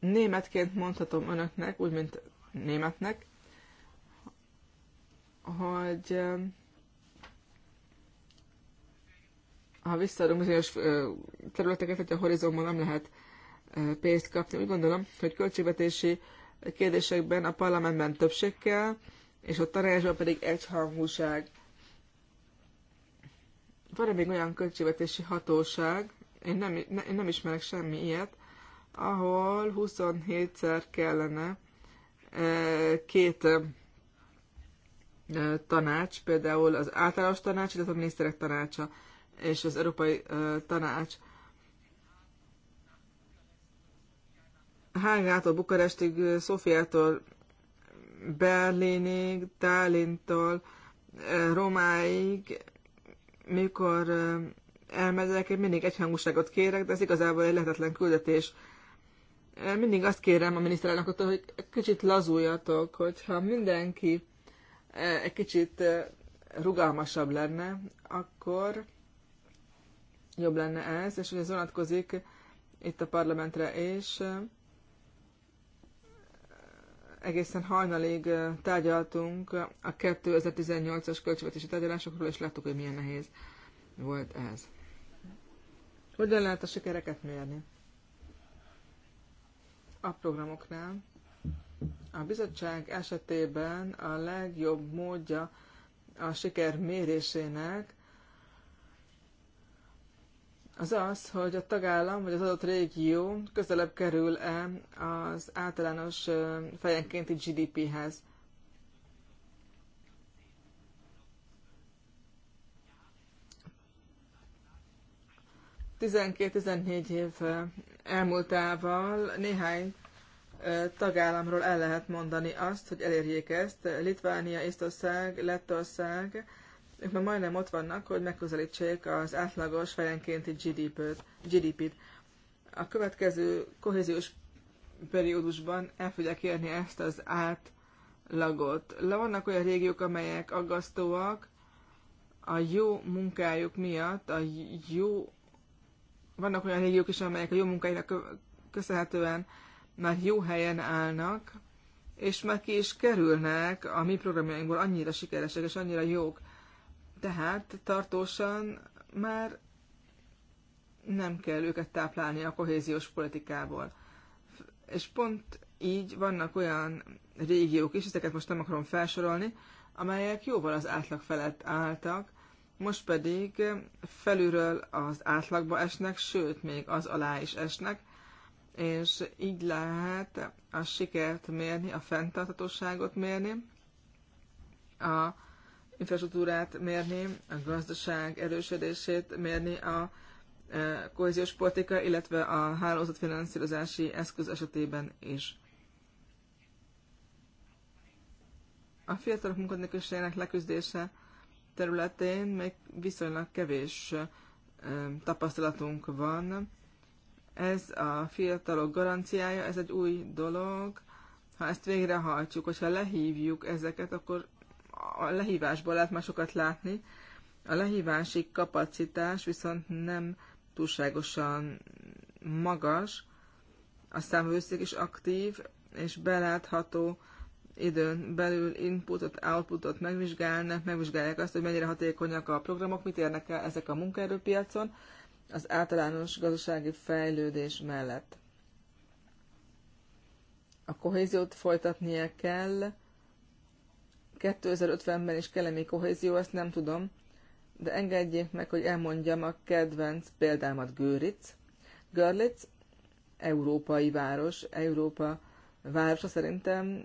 Németként mondhatom önöknek, úgy, mint németnek, hogy ha visszaadunk bizonyos területeket, hogy a horizonban nem lehet pénzt kapni, úgy gondolom, hogy költségvetési kérdésekben a parlamentben többség kell, és a tanácsban pedig egyhangúság van még olyan költségvetési hatóság, én nem, ne, én nem ismerek semmi ilyet, ahol 27-szer kellene e, két e, e, tanács, például az általános tanács, illetve a miniszterek tanácsa és az európai tanács. Hágától Bukarestig, Szofiától Berlinig, Tálintól, Romáig, mikor elmegyek, én mindig egyhangúságot kérek, de ez igazából egy lehetetlen küldetés. Mindig azt kérem a miniszterelnököt, hogy kicsit lazuljatok, hogyha mindenki egy kicsit rugalmasabb lenne, akkor jobb lenne ez, és hogy ez vonatkozik itt a parlamentre, és egészen hajnalig tárgyaltunk a 2018-as költségvetési tárgyalásokról, és láttuk, hogy milyen nehéz volt ez. Hogyan lehet a sikereket mérni? A programoknál. A bizottság esetében a legjobb módja a siker mérésének az az, hogy a tagállam vagy az adott régió közelebb kerül-e az általános fejenkénti GDP-hez. Tizenkét-tizennégy év elmúltával néhány tagállamról el lehet mondani azt, hogy elérjék ezt. Litvánia, Észtország, Lettország, ők már majdnem ott vannak, hogy megközelítsék az átlagos fejenkénti GDP-t. gdp A következő kohéziós periódusban el fogják érni ezt az átlagot. Le vannak olyan régiók, amelyek aggasztóak a jó munkájuk miatt, a jó... Vannak olyan régiók is, amelyek a jó munkáinak köszönhetően már jó helyen állnak, és már ki is kerülnek a mi programjainkból annyira sikeresek és annyira jók, tehát tartósan már nem kell őket táplálni a kohéziós politikából. És pont így vannak olyan régiók is, ezeket most nem akarom felsorolni, amelyek jóval az átlag felett álltak, most pedig felülről az átlagba esnek, sőt, még az alá is esnek, és így lehet a sikert mérni, a fenntartatóságot mérni, a infrastruktúrát mérni, a gazdaság erősödését mérni, a e, kohéziós politika, illetve a hálózatfinanszírozási eszköz esetében is. A fiatalok munkanélküliségének leküzdése területén még viszonylag kevés e, tapasztalatunk van. Ez a fiatalok garanciája, ez egy új dolog. Ha ezt végrehajtjuk, hogyha lehívjuk ezeket, akkor a lehívásból lehet másokat látni. A lehívási kapacitás viszont nem túlságosan magas, a számvőszék is aktív, és belátható időn belül inputot, outputot megvizsgálnak, megvizsgálják azt, hogy mennyire hatékonyak a programok, mit érnek el ezek a munkaerőpiacon az általános gazdasági fejlődés mellett. A kohéziót folytatnia kell, 2050-ben is kellemi kohézió, ezt nem tudom, de engedjék meg, hogy elmondjam a kedvenc példámat Göritz. Görlitz, európai város, Európa városa szerintem,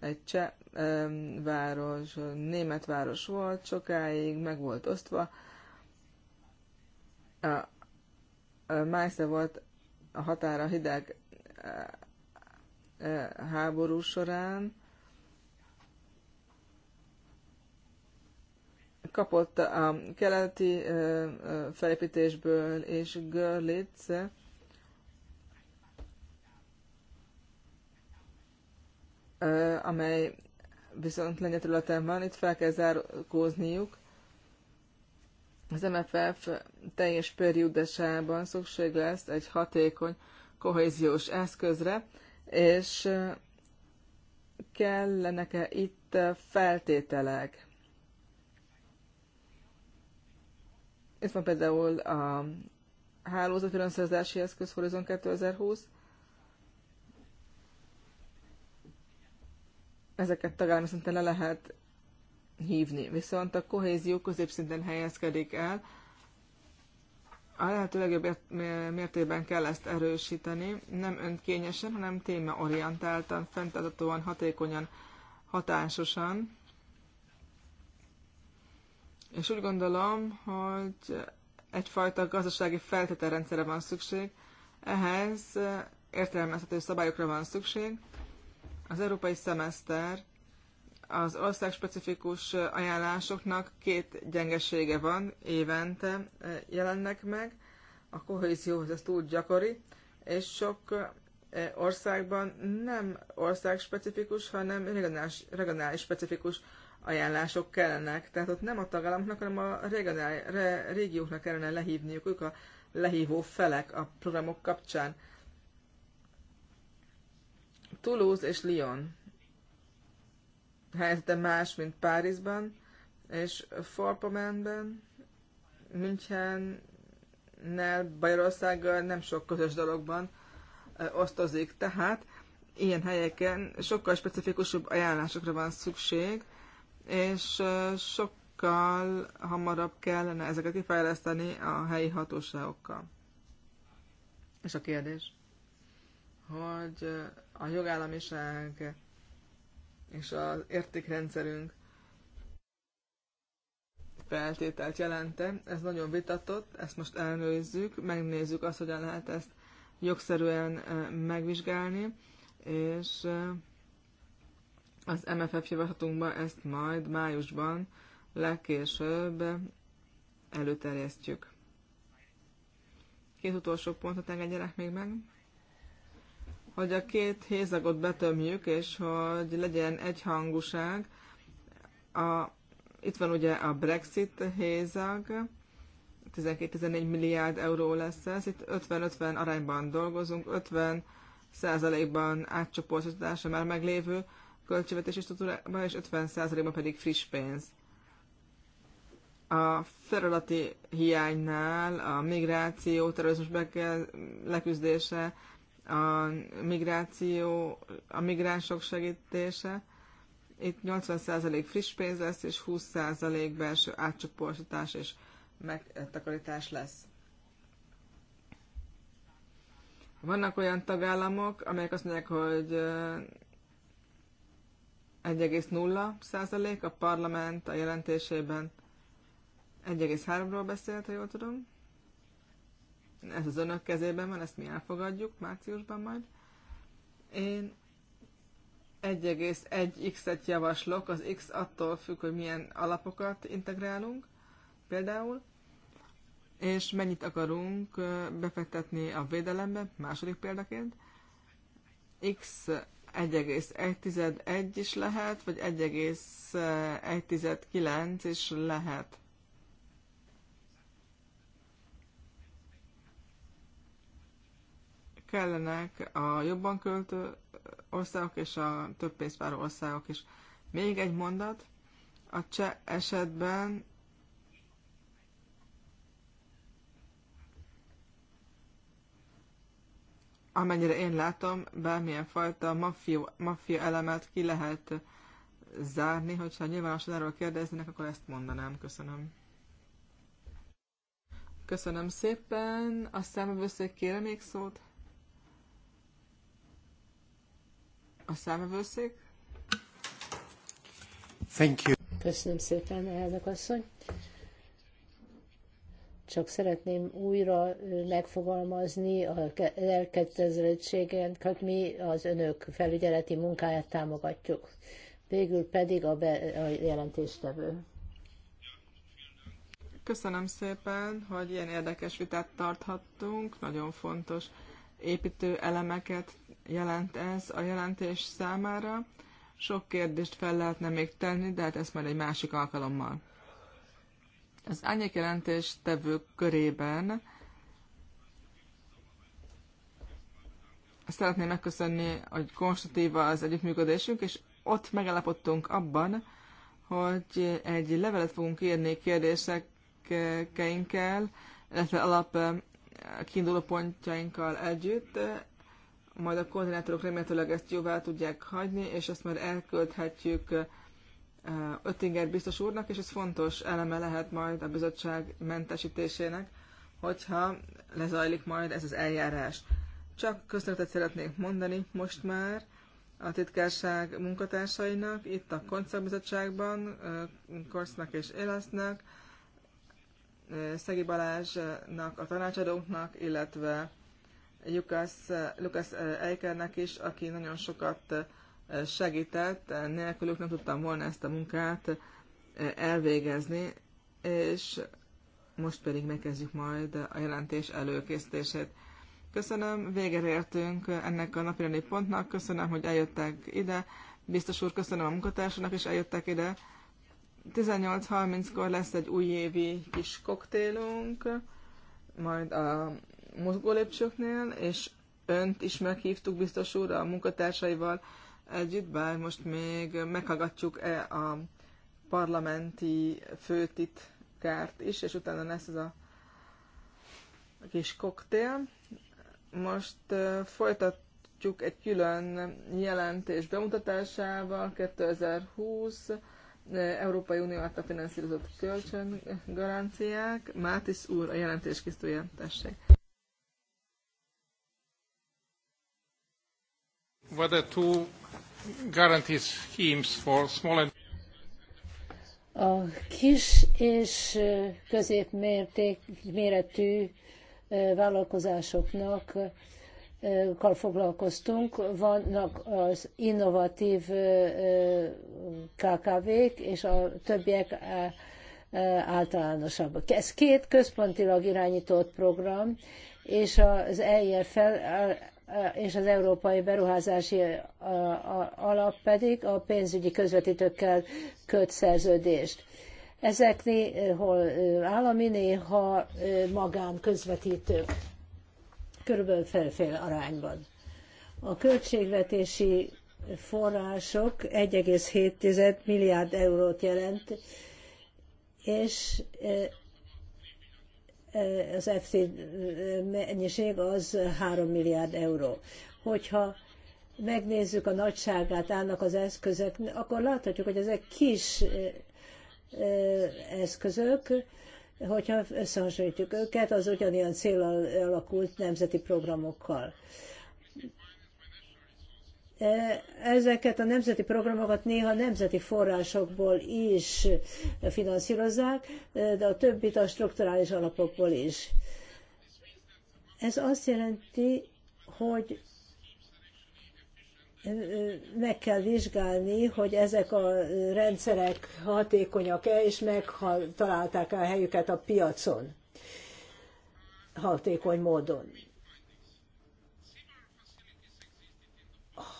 egy cseh város, német város volt sokáig, meg volt osztva. Májsze volt a határa hideg e, e, háború során, kapott a keleti felépítésből, és Görlitz amely viszont lengyel területen van, itt fel kell zárkózniuk. Az MFF teljes periódusában szükség lesz egy hatékony kohéziós eszközre, és kellenek-e itt feltételek? Itt van például a hálózatfinanszírozási eszköz Horizon 2020. Ezeket tagállami szinten le lehet hívni, viszont a kohézió középszinten helyezkedik el. A lehető legjobb mértékben kell ezt erősíteni, nem önkényesen, hanem témaorientáltan, fenntartatóan, hatékonyan, hatásosan. És úgy gondolom, hogy egyfajta gazdasági feltételrendszerre van szükség, ehhez eh, értelmezhető szabályokra van szükség. Az európai szemeszter az ország specifikus eh, ajánlásoknak két gyengesége van, évente eh, jelennek meg, a kohézióhoz ez túl gyakori, és sok országban nem ország specifikus, hanem regionális, regionális specifikus ajánlások kellenek. Tehát ott nem a tagállamoknak, hanem a régióknak kellene lehívniuk, ők a lehívó felek a programok kapcsán. Toulouse és Lyon helyzete más, mint Párizsban, és Forpomenben, Münchennel, Bajorországgal nem sok közös dologban osztozik. Tehát ilyen helyeken sokkal specifikusabb ajánlásokra van szükség, és sokkal hamarabb kellene ezeket kifejleszteni a helyi hatóságokkal. És a kérdés, hogy a jogállamiság és az értékrendszerünk feltételt jelente. Ez nagyon vitatott, ezt most elnőzzük, megnézzük azt, hogyan lehet ezt jogszerűen megvizsgálni, és az MFF javaslatunkban ezt majd májusban legkésőbb előterjesztjük. Két utolsó pontot engedjenek még meg. Hogy a két hézagot betömjük, és hogy legyen egyhangúság. A, itt van ugye a Brexit hézag, 12-14 milliárd euró lesz ez, itt 50-50 arányban dolgozunk, 50 százalékban átcsoportosítása már meglévő költségvetési struktúrában, és 50%-ban pedig friss pénz. A feladati hiánynál a migráció, terrorizmus leküzdése, a migráció, a migránsok segítése, itt 80% friss pénz lesz, és 20% belső átcsoportosítás és megtakarítás lesz. Vannak olyan tagállamok, amelyek azt mondják, hogy 1,0 a parlament a jelentésében 1,3-ról beszélt, ha jól tudom. Ez az önök kezében van, ezt mi elfogadjuk márciusban majd. Én 1,1x-et javaslok, az x attól függ, hogy milyen alapokat integrálunk például, és mennyit akarunk befektetni a védelembe, második példaként. X 1,1 is lehet, vagy 1,1,9 is lehet. Kellenek a jobban költő országok és a több pénzt országok is. Még egy mondat. A cseh esetben amennyire én látom, bármilyen fajta maffia, maffia elemet ki lehet zárni, hogyha nyilvánosan erről kérdeznének, akkor ezt mondanám. Köszönöm. Köszönöm szépen. A számövőszék kérem még szót? A számövőszék? Thank you. Köszönöm szépen, elnök asszony. Csak szeretném újra megfogalmazni a hogy mi az önök felügyeleti munkáját támogatjuk. Végül pedig a, be, a jelentéstevő. Köszönöm szépen, hogy ilyen érdekes vitát tarthattunk. Nagyon fontos építő elemeket jelent ez a jelentés számára. Sok kérdést fel lehetne még tenni, de hát ezt majd egy másik alkalommal az jelentés tevők körében szeretném megköszönni, hogy konstruktíva az együttműködésünk, és ott megállapodtunk abban, hogy egy levelet fogunk írni kérdésekeinkkel, illetve alap eh, kiinduló pontjainkkal együtt, majd a koordinátorok remélhetőleg ezt jóvá tudják hagyni, és azt már elküldhetjük eh, Öttinger biztos úrnak, és ez fontos eleme lehet majd a bizottság mentesítésének, hogyha lezajlik majd ez az eljárás. Csak köszönetet szeretnék mondani most már a titkárság munkatársainak, itt a koncertbizottságban, Korsznak és Élasznak, Szegi Balázsnak, a tanácsadóknak, illetve Lukasz, Lukasz Eikernek is, aki nagyon sokat segített, nélkülük nem tudtam volna ezt a munkát elvégezni, és most pedig megkezdjük majd a jelentés előkészítését. Köszönöm, végre értünk ennek a napirendi pontnak, köszönöm, hogy eljöttek ide, biztos úr, köszönöm a munkatársának, és eljöttek ide. 18.30-kor lesz egy újévi kis koktélunk, majd a mozgólépcsőknél, és önt is meghívtuk biztos úr a munkatársaival, együtt, bár most még meghallgatjuk -e a parlamenti főtitkárt is, és utána lesz ez a kis koktél. Most e, folytatjuk egy külön jelentés bemutatásával 2020 e, Európai Unió által finanszírozott kölcsöngaranciák. Mátis úr, a jelentés készítője, tessék. Vada two guarantee schemes for small and a kis és középméretű méretű vállalkozásoknak foglalkoztunk, vannak az innovatív KKV-k, és a többiek általánosabbak. Ez két központilag irányított program, és az EIR fel és az Európai Beruházási Alap pedig a pénzügyi közvetítőkkel köt szerződést. Ezek néhol eh, eh, állami, néha eh, magán közvetítők, körülbelül felfél arányban. A költségvetési források 1,7 milliárd eurót jelent, és az FC mennyiség az 3 milliárd euró. Hogyha megnézzük a nagyságát annak az eszközöknek, akkor láthatjuk, hogy ezek kis eszközök, hogyha összehasonlítjuk őket, az ugyanilyen célal alakult nemzeti programokkal. E, ezeket a nemzeti programokat néha nemzeti forrásokból is finanszírozzák, e, de a többit a strukturális alapokból is. Ez azt jelenti, hogy e, meg kell vizsgálni, hogy ezek a rendszerek hatékonyak-e, és megtalálták a helyüket a piacon hatékony módon.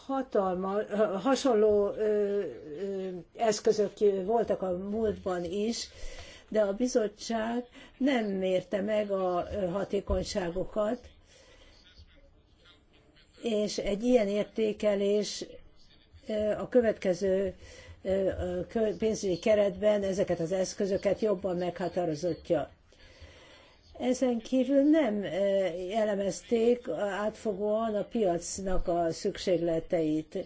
hatalma, hasonló eszközök voltak a múltban is, de a bizottság nem mérte meg a hatékonyságokat, és egy ilyen értékelés a következő pénzügyi keretben ezeket az eszközöket jobban meghatározottja. Ezen kívül nem elemezték átfogóan a piacnak a szükségleteit.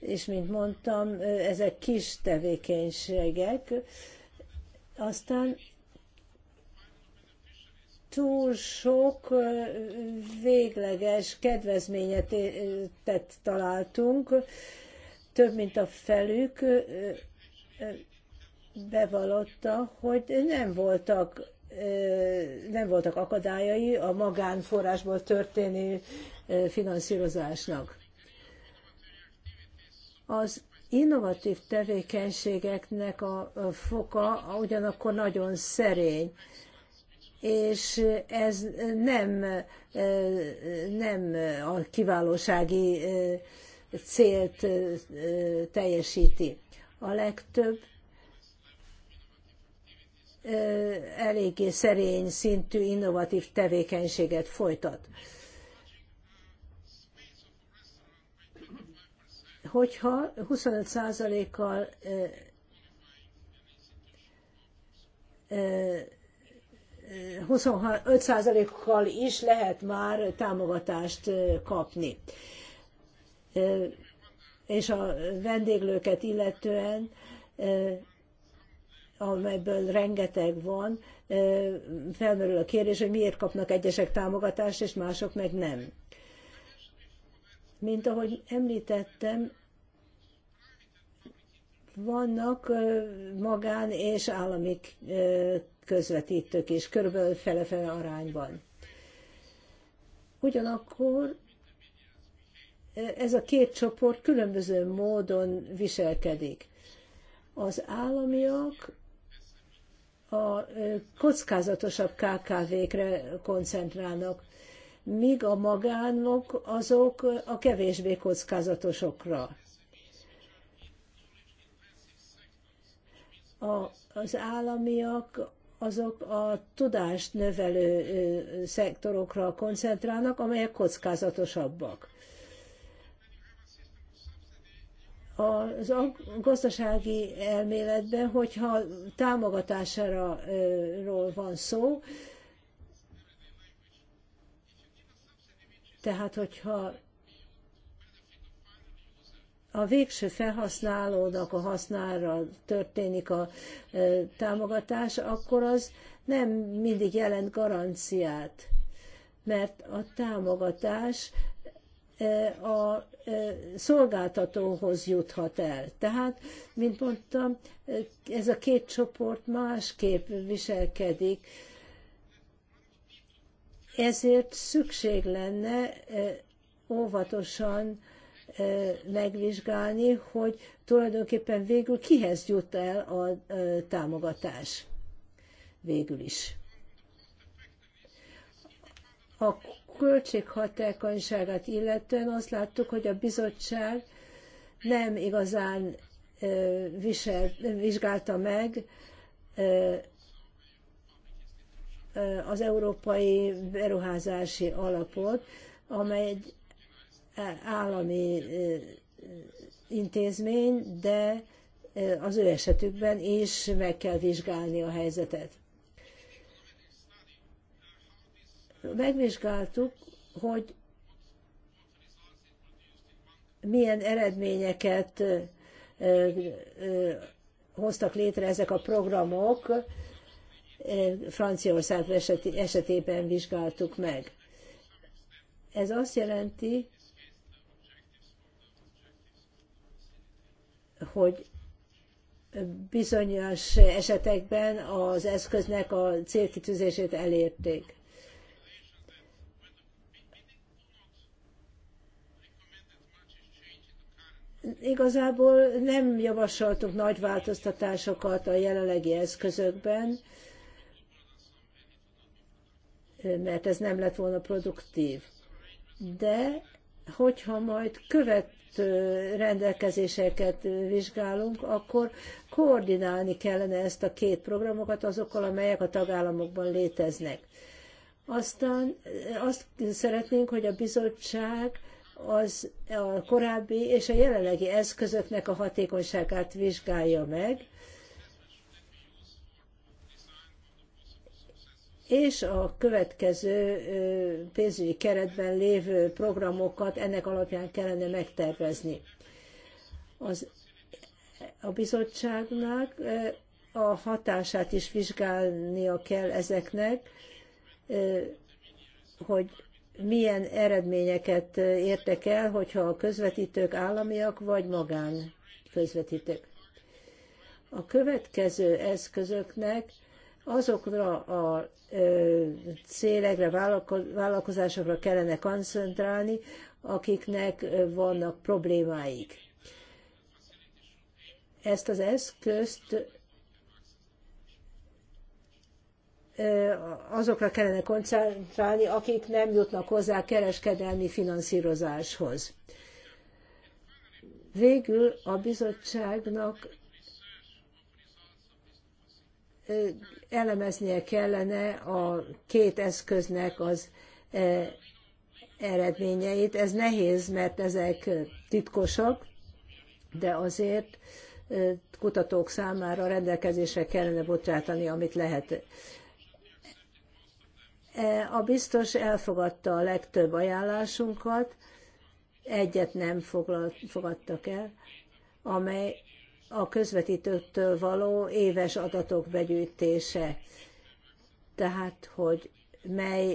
És mint mondtam, ezek kis tevékenységek. Aztán túl sok végleges kedvezményet találtunk, több mint a felük bevallotta, hogy nem voltak nem voltak akadályai a magánforrásból történő finanszírozásnak. Az innovatív tevékenységeknek a foka ugyanakkor nagyon szerény, és ez nem, nem a kiválósági célt teljesíti. A legtöbb eléggé szerény szintű innovatív tevékenységet folytat. Hogyha 25%-kal e, 25%-kal is lehet már támogatást kapni. És a vendéglőket illetően amelyből rengeteg van, felmerül a kérdés, hogy miért kapnak egyesek támogatást, és mások meg nem. Mint ahogy említettem, vannak magán és állami közvetítők is, körülbelül fele-fele arányban. Ugyanakkor ez a két csoport különböző módon viselkedik. Az államiak a kockázatosabb KKV-kre koncentrálnak, míg a magánok azok a kevésbé kockázatosokra. A, az államiak azok a tudást növelő szektorokra koncentrálnak, amelyek kockázatosabbak. az gazdasági elméletben, hogyha támogatására ról van szó, tehát hogyha a végső felhasználónak a hasznára történik a támogatás, akkor az nem mindig jelent garanciát, mert a támogatás a szolgáltatóhoz juthat el. Tehát, mint mondtam, ez a két csoport másképp viselkedik, ezért szükség lenne óvatosan megvizsgálni, hogy tulajdonképpen végül kihez jut el a támogatás. Végül is. A költséghatékonyságát illetően azt láttuk, hogy a bizottság nem igazán visel, vizsgálta meg az Európai Beruházási Alapot, amely egy állami intézmény, de az ő esetükben is meg kell vizsgálni a helyzetet. Megvizsgáltuk, hogy milyen eredményeket hoztak létre ezek a programok, Franciaország esetében vizsgáltuk meg. Ez azt jelenti, hogy bizonyos esetekben az eszköznek a célkitűzését elérték. igazából nem javasoltuk nagy változtatásokat a jelenlegi eszközökben, mert ez nem lett volna produktív. De hogyha majd követő rendelkezéseket vizsgálunk, akkor koordinálni kellene ezt a két programokat azokkal, amelyek a tagállamokban léteznek. Aztán azt szeretnénk, hogy a bizottság az a korábbi és a jelenlegi eszközöknek a hatékonyságát vizsgálja meg, és a következő pénzügyi keretben lévő programokat ennek alapján kellene megtervezni. Az, a bizottságnak a hatását is vizsgálnia kell ezeknek, hogy milyen eredményeket értek el, hogyha a közvetítők államiak vagy magán közvetítők. A következő eszközöknek azokra a célekre, vállalkozásokra kellene koncentrálni, akiknek vannak problémáik. Ezt az eszközt azokra kellene koncentrálni, akik nem jutnak hozzá kereskedelmi finanszírozáshoz. Végül a bizottságnak elemeznie kellene a két eszköznek az eredményeit. Ez nehéz, mert ezek titkosak, de azért kutatók számára rendelkezésre kellene bocsátani, amit lehet. A biztos elfogadta a legtöbb ajánlásunkat, egyet nem foglalt, fogadtak el, amely a közvetítőktől való éves adatok begyűjtése. Tehát, hogy mely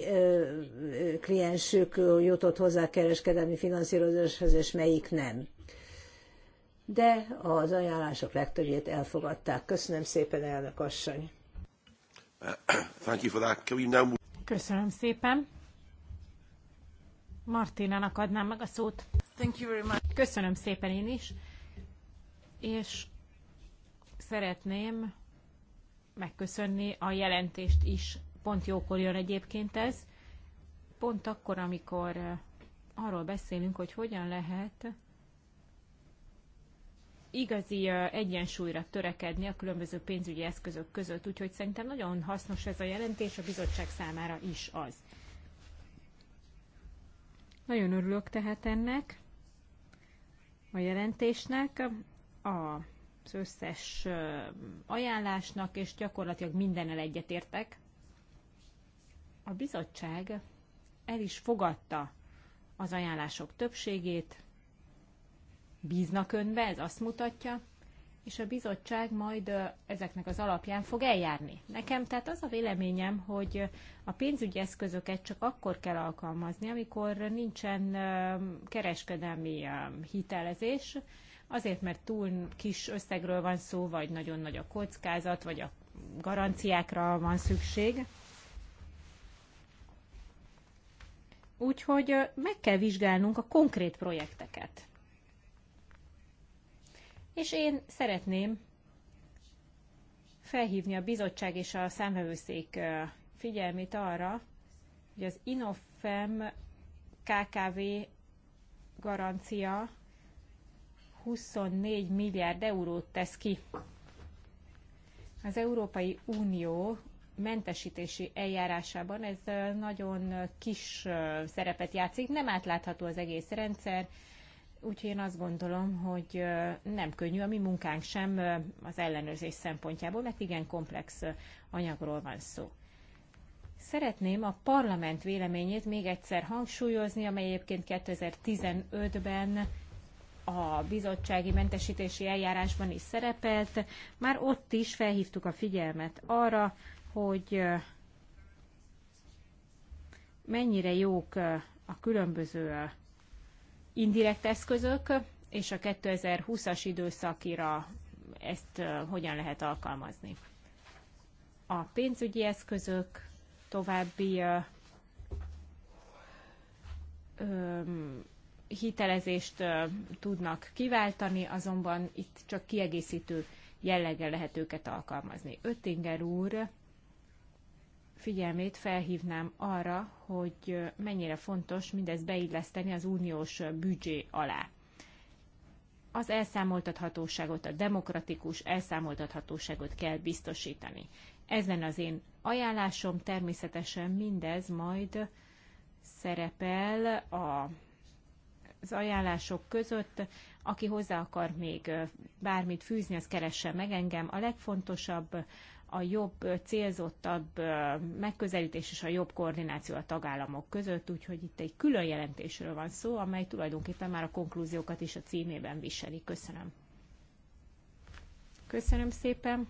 kliensük jutott hozzá kereskedelmi finanszírozáshoz, és melyik nem. De az ajánlások legtöbbjét elfogadták. Köszönöm szépen, elnök asszony. Köszönöm szépen. Martinának adnám meg a szót. Thank you very much. Köszönöm szépen én is. És szeretném megköszönni a jelentést is. Pont jókor jön egyébként ez. Pont akkor, amikor eh, arról beszélünk, hogy hogyan lehet igazi egyensúlyra törekedni a különböző pénzügyi eszközök között, úgyhogy szerintem nagyon hasznos ez a jelentés a bizottság számára is az. Nagyon örülök tehát ennek a jelentésnek, az összes ajánlásnak, és gyakorlatilag mindennel egyetértek. A bizottság el is fogadta az ajánlások többségét, bíznak önbe, ez azt mutatja, és a bizottság majd ezeknek az alapján fog eljárni. Nekem tehát az a véleményem, hogy a pénzügyi eszközöket csak akkor kell alkalmazni, amikor nincsen kereskedelmi hitelezés, azért mert túl kis összegről van szó, vagy nagyon nagy a kockázat, vagy a garanciákra van szükség. Úgyhogy meg kell vizsgálnunk a konkrét projekteket és én szeretném felhívni a bizottság és a számvevőszék figyelmét arra, hogy az Inofem KKV garancia 24 milliárd eurót tesz ki. Az Európai Unió mentesítési eljárásában ez nagyon kis szerepet játszik, nem átlátható az egész rendszer, Úgyhogy én azt gondolom, hogy nem könnyű a mi munkánk sem az ellenőrzés szempontjából, mert igen komplex anyagról van szó. Szeretném a parlament véleményét még egyszer hangsúlyozni, amely egyébként 2015-ben a bizottsági mentesítési eljárásban is szerepelt. Már ott is felhívtuk a figyelmet arra, hogy mennyire jók a különböző indirekt eszközök, és a 2020-as időszakira ezt hogyan lehet alkalmazni. A pénzügyi eszközök további hitelezést tudnak kiváltani, azonban itt csak kiegészítő jelleggel lehet őket alkalmazni. Öttinger úr figyelmét felhívnám arra, hogy mennyire fontos mindezt beilleszteni az uniós büdzsé alá. Az elszámoltathatóságot, a demokratikus elszámoltathatóságot kell biztosítani. Ez lenne az én ajánlásom, természetesen mindez majd szerepel a, az ajánlások között. Aki hozzá akar még bármit fűzni, az keresse meg engem. A legfontosabb a jobb, célzottabb megközelítés és a jobb koordináció a tagállamok között, úgyhogy itt egy külön jelentésről van szó, amely tulajdonképpen már a konklúziókat is a címében viseli. Köszönöm. Köszönöm szépen.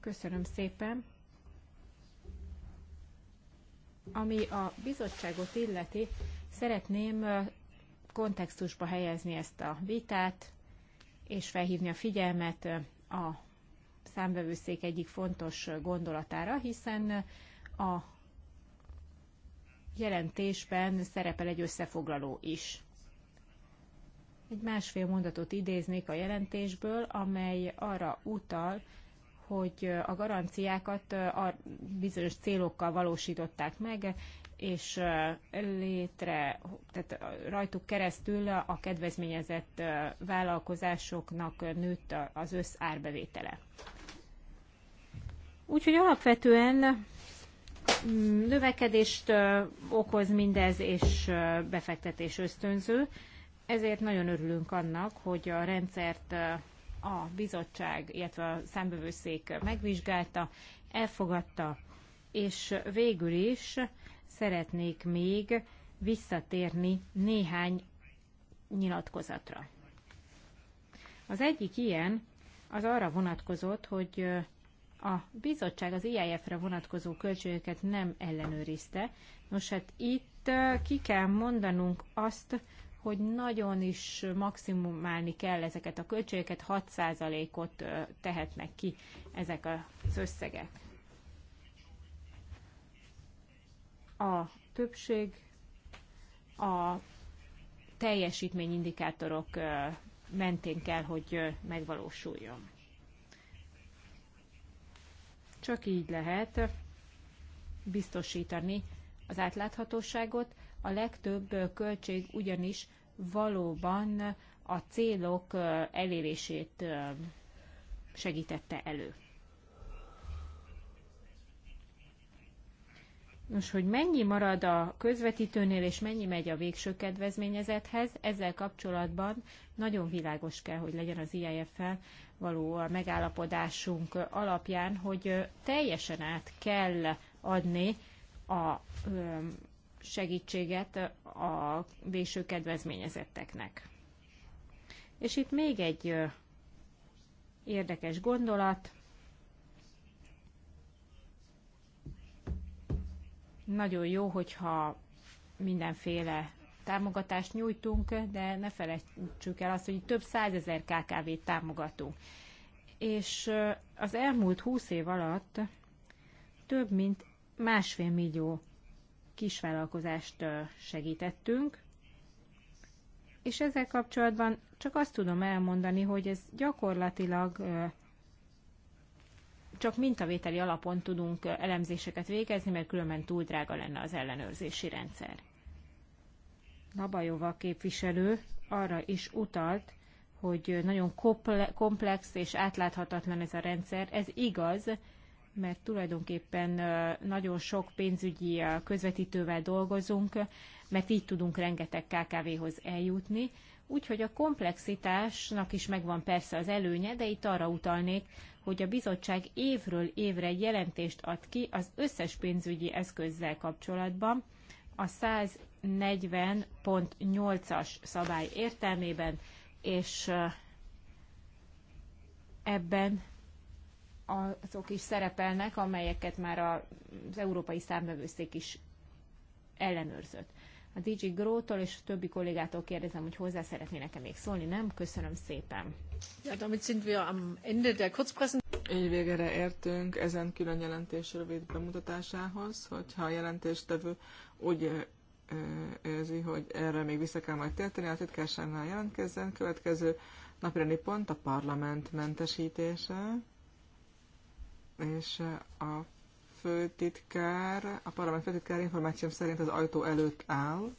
Köszönöm szépen. Ami a bizottságot illeti, szeretném kontextusba helyezni ezt a vitát, és felhívni a figyelmet a számvevőszék egyik fontos gondolatára, hiszen a jelentésben szerepel egy összefoglaló is. Egy másfél mondatot idéznék a jelentésből, amely arra utal, hogy a garanciákat a bizonyos célokkal valósították meg, és létre, tehát rajtuk keresztül a kedvezményezett vállalkozásoknak nőtt az összárbevétele. Úgyhogy alapvetően mm, növekedést okoz mindez, és befektetés ösztönző. Ezért nagyon örülünk annak, hogy a rendszert a bizottság, illetve a szembevőszék megvizsgálta, elfogadta, és végül is szeretnék még visszatérni néhány nyilatkozatra. Az egyik ilyen az arra vonatkozott, hogy a bizottság az e IIF-re vonatkozó költségeket nem ellenőrizte. Nos, hát itt ki kell mondanunk azt, hogy nagyon is maximumálni kell ezeket a költségeket, 6%-ot tehetnek ki ezek az összegek. a többség a teljesítményindikátorok mentén kell, hogy megvalósuljon. Csak így lehet biztosítani az átláthatóságot. A legtöbb költség ugyanis valóban a célok elérését segítette elő. Nos, hogy mennyi marad a közvetítőnél, és mennyi megy a végső kedvezményezethez, ezzel kapcsolatban nagyon világos kell, hogy legyen az iif el való a megállapodásunk alapján, hogy teljesen át kell adni a segítséget a végső kedvezményezetteknek. És itt még egy érdekes gondolat, Nagyon jó, hogyha mindenféle támogatást nyújtunk, de ne felejtsük el azt, hogy több százezer KKV-t támogatunk. És az elmúlt húsz év alatt több mint másfél millió kisvállalkozást segítettünk, és ezzel kapcsolatban csak azt tudom elmondani, hogy ez gyakorlatilag csak mintavételi alapon tudunk elemzéseket végezni, mert különben túl drága lenne az ellenőrzési rendszer. Nabajova képviselő arra is utalt, hogy nagyon komplex és átláthatatlan ez a rendszer. Ez igaz, mert tulajdonképpen nagyon sok pénzügyi közvetítővel dolgozunk, mert így tudunk rengeteg KKV-hoz eljutni. Úgyhogy a komplexitásnak is megvan persze az előnye, de itt arra utalnék, hogy a bizottság évről évre egy jelentést ad ki az összes pénzügyi eszközzel kapcsolatban, a 140.8-as szabály értelmében, és ebben azok is szerepelnek, amelyeket már az Európai Számvevőszék is ellenőrzött a DJ Grótól és a többi kollégától kérdezem, hogy hozzá szeretnének-e még szólni. Nem? Köszönöm szépen. Ja, damit sind wir am Ende der Kurzpressen. Így végére értünk ezen külön jelentés rövid bemutatásához, hogyha a jelentéstevő úgy érzi, hogy erre még vissza kell majd térteni, a titkárságnál jelentkezzen. Következő napirendi pont a parlament mentesítése és a főtitkár, a parlament főtitkár információm szerint az ajtó előtt áll.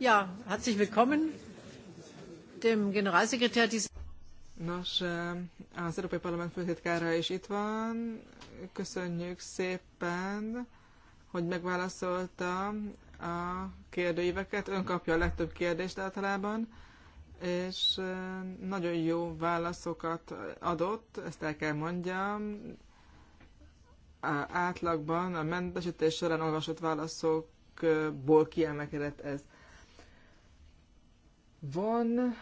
Ja, herzlich willkommen dem Generalsekretär dieses Nos, az Európai Parlament főtitkára is itt van. Köszönjük szépen, hogy megválaszolta a kérdőíveket. Ön kapja a legtöbb kérdést általában, és nagyon jó válaszokat adott, ezt el kell mondjam. Átlagban a mentesítés során olvasott válaszokból kiemelkedett ez. Van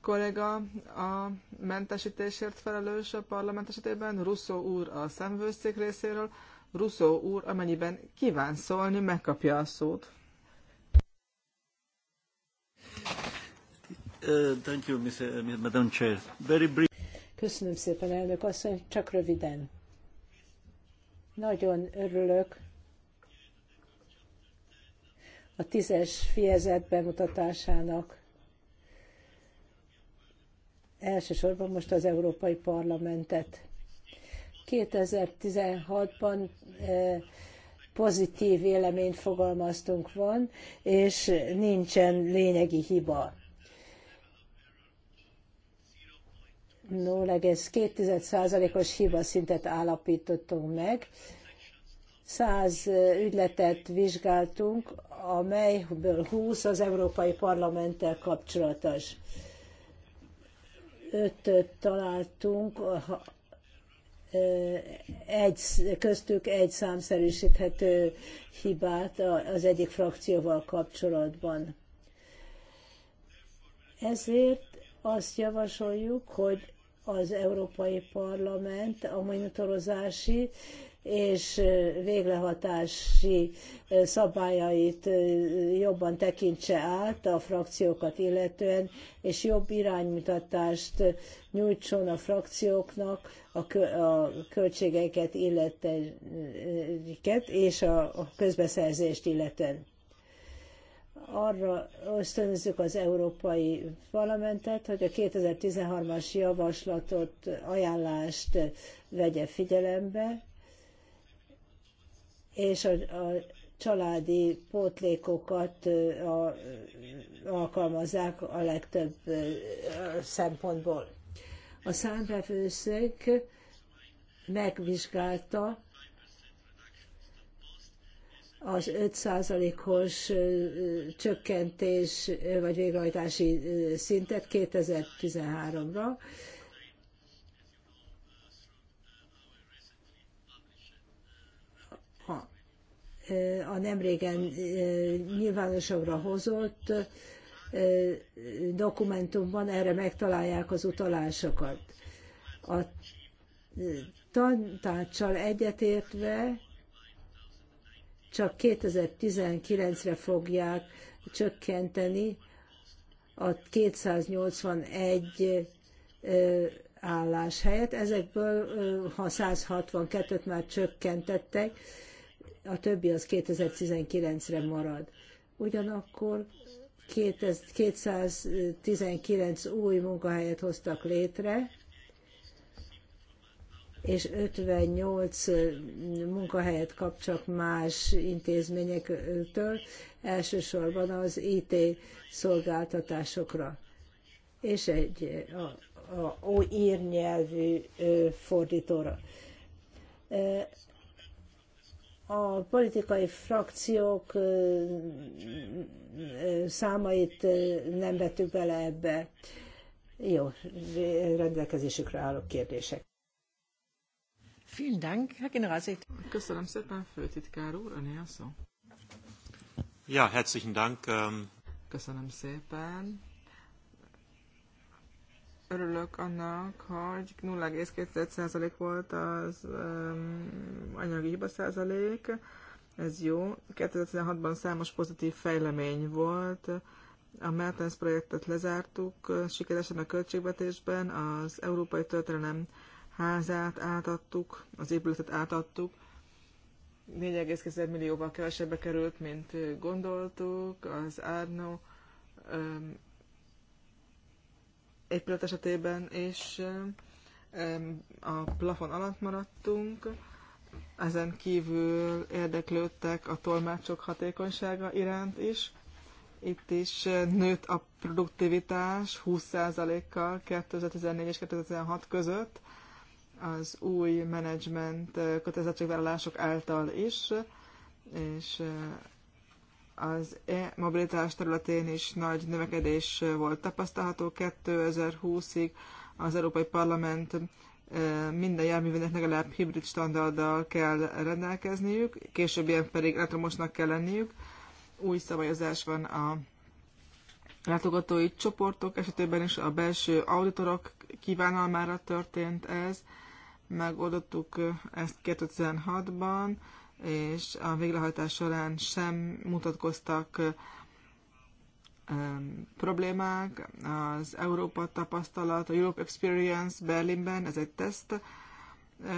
kollega a mentesítésért felelős a parlament esetében, Russo úr a szemvőszék részéről. Russo úr, amennyiben kíván szólni, megkapja a szót. Uh, uh, Köszönöm szépen, elnök asszony, csak röviden. Nagyon örülök a tízes fiezet bemutatásának elsősorban most az Európai Parlamentet. 2016-ban eh, pozitív véleményt fogalmaztunk van, és nincsen lényegi hiba. 0,2%-os hiba szintet állapítottunk meg. 100 eh, ügyletet vizsgáltunk, amelyből 20 az Európai Parlamenttel kapcsolatos ötöt találtunk, egy, köztük egy számszerűsíthető hibát az egyik frakcióval kapcsolatban. Ezért azt javasoljuk, hogy az Európai Parlament a monitorozási és véglehatási szabályait jobban tekintse át a frakciókat illetően, és jobb iránymutatást nyújtson a frakcióknak a, költségeket illetőket és a közbeszerzést illetően arra ösztönözzük az Európai Parlamentet, hogy a 2013-as javaslatot, ajánlást vegye figyelembe, és a, a családi pótlékokat a, alkalmazzák a legtöbb szempontból. A számbevőszék megvizsgálta az 5%-os csökkentés vagy végrehajtási szintet 2013-ra, a nemrégen nyilvánosságra hozott dokumentumban erre megtalálják az utalásokat. A tanácssal egyetértve csak 2019-re fogják csökkenteni a 281 állás helyett. Ezekből ha 162-t már csökkentettek, a többi az 2019-re marad. Ugyanakkor 219 új munkahelyet hoztak létre, és 58 munkahelyet kap csak más intézményektől, elsősorban az IT szolgáltatásokra. És egy a, a, a írnyelvű fordítóra a politikai frakciók számait nem vettük bele ebbe. Jó, rendelkezésükre állok kérdések. Vielen Dank, Köszönöm szépen, főtitkár úr, öné a szó. Ja, herzlichen Dank. Ähm, Köszönöm szépen örülök annak, hogy 0,2% volt az um, anyagi hiba százalék, ez jó. 2016-ban számos pozitív fejlemény volt, a Mertens projektet lezártuk, sikeresen a költségvetésben, az Európai Történelem házát átadtuk, az épületet átadtuk, 4,2 millióval kevesebbe került, mint gondoltuk, az Árnó egy pillanat esetében és a plafon alatt maradtunk, ezen kívül érdeklődtek a tolmácsok hatékonysága iránt is. Itt is nőtt a produktivitás 20%-kal 2014 és 2016 között az új menedzsment kötelezettségvállalások által is, és az e mobilitás területén is nagy növekedés volt tapasztalható 2020-ig az Európai Parlament e, minden járművének legalább hibrid standarddal kell rendelkezniük, később ilyen pedig elektromosnak kell lenniük. Új szabályozás van a látogatói csoportok esetében is, a belső auditorok kívánalmára történt ez, megoldottuk ezt 2016-ban, és a végrehajtás során sem mutatkoztak um, problémák. Az Európa tapasztalat, a Europe Experience Berlinben, ez egy teszt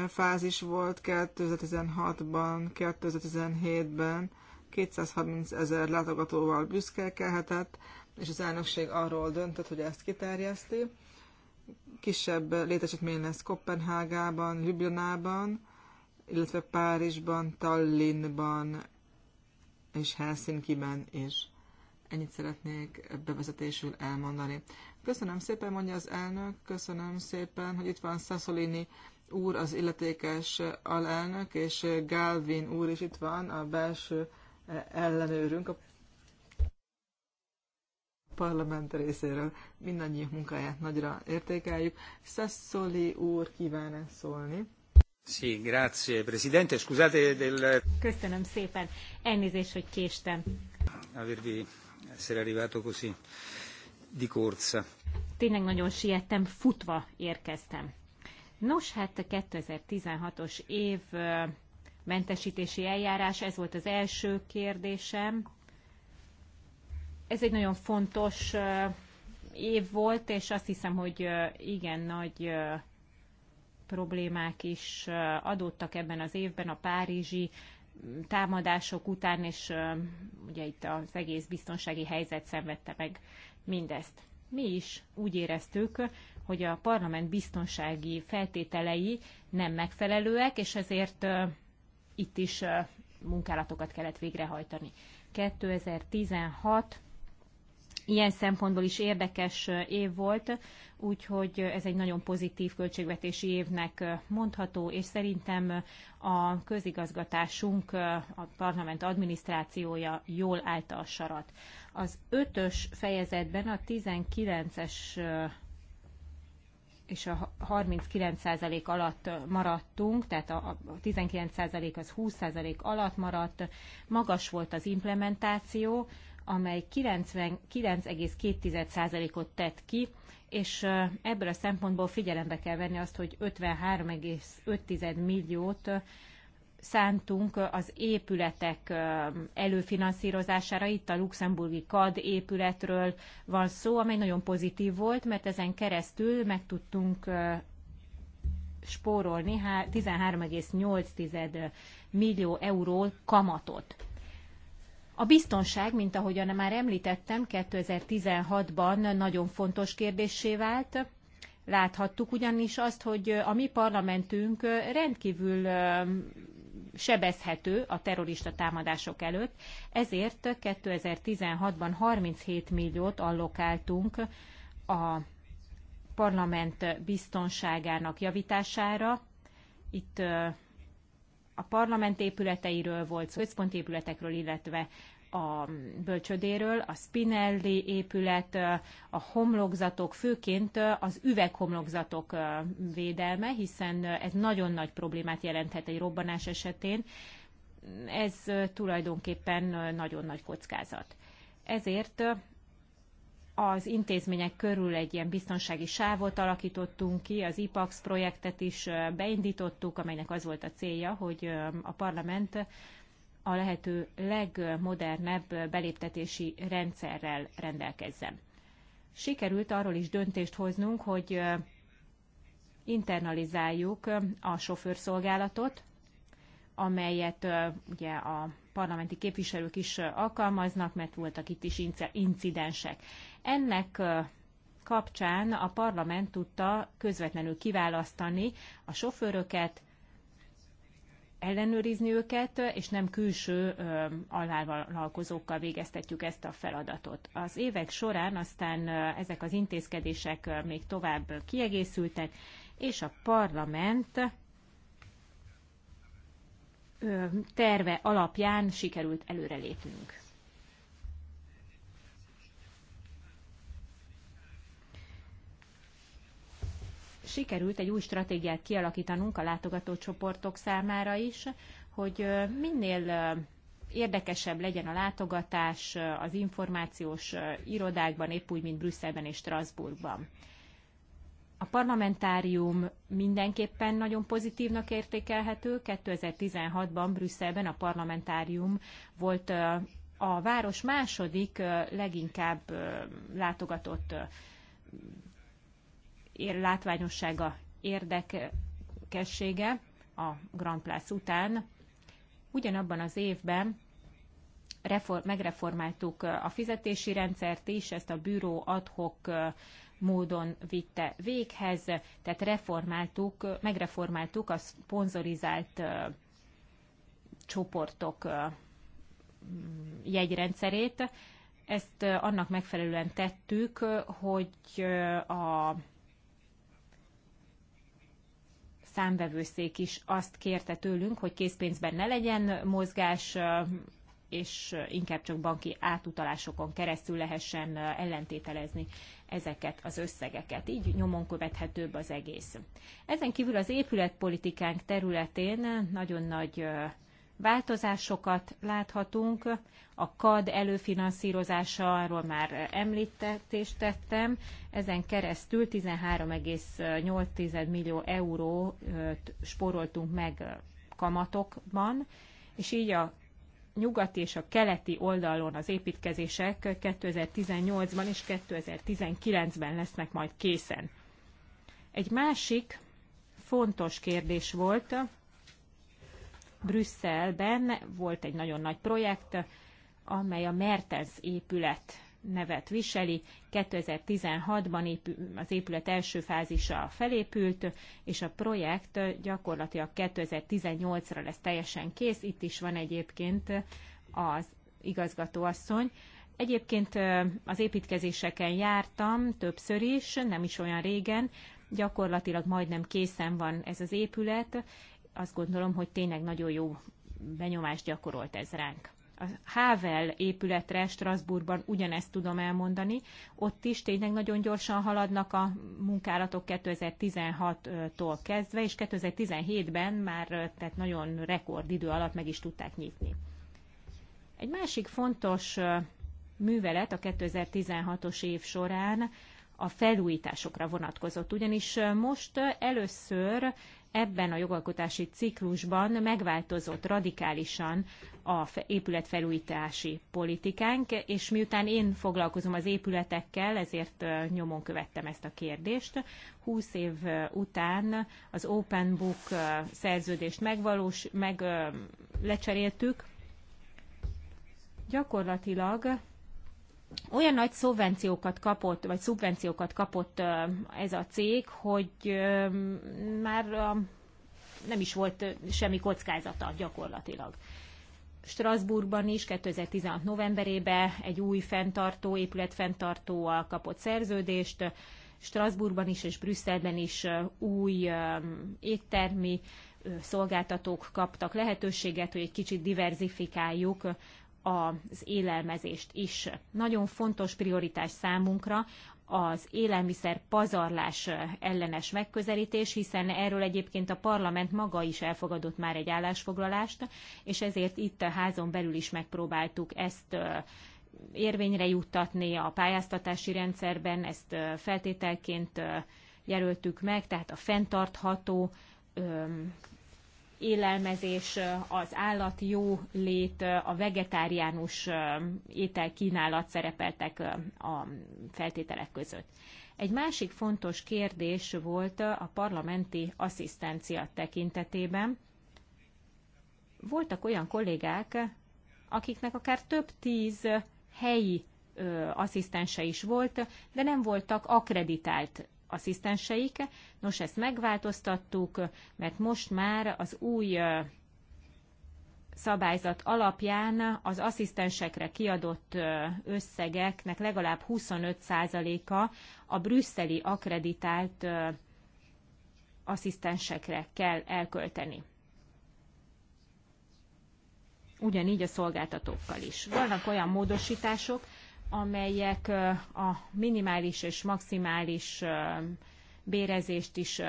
fázis volt 2016-ban, 2017-ben, 230 ezer látogatóval büszkelkelhetett, és az elnökség arról döntött, hogy ezt kiterjeszti. Kisebb létesítmény lesz Kopenhágában, Ljubljanában, illetve Párizsban, Tallinnban és Helsinki-ben is. Ennyit szeretnék bevezetésül elmondani. Köszönöm szépen, mondja az elnök, köszönöm szépen, hogy itt van Szaszolini úr, az illetékes alelnök, és Galvin úr is itt van, a belső ellenőrünk a parlament részéről. Mindannyiunk munkáját nagyra értékeljük. Szeszoli úr kíván -e szólni? Köszönöm szépen. Elnézést, hogy késtem. Avervi essere arrivato così di corsa. Tényleg nagyon siettem, futva érkeztem. Nos, hát a 2016-os év mentesítési eljárás, ez volt az első kérdésem. Ez egy nagyon fontos év volt, és azt hiszem, hogy igen nagy problémák is adódtak ebben az évben a párizsi támadások után, és ugye itt az egész biztonsági helyzet szenvedte meg mindezt. Mi is úgy éreztük, hogy a parlament biztonsági feltételei nem megfelelőek, és ezért itt is munkálatokat kellett végrehajtani. 2016 ilyen szempontból is érdekes év volt, úgyhogy ez egy nagyon pozitív költségvetési évnek mondható, és szerintem a közigazgatásunk, a parlament adminisztrációja jól állta a sarat. Az ötös fejezetben a 19-es és a 39% alatt maradtunk, tehát a 19% az 20% alatt maradt, magas volt az implementáció, amely 99,2%-ot tett ki, és ebből a szempontból figyelembe kell venni azt, hogy 53,5 milliót szántunk az épületek előfinanszírozására. Itt a luxemburgi KAD épületről van szó, amely nagyon pozitív volt, mert ezen keresztül meg tudtunk spórolni 13,8 millió euró kamatot. A biztonság, mint ahogyan már említettem, 2016-ban nagyon fontos kérdéssé vált. Láthattuk ugyanis azt, hogy a mi parlamentünk rendkívül sebezhető a terrorista támadások előtt, ezért 2016-ban 37 milliót allokáltunk a parlament biztonságának javítására. Itt a parlament épületeiről volt szó, központi épületekről, illetve a bölcsödéről, a Spinelli épület, a homlokzatok, főként az üveghomlokzatok védelme, hiszen ez nagyon nagy problémát jelenthet egy robbanás esetén. Ez tulajdonképpen nagyon nagy kockázat. Ezért az intézmények körül egy ilyen biztonsági sávot alakítottunk ki, az IPAX projektet is beindítottuk, amelynek az volt a célja, hogy a parlament a lehető legmodernebb beléptetési rendszerrel rendelkezzen. Sikerült arról is döntést hoznunk, hogy internalizáljuk a sofőrszolgálatot, amelyet ugye a parlamenti képviselők is alkalmaznak, mert voltak itt is incidensek. Ennek kapcsán a parlament tudta közvetlenül kiválasztani a sofőröket, ellenőrizni őket, és nem külső alvállalkozókkal végeztetjük ezt a feladatot. Az évek során aztán ezek az intézkedések még tovább kiegészültek, és a parlament terve alapján sikerült előrelépnünk. Sikerült egy új stratégiát kialakítanunk a látogatócsoportok számára is, hogy minél érdekesebb legyen a látogatás az információs irodákban, épp úgy, mint Brüsszelben és Strasbourgban. A parlamentárium mindenképpen nagyon pozitívnak értékelhető. 2016-ban Brüsszelben a parlamentárium volt a város második leginkább látogatott látványossága érdekessége a Grand Place után. Ugyanabban az évben reform, megreformáltuk a fizetési rendszert is, ezt a bűró adhok módon vitte véghez, tehát reformáltuk, megreformáltuk a szponzorizált csoportok jegyrendszerét. Ezt annak megfelelően tettük, hogy a számvevőszék is azt kérte tőlünk, hogy készpénzben ne legyen mozgás, és inkább csak banki átutalásokon keresztül lehessen ellentételezni ezeket az összegeket. Így nyomon követhetőbb az egész. Ezen kívül az épületpolitikánk területén nagyon nagy változásokat láthatunk. A CAD előfinanszírozása, arról már említettést tettem, ezen keresztül 13,8 millió eurót spóroltunk meg kamatokban, és így a nyugati és a keleti oldalon az építkezések 2018-ban és 2019-ben lesznek majd készen. Egy másik fontos kérdés volt, Brüsszelben volt egy nagyon nagy projekt, amely a Mertens épület nevet viseli. 2016-ban az épület első fázisa felépült, és a projekt gyakorlatilag 2018-ra lesz teljesen kész. Itt is van egyébként az igazgatóasszony. Egyébként az építkezéseken jártam többször is, nem is olyan régen, gyakorlatilag majdnem készen van ez az épület. Azt gondolom, hogy tényleg nagyon jó benyomást gyakorolt ez ránk a Havel épületre Strasbourgban ugyanezt tudom elmondani. Ott is tényleg nagyon gyorsan haladnak a munkálatok 2016-tól kezdve, és 2017-ben már tehát nagyon rekordidő alatt meg is tudták nyitni. Egy másik fontos művelet a 2016-os év során a felújításokra vonatkozott, ugyanis most először ebben a jogalkotási ciklusban megváltozott radikálisan a épületfelújítási politikánk, és miután én foglalkozom az épületekkel, ezért nyomon követtem ezt a kérdést. 20 év után az Open Book szerződést megvalós, meg lecseréltük, gyakorlatilag olyan nagy szubvenciókat kapott, vagy szubvenciókat kapott ez a cég, hogy már nem is volt semmi kockázata gyakorlatilag. Strasbourgban is 2016 novemberében egy új fenntartó, épületfenntartóval kapott szerződést, Strasbourgban is és Brüsszelben is új éttermi szolgáltatók kaptak lehetőséget, hogy egy kicsit diverzifikáljuk az élelmezést is. Nagyon fontos prioritás számunkra az élelmiszer pazarlás ellenes megközelítés, hiszen erről egyébként a parlament maga is elfogadott már egy állásfoglalást, és ezért itt a házon belül is megpróbáltuk ezt érvényre juttatni a pályáztatási rendszerben, ezt feltételként jelöltük meg, tehát a fenntartható élelmezés, az állat jó lét, a vegetáriánus ételkínálat szerepeltek a feltételek között. Egy másik fontos kérdés volt a parlamenti asszisztencia tekintetében. Voltak olyan kollégák, akiknek akár több tíz helyi asszisztense is volt, de nem voltak akreditált asszisztenseik. Nos, ezt megváltoztattuk, mert most már az új szabályzat alapján az asszisztensekre kiadott összegeknek legalább 25%-a a brüsszeli akreditált asszisztensekre kell elkölteni. Ugyanígy a szolgáltatókkal is. Vannak olyan módosítások, amelyek a minimális és maximális bérezést is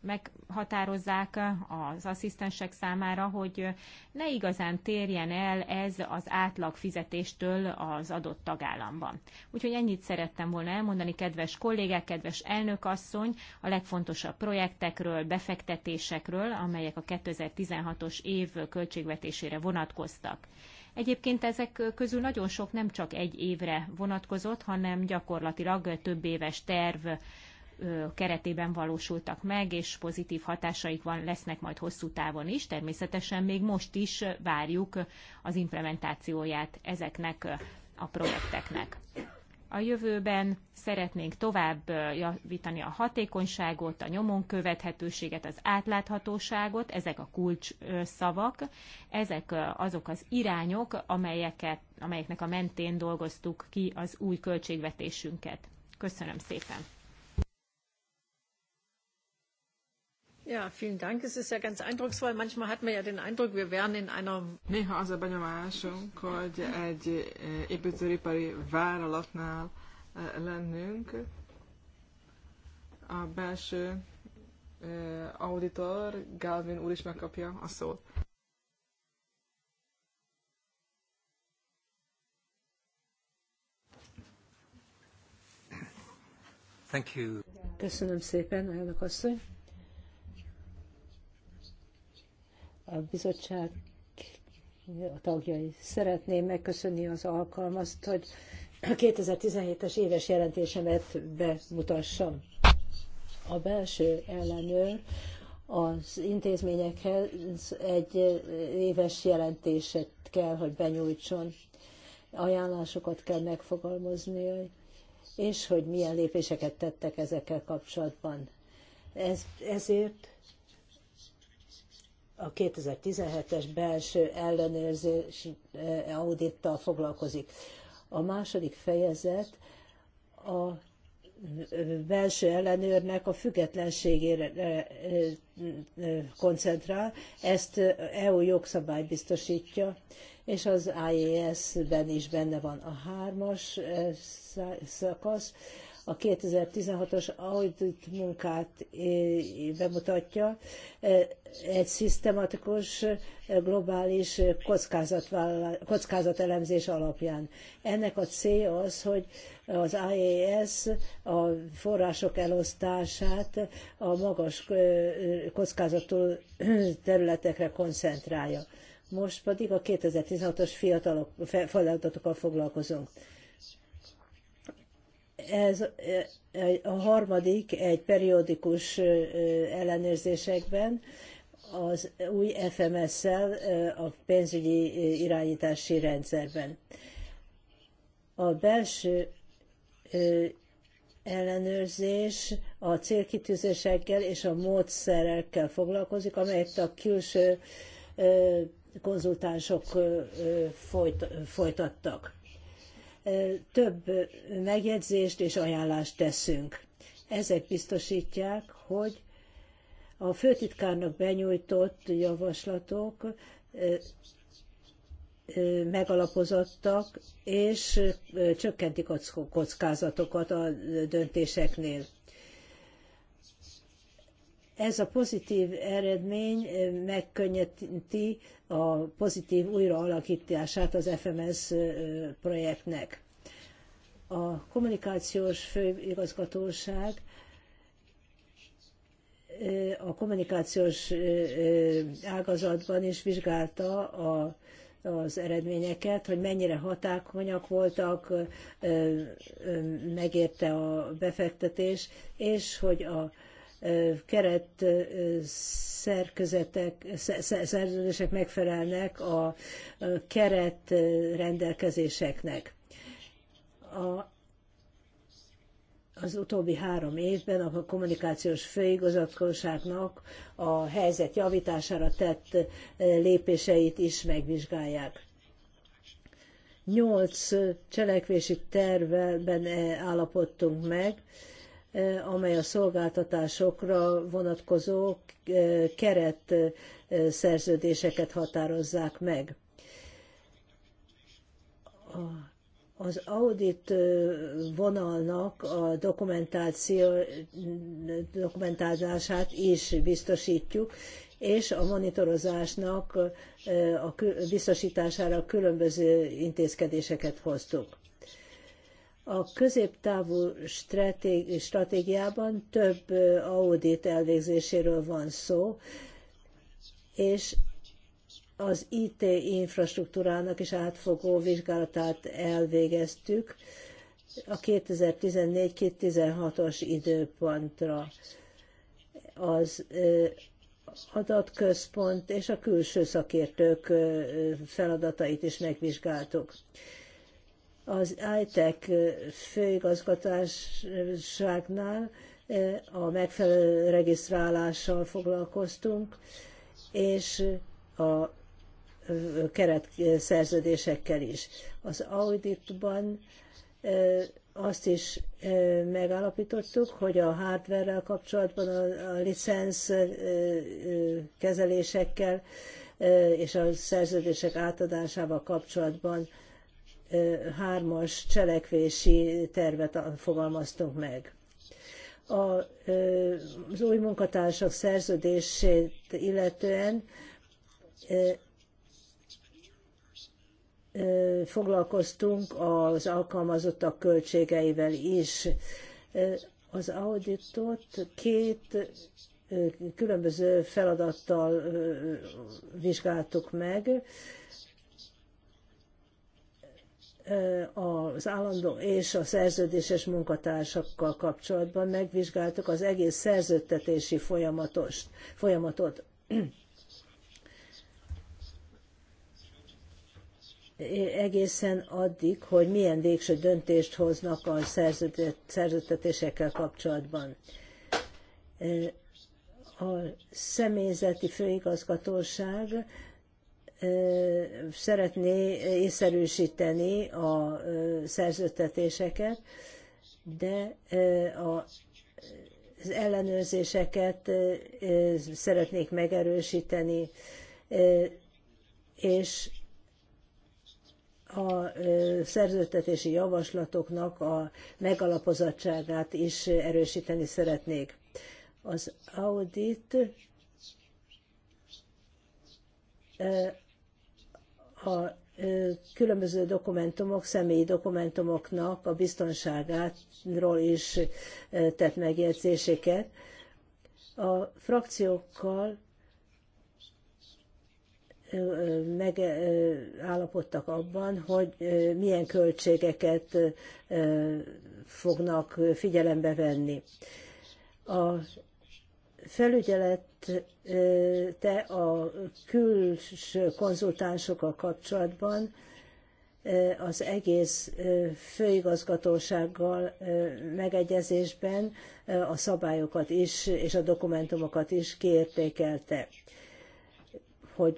meghatározzák az asszisztensek számára, hogy ne igazán térjen el ez az átlag fizetéstől az adott tagállamban. Úgyhogy ennyit szerettem volna elmondani, kedves kollégák, kedves elnökasszony, a legfontosabb projektekről, befektetésekről, amelyek a 2016-os év költségvetésére vonatkoztak. Egyébként ezek közül nagyon sok nem csak egy évre vonatkozott, hanem gyakorlatilag több éves terv keretében valósultak meg, és pozitív hatásaik van, lesznek majd hosszú távon is. Természetesen még most is várjuk az implementációját ezeknek a projekteknek. A jövőben szeretnénk tovább javítani a hatékonyságot, a nyomon követhetőséget, az átláthatóságot, ezek a kulcs szavak, ezek azok az irányok, amelyeket, amelyeknek a mentén dolgoztuk ki az új költségvetésünket. Köszönöm szépen! Ja, vielen Dank. Es ist ja ganz eindrucksvoll. Manchmal hat man ja den Eindruck, wir wären in einer... Néha az a benyomásunk, hogy egy eh, építőipari vállalatnál eh, lennünk. A belső eh, auditor, Galvin úr is megkapja a szót. Thank you. Köszönöm szépen, elnök asszony. a bizottság a tagjai. Szeretném megköszönni az alkalmat, hogy a 2017-es éves jelentésemet bemutassam. A belső ellenőr az intézményekhez egy éves jelentéset kell, hogy benyújtson. Ajánlásokat kell megfogalmazni, és hogy milyen lépéseket tettek ezekkel kapcsolatban. Ez, ezért a 2017-es belső ellenőrzési eh, audittal foglalkozik. A második fejezet a belső ellenőrnek a függetlenségére eh, eh, koncentrál, ezt EU e jogszabály biztosítja, és az IES-ben is benne van a hármas szakasz, a 2016-os audit munkát eh, bemutatja, eh, egy szisztematikus eh, globális kockázatelemzés alapján. Ennek a célja az, hogy az IAS a források elosztását a magas kockázatú [CLEARS THROAT] területekre koncentrálja. Most pedig a 2016-os fiatalok feladatokkal foglalkozunk. Ez eh, a harmadik egy periódikus eh, ellenőrzésekben, az új FMS-szel eh, a pénzügyi irányítási rendszerben. A belső ellenőrzés a célkitűzésekkel és a módszerekkel foglalkozik, amelyet a külső konzultánsok folytattak több megjegyzést és ajánlást teszünk. Ezek biztosítják, hogy a főtitkárnak benyújtott javaslatok megalapozottak, és csökkentik a kockázatokat a döntéseknél. Ez a pozitív eredmény megkönnyíti a pozitív újraalakítását az FMS projektnek. A kommunikációs főigazgatóság a kommunikációs ágazatban is vizsgálta a az eredményeket, hogy mennyire hatákonyak voltak, megérte a befektetés, és hogy a keret szerkezetek, szerződések megfelelnek a keret rendelkezéseknek. A, az utóbbi három évben a kommunikációs főigazgatóságnak a helyzet javítására tett lépéseit is megvizsgálják nyolc cselekvési tervben állapodtunk meg, Eh, amely a szolgáltatásokra vonatkozó eh, keret eh, szerződéseket határozzák meg. Az audit vonalnak a dokumentáció, dokumentálását is biztosítjuk, és a monitorozásnak a biztosítására különböző intézkedéseket hoztuk a középtávú stratégiában több audit elvégzéséről van szó, és az IT infrastruktúrának is átfogó vizsgálatát elvégeztük a 2014-2016-os időpontra. Az adatközpont és a külső szakértők feladatait is megvizsgáltuk. Az ITEC főigazgatásságnál eh, a megfelelő regisztrálással foglalkoztunk, és a eh, szerződésekkel is. Az auditban eh, azt is megállapítottuk, hogy a hardware kapcsolatban a, licensz kezelésekkel és a szerződések átadásával kapcsolatban hármas cselekvési tervet fogalmaztunk meg. A, az új munkatársak szerződését illetően foglalkoztunk az alkalmazottak költségeivel is. Az auditot két különböző feladattal vizsgáltuk meg az állandó és a szerződéses munkatársakkal kapcsolatban megvizsgáltuk az egész szerződtetési folyamatos, folyamatot. egészen addig, hogy milyen végső döntést hoznak a szerződtetésekkel kapcsolatban. A személyzeti főigazgatóság szeretné észszerűsíteni a szerződtetéseket, de a az ellenőrzéseket szeretnék megerősíteni, és a szerződtetési javaslatoknak a megalapozottságát is erősíteni szeretnék. Az audit a különböző dokumentumok, személyi dokumentumoknak a biztonságáról is tett megjegyzéseket. A frakciókkal megállapodtak abban, hogy milyen költségeket fognak figyelembe venni. A felügyelete a külső konzultánsokkal kapcsolatban az egész főigazgatósággal megegyezésben a szabályokat is és a dokumentumokat is kiértékelte. Hogy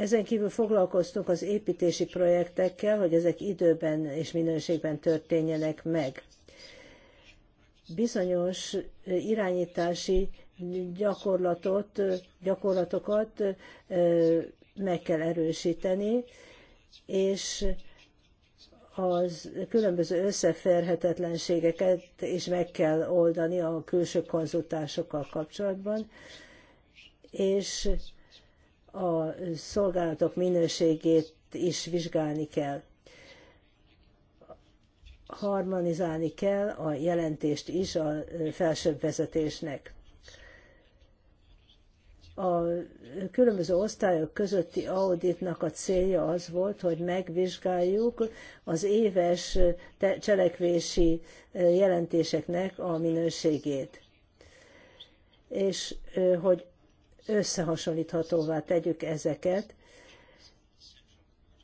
ezen kívül foglalkoztunk az építési projektekkel, hogy ezek időben és minőségben történjenek meg bizonyos irányítási gyakorlatot, gyakorlatokat meg kell erősíteni, és az különböző összeférhetetlenségeket is meg kell oldani a külső konzultásokkal kapcsolatban, és a szolgálatok minőségét is vizsgálni kell harmonizálni kell a jelentést is a felsőbb vezetésnek. A különböző osztályok közötti auditnak a célja az volt, hogy megvizsgáljuk az éves cselekvési jelentéseknek a minőségét, és hogy összehasonlíthatóvá tegyük ezeket,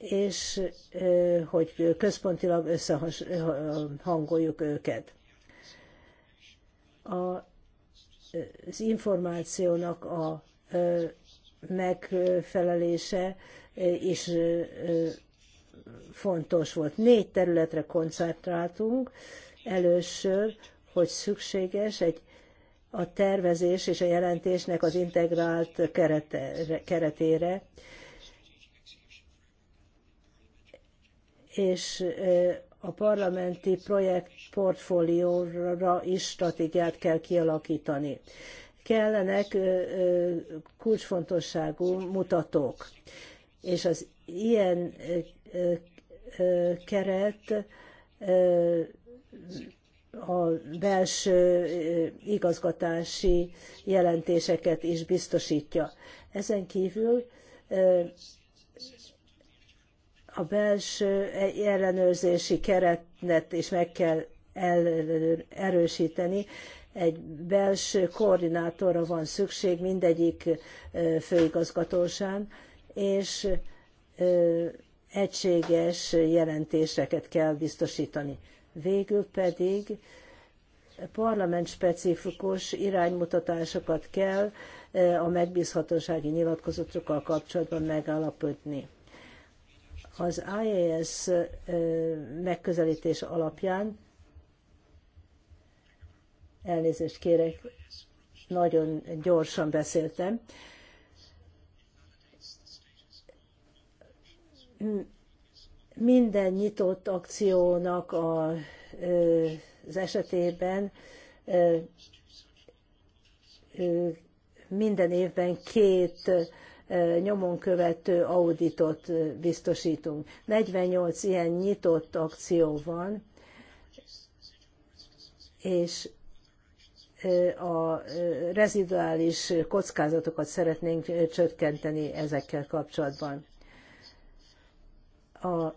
és hogy központilag összehangoljuk őket. A, az információnak a megfelelése is fontos volt. Négy területre koncentráltunk. Először, hogy szükséges egy a tervezés és a jelentésnek az integrált kerete, keretére, és a parlamenti projekt portfólióra is stratégiát kell kialakítani. Kellenek kulcsfontosságú mutatók, és az ilyen keret a belső igazgatási jelentéseket is biztosítja. Ezen kívül a belső ellenőrzési keretet is meg kell erősíteni. Egy belső koordinátorra van szükség mindegyik főigazgatóság, és egységes jelentéseket kell biztosítani. Végül pedig parlament specifikus iránymutatásokat kell a megbízhatósági nyilatkozatokkal kapcsolatban megállapodni. Az IAS megközelítés alapján elnézést kérek, nagyon gyorsan beszéltem. Minden nyitott akciónak a, az esetében minden évben két nyomon követő auditot biztosítunk. 48 ilyen nyitott akció van, és a reziduális kockázatokat szeretnénk csökkenteni ezekkel kapcsolatban. A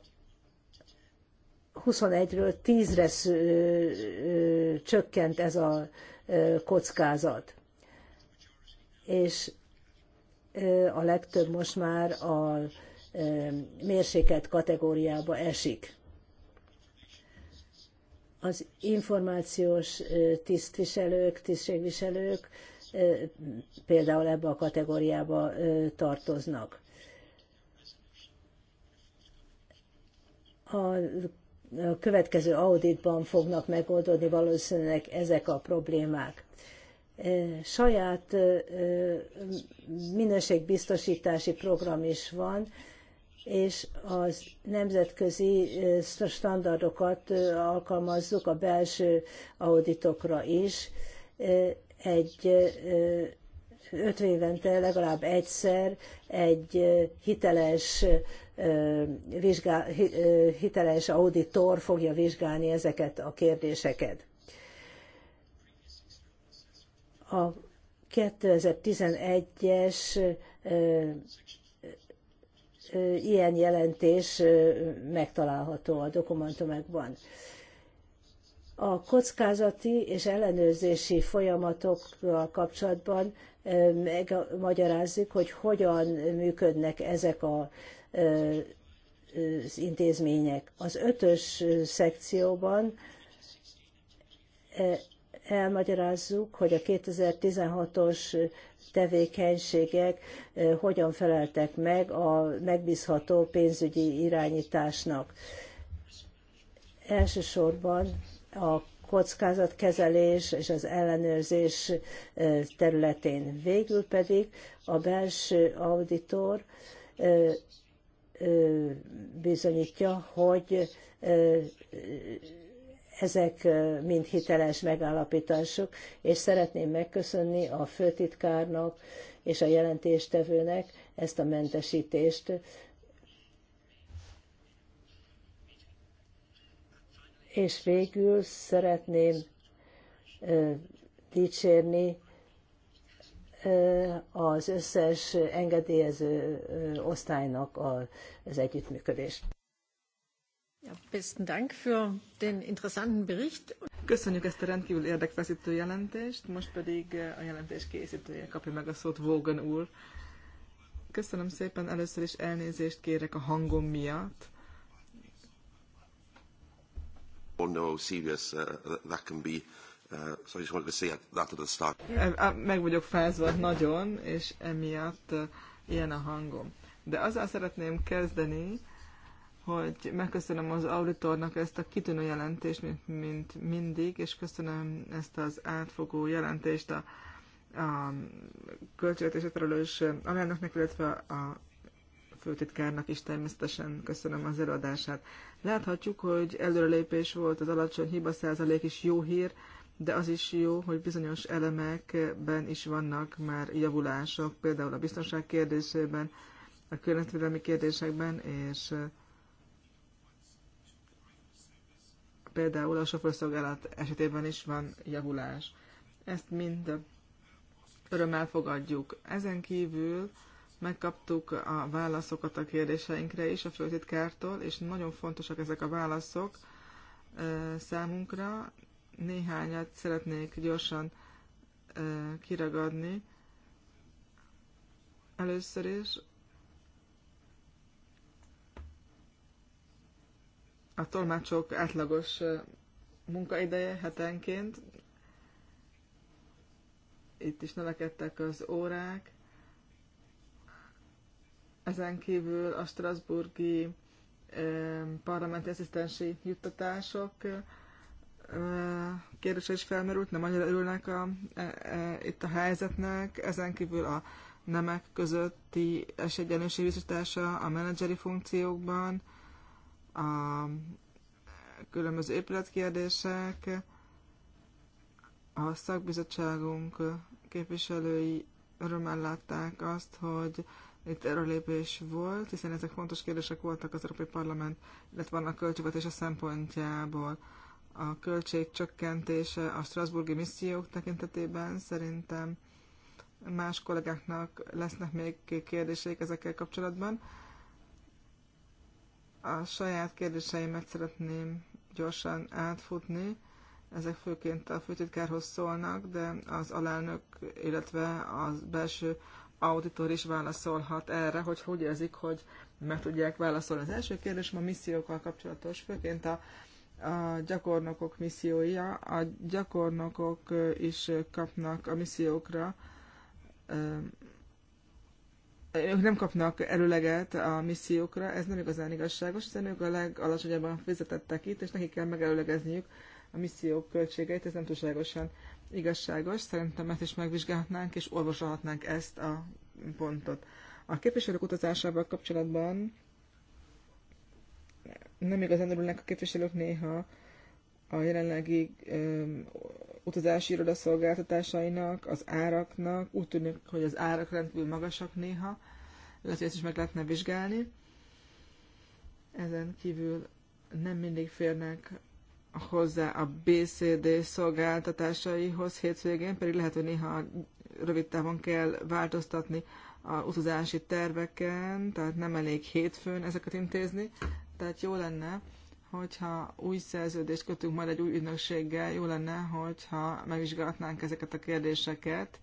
21-ről 10-re csökkent ez a kockázat. És a legtöbb most már a mérsékelt kategóriába esik. Az információs tisztviselők, tisztségviselők például ebbe a kategóriába tartoznak. A következő auditban fognak megoldódni valószínűleg ezek a problémák saját minőségbiztosítási program is van, és az nemzetközi standardokat alkalmazzuk a belső auditokra is. Egy 50 évente legalább egyszer egy hiteles, vizsgál, hiteles auditor fogja vizsgálni ezeket a kérdéseket. A 2011-es ilyen jelentés megtalálható a dokumentumokban. A kockázati és ellenőrzési folyamatokkal kapcsolatban megmagyarázzuk, hogy hogyan működnek ezek a, az intézmények. Az ötös szekcióban elmagyarázzuk, hogy a 2016-os tevékenységek eh, hogyan feleltek meg a megbízható pénzügyi irányításnak. Elsősorban a kockázatkezelés és az ellenőrzés eh, területén. Végül pedig a belső auditor eh, bizonyítja, hogy ezek mind hiteles megállapítások, és szeretném megköszönni a főtitkárnak és a jelentéstevőnek ezt a mentesítést. És végül szeretném dicsérni az összes engedélyező osztálynak az együttműködést. Köszönjük ezt a rendkívül érdekfeszítő jelentést, most pedig eh, a jelentés készítője kapja meg a szót Vogan úr. Köszönöm szépen, először is elnézést kérek a hangom miatt. Oh no, serious, uh, that can be Uh, so I just wanted to say that at the start. Meg vagyok fázva nagyon, és emiatt ilyen a hangom. De azzal szeretném kezdeni, hogy megköszönöm az auditornak ezt a kitűnő jelentést, mint, mint mindig, és köszönöm ezt az átfogó jelentést a, a költségvetésre felelős alelnöknek, illetve a főtitkárnak is természetesen köszönöm az előadását. Láthatjuk, hogy előrelépés volt, az alacsony hiba százalék is jó hír, de az is jó, hogy bizonyos elemekben is vannak már javulások, például a biztonság kérdésében, a környezetvédelmi kérdésekben, és például a sofőrszolgálat esetében is van javulás. Ezt mind örömmel fogadjuk. Ezen kívül megkaptuk a válaszokat a kérdéseinkre is a főtitkártól, és nagyon fontosak ezek a válaszok számunkra. Néhányat szeretnék gyorsan kiragadni. Először is a tolmácsok átlagos munkaideje hetenként. Itt is növekedtek az órák. Ezen kívül a Strasburgi parlamenti asszisztensi juttatások kérdése is felmerült, nem annyira örülnek a, e, e, itt a helyzetnek, ezen kívül a nemek közötti esélyegyenlőség biztosítása a menedzseri funkciókban, a különböző épületkérdések, a szakbizottságunk képviselői örömmel látták azt, hogy itt erőlépés volt, hiszen ezek fontos kérdések voltak az Európai Parlament, illetve vannak költségvetése szempontjából. A költség csökkentése a Strasburgi missziók tekintetében szerintem más kollégáknak lesznek még kérdéseik ezekkel kapcsolatban. A saját kérdéseimet szeretném gyorsan átfutni. Ezek főként a főtitkárhoz szólnak, de az alelnök, illetve az belső auditor is válaszolhat erre, hogy hogy érzik, hogy meg tudják válaszolni. Az első kérdés a missziókkal kapcsolatos, főként a, a gyakornokok missziója. A gyakornokok is kapnak a missziókra ők nem kapnak előleget a missziókra, ez nem igazán igazságos, hiszen ők a legalacsonyabban fizetettek itt, és nekik kell megelőlegezniük a missziók költségeit, ez nem túlságosan igazságos. Szerintem ezt is megvizsgálhatnánk, és olvasolhatnánk ezt a pontot. A képviselők utazásával kapcsolatban nem igazán örülnek a képviselők néha a jelenlegi utazási iroda szolgáltatásainak, az áraknak. Úgy tűnik, hogy az árak rendkívül magasak néha. Lehet, hogy ezt is meg lehetne vizsgálni. Ezen kívül nem mindig férnek hozzá a BCD szolgáltatásaihoz hétvégén, pedig lehet, hogy néha rövid távon kell változtatni a utazási terveken, tehát nem elég hétfőn ezeket intézni. Tehát jó lenne, hogyha új szerződést kötünk majd egy új ügynökséggel, jó lenne, hogyha megvizsgálhatnánk ezeket a kérdéseket,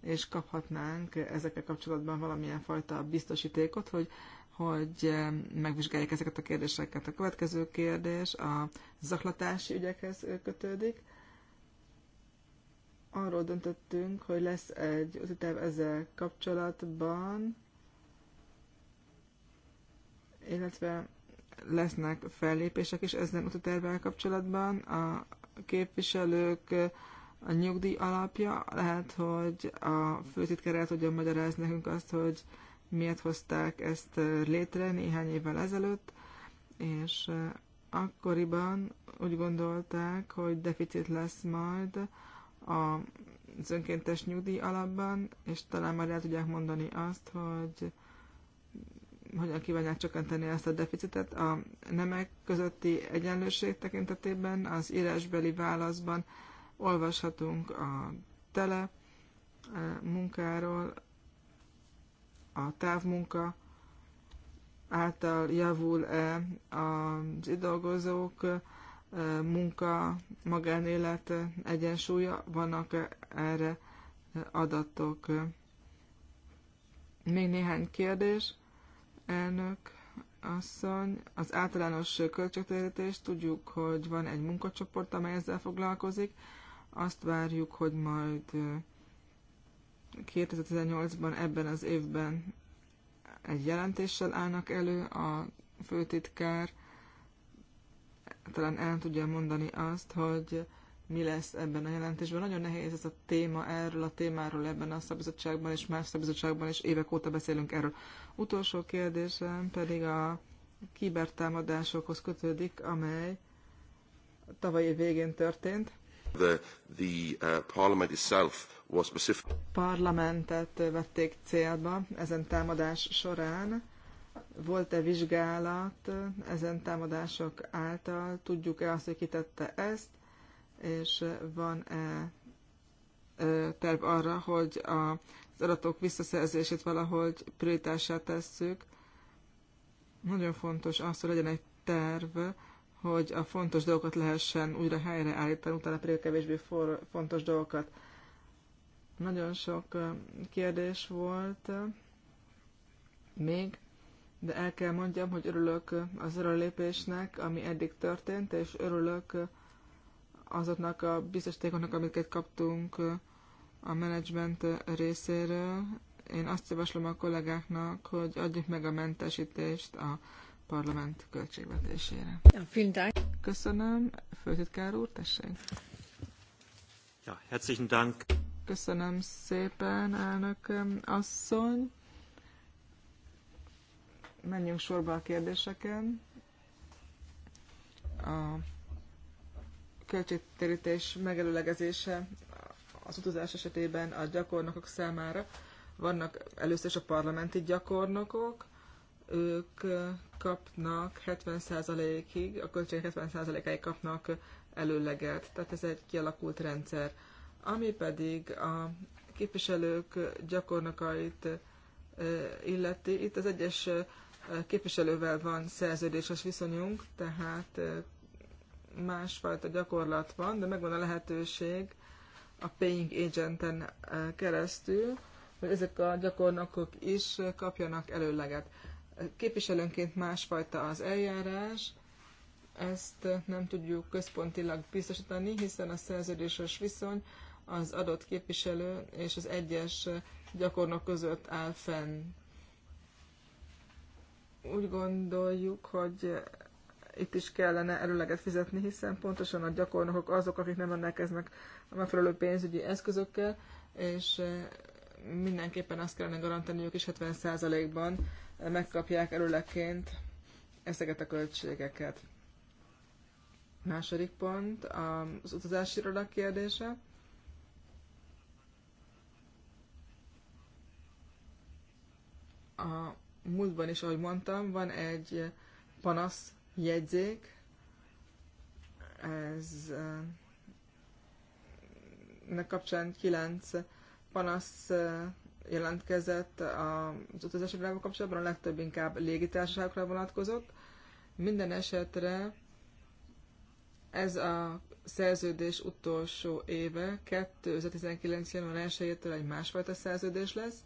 és kaphatnánk ezekkel kapcsolatban valamilyen fajta biztosítékot, hogy, hogy eh, megvizsgálják ezeket a kérdéseket. A következő kérdés a zaklatási ügyekhez kötődik. Arról döntöttünk, hogy lesz egy útiterv ezzel kapcsolatban, illetve lesznek fellépések is ezen úti tervvel kapcsolatban. A képviselők a nyugdíj alapja, lehet, hogy a főtitkár el tudja magyarázni nekünk azt, hogy miért hozták ezt létre néhány évvel ezelőtt, és akkoriban úgy gondolták, hogy deficit lesz majd az önkéntes nyugdíj alapban, és talán már el tudják mondani azt, hogy hogyan kívánják csökkenteni ezt a deficitet. A nemek közötti egyenlőség tekintetében az írásbeli válaszban olvashatunk a tele eh, munkáról, a távmunka által javul-e az idolgozók eh, munka, magánélet egyensúlya, vannak -e erre adatok. Még néhány kérdés elnök asszony. Az általános költségtérítés tudjuk, hogy van egy munkacsoport, amely ezzel foglalkozik. Azt várjuk, hogy majd 2018-ban ebben az évben egy jelentéssel állnak elő a főtitkár, talán el tudja mondani azt, hogy mi lesz ebben a jelentésben. Nagyon nehéz ez a téma, erről a témáról ebben a szabizottságban és más szabizottságban és évek óta beszélünk erről. Utolsó kérdésem pedig a kibertámadásokhoz kötődik, amely tavalyi végén történt. The, the uh, parliament itself was specific. Parlamentet vették célba ezen támadás során. Volt-e vizsgálat ezen támadások által? Tudjuk-e azt, hogy kitette ezt? és van-e eh, eh, terv arra, hogy az adatok visszaszerzését valahogy prioritássá tesszük. Nagyon fontos az, hogy legyen egy terv, hogy a fontos dolgokat lehessen újra helyreállítani, utána pedig kevésbé for, fontos dolgokat. Nagyon sok eh, kérdés volt még, de el kell mondjam, hogy örülök az lépésnek, ami eddig történt, és örülök azoknak a biztosítékoknak, amiket kaptunk a menedzsment részéről. Én azt javaslom a kollégáknak, hogy adjuk meg a mentesítést a parlament költségvetésére. Köszönöm. Főtitkár úr, tessék. Ja, herzlichen Dank. Köszönöm szépen, elnök asszony. Menjünk sorba a kérdéseken. A költségtérítés megelőlegezése az utazás esetében a gyakornokok számára. Vannak először is a parlamenti gyakornokok, ők kapnak 70%-ig, a költség 70%-áig kapnak előleget. Tehát ez egy kialakult rendszer. Ami pedig a képviselők gyakornokait illeti, itt az egyes képviselővel van szerződéses viszonyunk, tehát másfajta gyakorlat van, de megvan a lehetőség a paying agenten eh, keresztül, hogy ezek a gyakornokok is kapjanak előleget. Képviselőnként másfajta az eljárás, ezt nem tudjuk központilag biztosítani, hiszen a szerződéses viszony az adott képviselő és az egyes gyakornok között áll fenn. Úgy gondoljuk, hogy itt is kellene előleget fizetni, hiszen pontosan a gyakornokok azok, akik nem rendelkeznek a megfelelő pénzügyi eszközökkel, és eh, mindenképpen azt kellene garantálni, hogy ők is 70%-ban eh, megkapják előleként ezeket a költségeket. Második pont az utazási iroda kérdése. A múltban is, ahogy mondtam, van egy panasz jegyzék. Ez eh, ennek kapcsán kilenc panasz eh, jelentkezett az utazási világok kapcsolatban, a legtöbb inkább légitársaságokra vonatkozott. Minden esetre ez a szerződés utolsó éve, 2019. január 1-től egy másfajta szerződés lesz,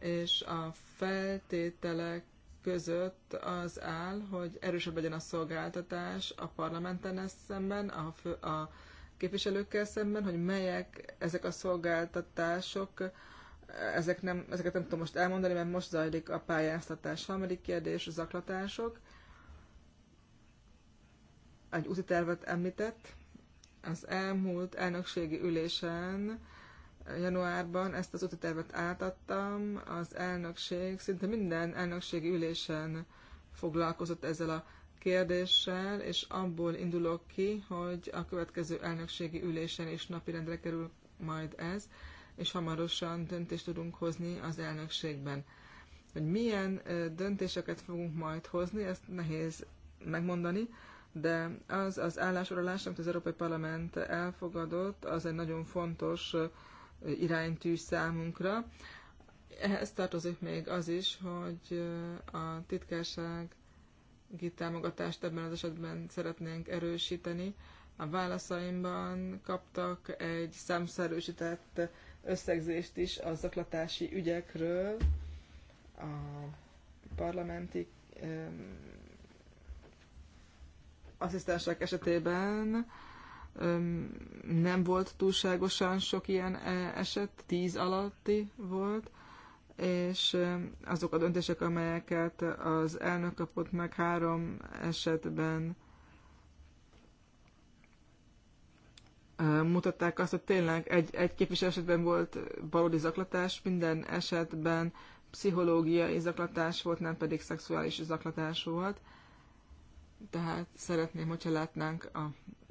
és a feltételek között az áll, hogy erősebb legyen a szolgáltatás a parlamenten szemben, a, fő, a képviselőkkel szemben, hogy melyek ezek a szolgáltatások, ezek nem, ezeket nem tudom most elmondani, mert most zajlik a pályáztatás. Harmadik kérdés, zaklatások. Egy úti tervet említett. Az elmúlt elnökségi ülésen januárban ezt az úti tervet átadtam, az elnökség szinte minden elnökségi ülésen foglalkozott ezzel a kérdéssel, és abból indulok ki, hogy a következő elnökségi ülésen is napirendre kerül majd ez, és hamarosan döntést tudunk hozni az elnökségben. Hogy milyen döntéseket fogunk majd hozni, ezt nehéz megmondani, de az az állásorolás, amit az Európai Parlament elfogadott, az egy nagyon fontos uh, iránytű számunkra. Ehhez tartozik még az is, hogy a titkársági támogatást ebben az esetben szeretnénk erősíteni. A válaszaimban kaptak egy számszerűsített összegzést is a zaklatási ügyekről, a parlamenti asszisztensek esetében nem volt túlságosan sok ilyen e, eset, tíz alatti volt, és azok a döntések, amelyeket az elnök kapott meg három esetben, mutatták azt, hogy tényleg egy, egy képviselő esetben volt valódi zaklatás, minden esetben pszichológiai zaklatás volt, nem pedig szexuális zaklatás volt. Tehát szeretném, hogyha látnánk a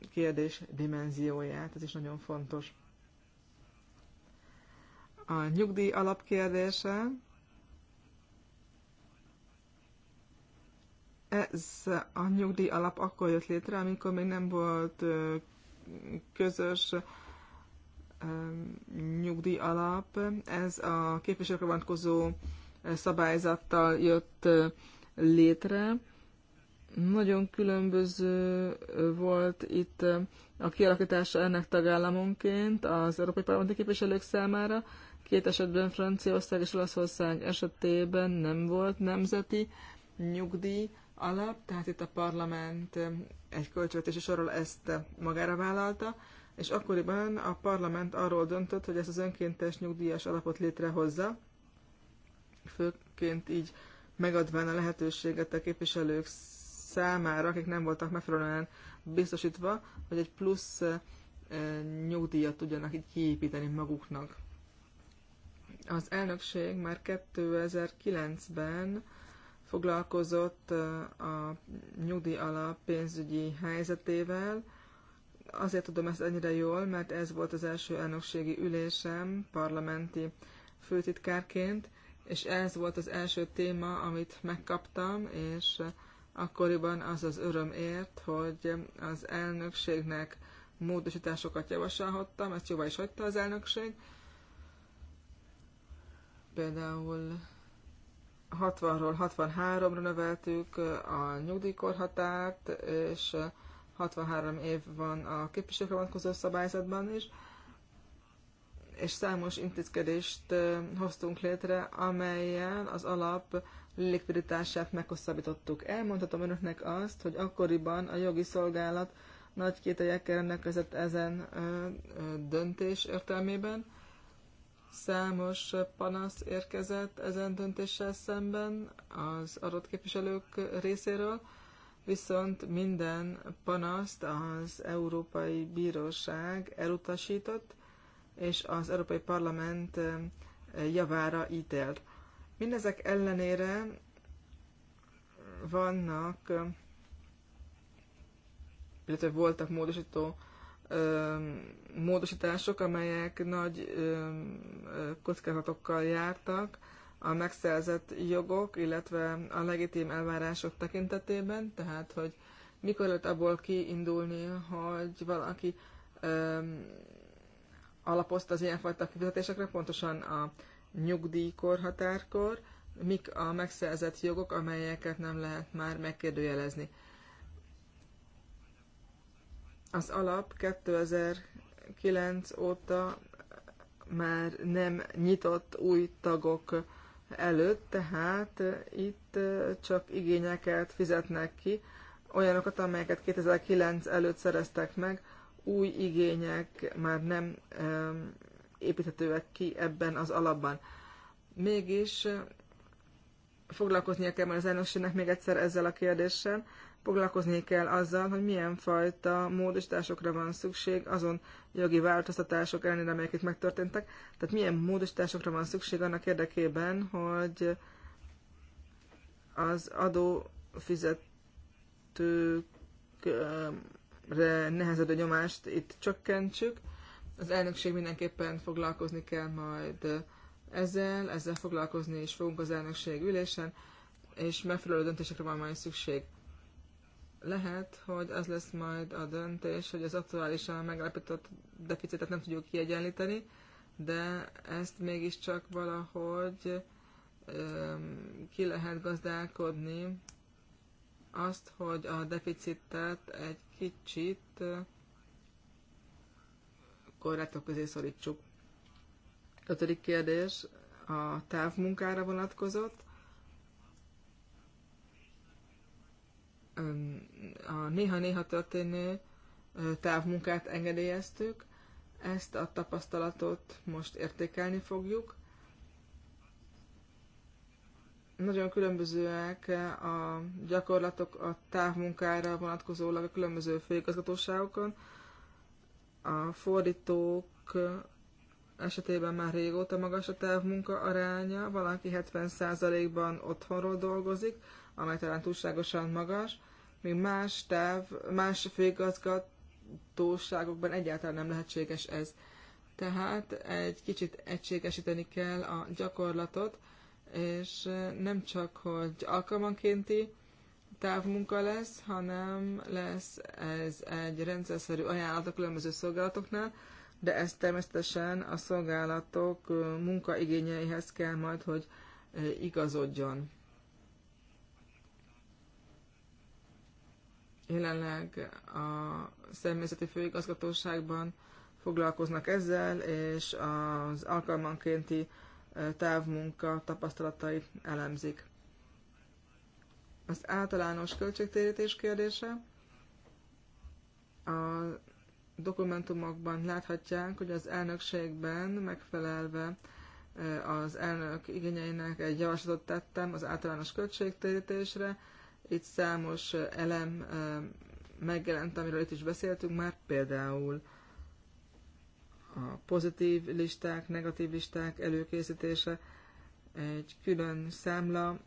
kérdés dimenzióját, ez is nagyon fontos. A nyugdíj alapkérdése, ez a nyugdíj alap akkor jött létre, amikor még nem volt közös nyugdíj alap. Ez a képviselőkre vonatkozó szabályzattal jött létre. Nagyon különböző volt itt a kialakítása ennek tagállamonként az európai parlamenti képviselők számára. Két esetben Franciaország és Olaszország esetében nem volt nemzeti nyugdíj alap, tehát itt a parlament egy költségvetési sorról ezt magára vállalta, és akkoriban a parlament arról döntött, hogy ezt az önkéntes nyugdíjas alapot létrehozza, főként így megadván a lehetőséget a képviselők számára, akik nem voltak megfelelően biztosítva, hogy egy plusz nyugdíjat tudjanak így kiépíteni maguknak. Az elnökség már 2009-ben foglalkozott a nyugdíj alap pénzügyi helyzetével. Azért tudom ezt ennyire jól, mert ez volt az első elnökségi ülésem parlamenti főtitkárként, és ez volt az első téma, amit megkaptam, és akkoriban az az öröm ért, hogy az elnökségnek módosításokat javasolhattam, ezt jóval is hagyta az elnökség. Például 60-ról 63-ra növeltük a nyugdíjkorhatárt, és 63 év van a képviselőkre vonatkozó szabályzatban is és számos intézkedést hoztunk létre, amelyen az alap likviditását meghosszabbítottuk. Elmondhatom önöknek azt, hogy akkoriban a jogi szolgálat nagy kételyekkel rendelkezett ezen döntés értelmében. Számos panasz érkezett ezen döntéssel szemben az adott képviselők részéről, viszont minden panaszt az Európai Bíróság elutasított, és az Európai Parlament javára ítélt. Mindezek ellenére vannak, illetve voltak módosító módosítások, amelyek nagy kockázatokkal jártak a megszerzett jogok, illetve a legitim elvárások tekintetében, tehát hogy mikor lehet abból kiindulni, hogy valaki alapozta az ilyenfajta kifizetésekre, pontosan a nyugdíjkorhatárkor, mik a megszerzett jogok, amelyeket nem lehet már megkérdőjelezni. Az alap 2009 óta már nem nyitott új tagok előtt, tehát itt csak igényeket fizetnek ki, olyanokat, amelyeket 2009 előtt szereztek meg, új igények már nem építhetőek ki ebben az alapban. Mégis eh, foglalkoznia kell már az elnökségnek még egyszer ezzel a kérdéssel, foglalkozni kell azzal, hogy milyen fajta módosításokra van szükség azon jogi változtatások ellenére, amelyek itt megtörténtek. Tehát milyen módosításokra van szükség annak érdekében, hogy az adófizetők nehezedő nyomást itt csökkentsük. Az elnökség mindenképpen foglalkozni kell majd ezzel, ezzel foglalkozni is fogunk az elnökség ülésen, és megfelelő döntésekre van majd szükség. Lehet, hogy az lesz majd a döntés, hogy az aktuálisan megállapított deficitet nem tudjuk kiegyenlíteni, de ezt mégiscsak valahogy ki lehet gazdálkodni azt, hogy a deficitet egy kicsit korlátok közé szorítsuk. Ötödik kérdés a távmunkára vonatkozott. A néha-néha történő távmunkát engedélyeztük, ezt a tapasztalatot most értékelni fogjuk, nagyon különbözőek a gyakorlatok a távmunkára vonatkozólag a különböző főigazgatóságokon. A fordítók esetében már régóta magas a távmunka aránya, valaki 70%-ban otthonról dolgozik, amely talán túlságosan magas, míg más táv, más főigazgatóságokban egyáltalán nem lehetséges ez. Tehát egy kicsit egységesíteni kell a gyakorlatot, és nem csak, hogy alkalmankénti távmunka lesz, hanem lesz ez egy rendszerszerű ajánlat a különböző szolgálatoknál, de ez természetesen a szolgálatok munkaigényeihez kell majd, hogy igazodjon. Jelenleg a személyzeti főigazgatóságban foglalkoznak ezzel, és az alkalmankénti távmunka tapasztalatai elemzik. Az általános költségtérítés kérdése. A dokumentumokban láthatják, hogy az elnökségben megfelelve az elnök igényeinek egy javaslatot tettem az általános költségtérítésre. Itt számos elem megjelent, amiről itt is beszéltünk már, például a pozitív listák, negatív listák előkészítése, egy külön számla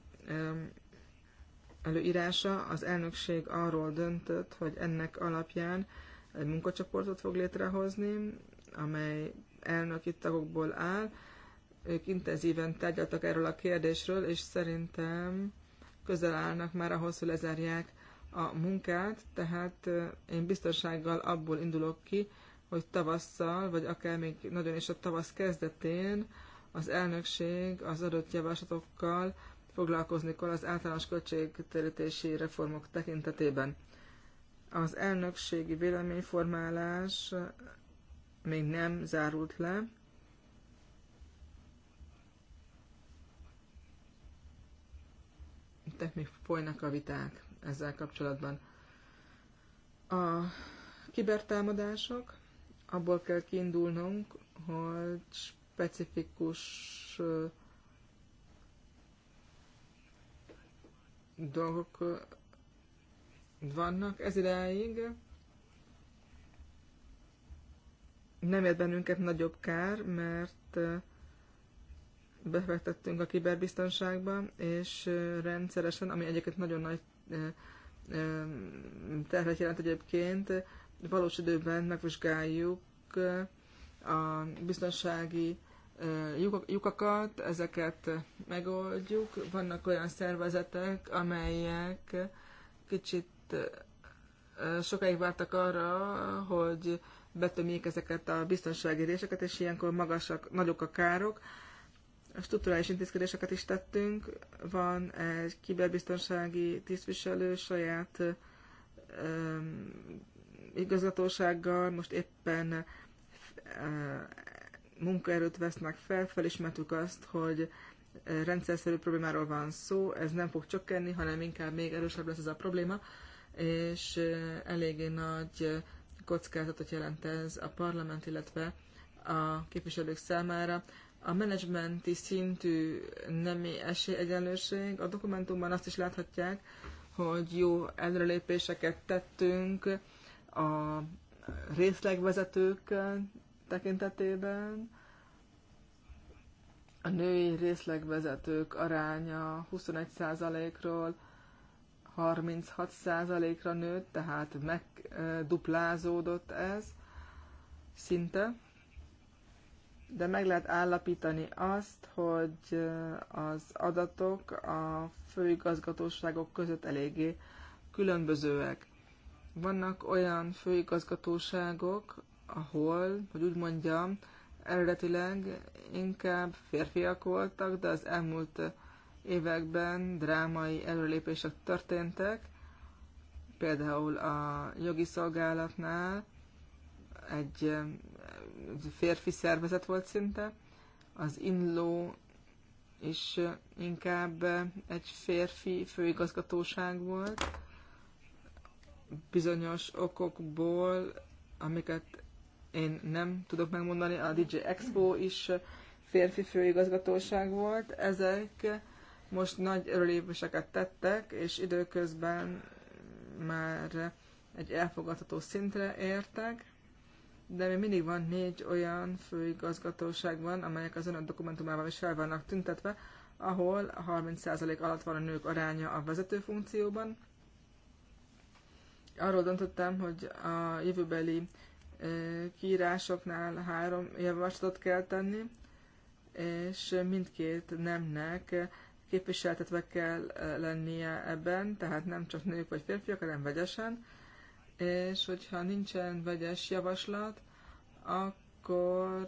előírása. Az elnökség arról döntött, hogy ennek alapján egy munkacsoportot fog létrehozni, amely elnöki tagokból áll. Ők intenzíven tárgyaltak erről a kérdésről, és szerintem közel állnak már ahhoz, hogy lezárják a munkát, tehát én biztonsággal abból indulok ki, hogy tavasszal, vagy akár még nagyon is a tavasz kezdetén az elnökség az adott javaslatokkal foglalkozni kell az általános költségtérítési reformok tekintetében. Az elnökségi véleményformálás még nem zárult le, tehát még folynak a viták ezzel kapcsolatban. A kibertámadások, abból kell kiindulnunk, hogy specifikus dolgok vannak ez idáig. Nem ért bennünket nagyobb kár, mert befektettünk a kiberbiztonságba, és rendszeresen, ami egyébként nagyon nagy terhet jelent egyébként, valós időben megvizsgáljuk eh, a biztonsági eh, lyukakat, ezeket megoldjuk. Vannak olyan szervezetek, amelyek kicsit eh, sokáig vártak arra, hogy betömjék ezeket a biztonsági réseket, és ilyenkor magasak, nagyok a károk. A strukturális intézkedéseket is tettünk. Van egy kiberbiztonsági tisztviselő saját igazgatósággal, most éppen eh, munkaerőt vesznek fel, felismertük azt, hogy eh, rendszerszerű problémáról van szó, ez nem fog csökkenni, hanem inkább még erősebb lesz ez a probléma, és eh, eléggé nagy kockázatot jelent ez a parlament, illetve a képviselők számára. A menedzsmenti szintű nemi esélyegyenlőség, a dokumentumban azt is láthatják, hogy jó előrelépéseket tettünk a részlegvezetők tekintetében a női részlegvezetők aránya 21%-ról 36%-ra nőtt, tehát megduplázódott ez szinte. De meg lehet állapítani azt, hogy az adatok a főigazgatóságok között eléggé különbözőek. Vannak olyan főigazgatóságok, ahol, hogy úgy mondjam, eredetileg inkább férfiak voltak, de az elmúlt években drámai előlépések történtek, például a jogi szolgálatnál egy férfi szervezet volt szinte, az inló és inkább egy férfi főigazgatóság volt, bizonyos okokból, amiket én nem tudok megmondani, a DJ Expo is férfi főigazgatóság volt, ezek most nagy örülépéseket tettek, és időközben már egy elfogadható szintre értek, de még mindig van négy olyan főigazgatóság van, amelyek az önök dokumentumában is fel vannak tüntetve, ahol 30% alatt van a nők aránya a vezető funkcióban, arról döntöttem, hogy a jövőbeli kiírásoknál három javaslatot kell tenni, és mindkét nemnek képviseltetve kell lennie ebben, tehát nem csak nők vagy férfiak, hanem vegyesen, és hogyha nincsen vegyes javaslat, akkor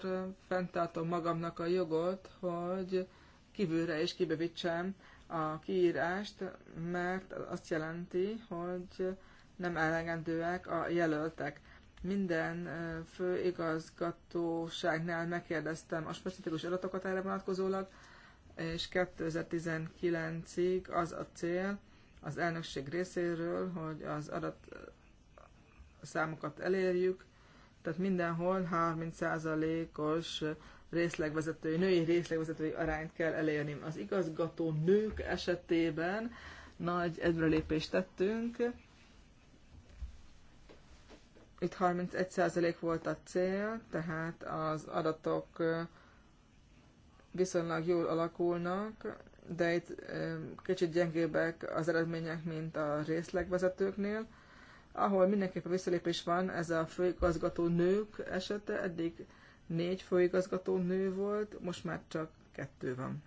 fenntartom magamnak a jogot, hogy kívülre is kibővítsem a kiírást, mert azt jelenti, hogy nem elegendőek a jelöltek. Minden főigazgatóságnál megkérdeztem a specifikus adatokat erre vonatkozólag, és 2019-ig az a cél az elnökség részéről, hogy az adat számokat elérjük, tehát mindenhol 30%-os részlegvezetői, női részlegvezetői arányt kell elérni. Az igazgató nők esetében nagy előrelépést tettünk, itt 31% volt a cél, tehát az adatok viszonylag jól alakulnak, de itt kicsit gyengébbek az eredmények, mint a részlegvezetőknél. Ahol mindenképpen visszalépés van, ez a főigazgató nők esete, eddig négy főigazgató nő volt, most már csak kettő van.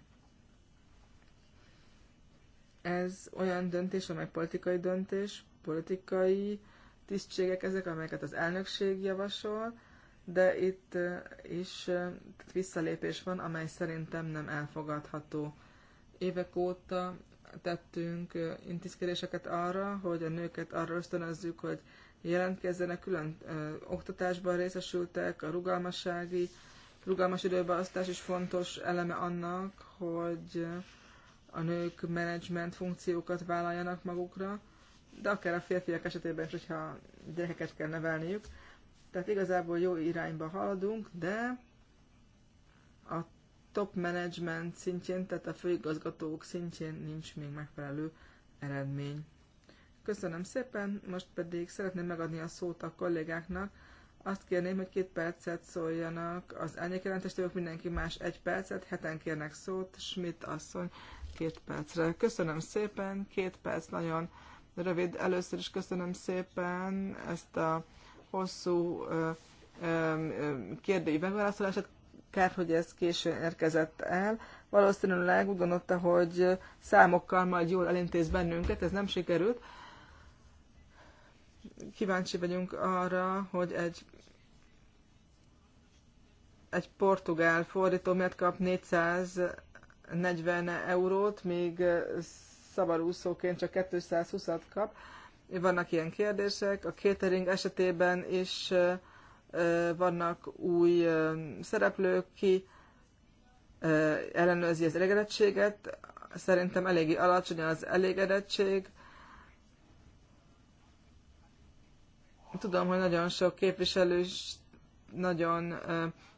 Ez olyan döntés, amely politikai döntés, politikai tisztségek ezek, amelyeket az elnökség javasol, de itt is visszalépés van, amely szerintem nem elfogadható. Évek óta tettünk intézkedéseket arra, hogy a nőket arra ösztönözzük, hogy jelentkezzenek külön ö, oktatásban részesültek, a rugalmassági, rugalmas időbeosztás is fontos eleme annak, hogy a nők menedzsment funkciókat vállaljanak magukra, de akár a férfiak esetében is, hogyha gyerekeket kell nevelniük. Tehát igazából jó irányba haladunk, de a top management szintjén, tehát a főigazgatók szintjén nincs még megfelelő eredmény. Köszönöm szépen, most pedig szeretném megadni a szót a kollégáknak. Azt kérném, hogy két percet szóljanak az elnyékjelentéstők, mindenki más egy percet, heten kérnek szót, Schmidt asszony két percre. Köszönöm szépen, két perc nagyon rövid. Először is köszönöm szépen ezt a hosszú kérdői megválaszolását. Kár, hogy ez későn érkezett el. Valószínűleg úgy gondolta, hogy számokkal majd jól elintéz bennünket, ez nem sikerült. Kíváncsi vagyunk arra, hogy egy egy portugál fordító miért kap 440 eurót, még szabadúszóként csak 220-at kap. Vannak ilyen kérdések. A catering esetében is vannak új szereplők, ki ellenőrzi az elégedettséget. Szerintem eléggé alacsony az elégedettség. Tudom, hogy nagyon sok képviselő is nagyon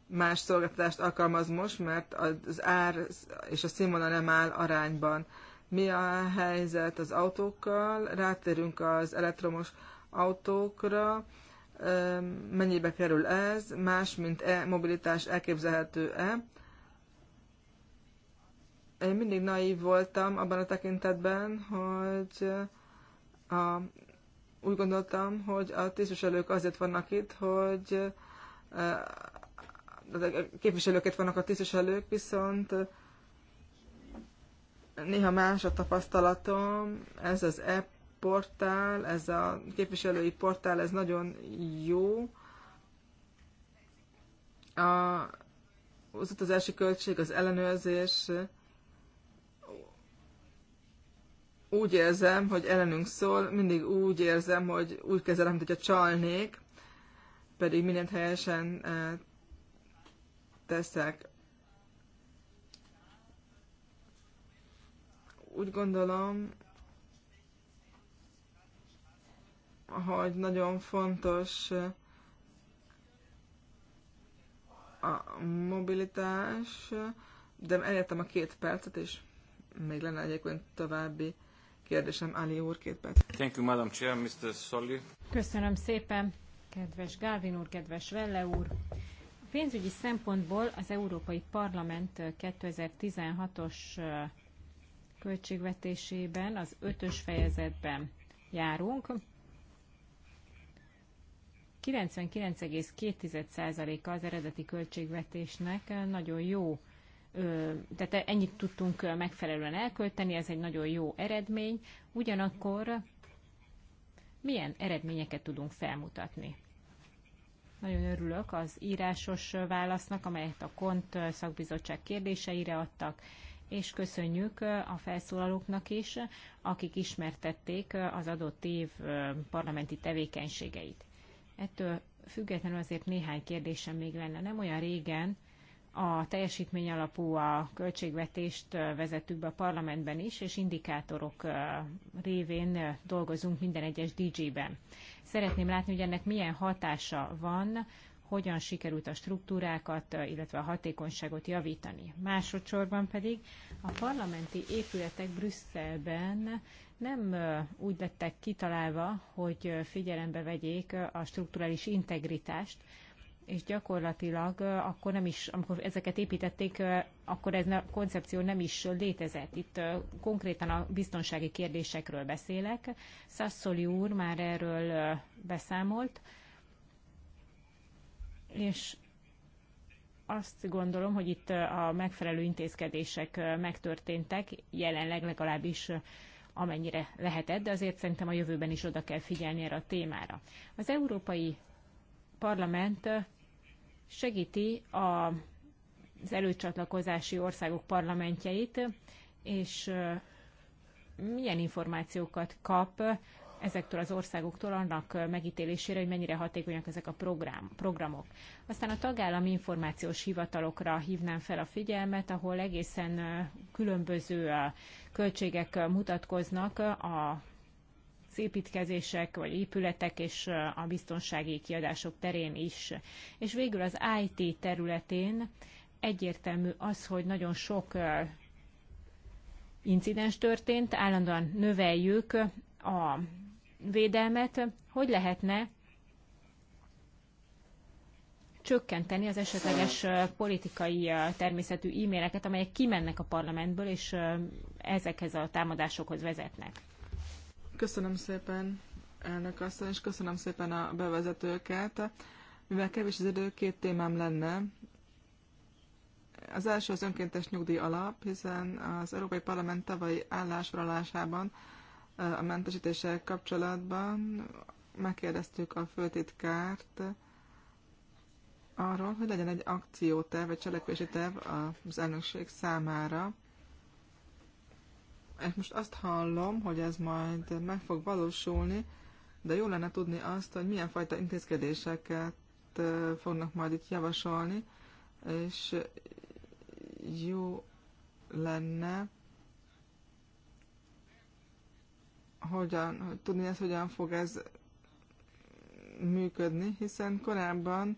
más szolgáltatást alkalmaz most, mert az ár és a színvonal nem áll arányban mi a helyzet az autókkal, rátérünk az elektromos autókra, mennyibe kerül ez, más, mint e-mobilitás elképzelhető-e. Én mindig naív voltam abban a tekintetben, hogy a, úgy gondoltam, hogy a tisztviselők azért vannak itt, hogy képviselőket vannak a tisztviselők, viszont néha más a tapasztalatom, ez az app portál ez a képviselői portál, ez nagyon jó. A, az utazási költség, az ellenőrzés, úgy érzem, hogy ellenünk szól, mindig úgy érzem, hogy úgy kezelem, mint hogyha csalnék, pedig mindent helyesen eh, teszek. úgy gondolom, hogy nagyon fontos uh, a mobilitás, de elértem a két percet, és még lenne egyébként további kérdésem. Ali úr, két perc. Thank you, Madam Chair, Mr. Solly. Köszönöm szépen, kedves Gálvin úr, kedves Velle úr. A pénzügyi szempontból az Európai Parlament 2016-os uh, költségvetésében, az ötös fejezetben járunk. 99,2%-a az eredeti költségvetésnek nagyon jó, tehát ennyit tudtunk megfelelően elkölteni, ez egy nagyon jó eredmény. Ugyanakkor milyen eredményeket tudunk felmutatni? Nagyon örülök az írásos válasznak, amelyet a KONT szakbizottság kérdéseire adtak, és köszönjük eh, a felszólalóknak is, akik ismertették eh, az adott év eh, parlamenti tevékenységeit. Ettől függetlenül azért néhány kérdésem még lenne. Nem olyan régen a teljesítmény alapú a költségvetést vezettük be a parlamentben is, és indikátorok révén dolgozunk minden egyes DG-ben. Szeretném látni, hogy ennek milyen hatása van hogyan sikerült a struktúrákat, illetve a hatékonyságot javítani. Másodszorban pedig a parlamenti épületek Brüsszelben nem úgy lettek kitalálva, hogy figyelembe vegyék a strukturális integritást, és gyakorlatilag akkor nem is, amikor ezeket építették, akkor ez a koncepció nem is létezett. Itt konkrétan a biztonsági kérdésekről beszélek. Sassoli úr már erről beszámolt, és azt gondolom, hogy itt a megfelelő intézkedések megtörténtek, jelenleg legalábbis amennyire lehetett, de azért szerintem a jövőben is oda kell figyelni erre a témára. Az Európai Parlament segíti a, az előcsatlakozási országok parlamentjeit, és milyen információkat kap ezektől az országoktól annak megítélésére, hogy mennyire hatékonyak ezek a program, programok. Aztán a tagállami információs hivatalokra hívnám fel a figyelmet, ahol egészen különböző költségek mutatkoznak a építkezések vagy épületek és a biztonsági kiadások terén is. És végül az IT területén egyértelmű az, hogy nagyon sok incidens történt, állandóan növeljük a védelmet hogy lehetne csökkenteni az esetleges politikai természetű e-maileket, amelyek kimennek a parlamentből, és ezekhez a támadásokhoz vezetnek. Köszönöm szépen, elnök asszony, és köszönöm szépen a bevezetőket. Mivel kevés az idő, két témám lenne. Az első az önkéntes nyugdíj alap, hiszen az Európai Parlament tavalyi állásfoglalásában a mentesítéssel kapcsolatban megkérdeztük a főtitkárt arról, hogy legyen egy akcióterv, egy cselekvési terv az elnökség számára. És most azt hallom, hogy ez majd meg fog valósulni, de jó lenne tudni azt, hogy milyen fajta intézkedéseket fognak majd itt javasolni, és jó lenne, hogyan, hogy tudni ezt, hogyan fog ez működni, hiszen korábban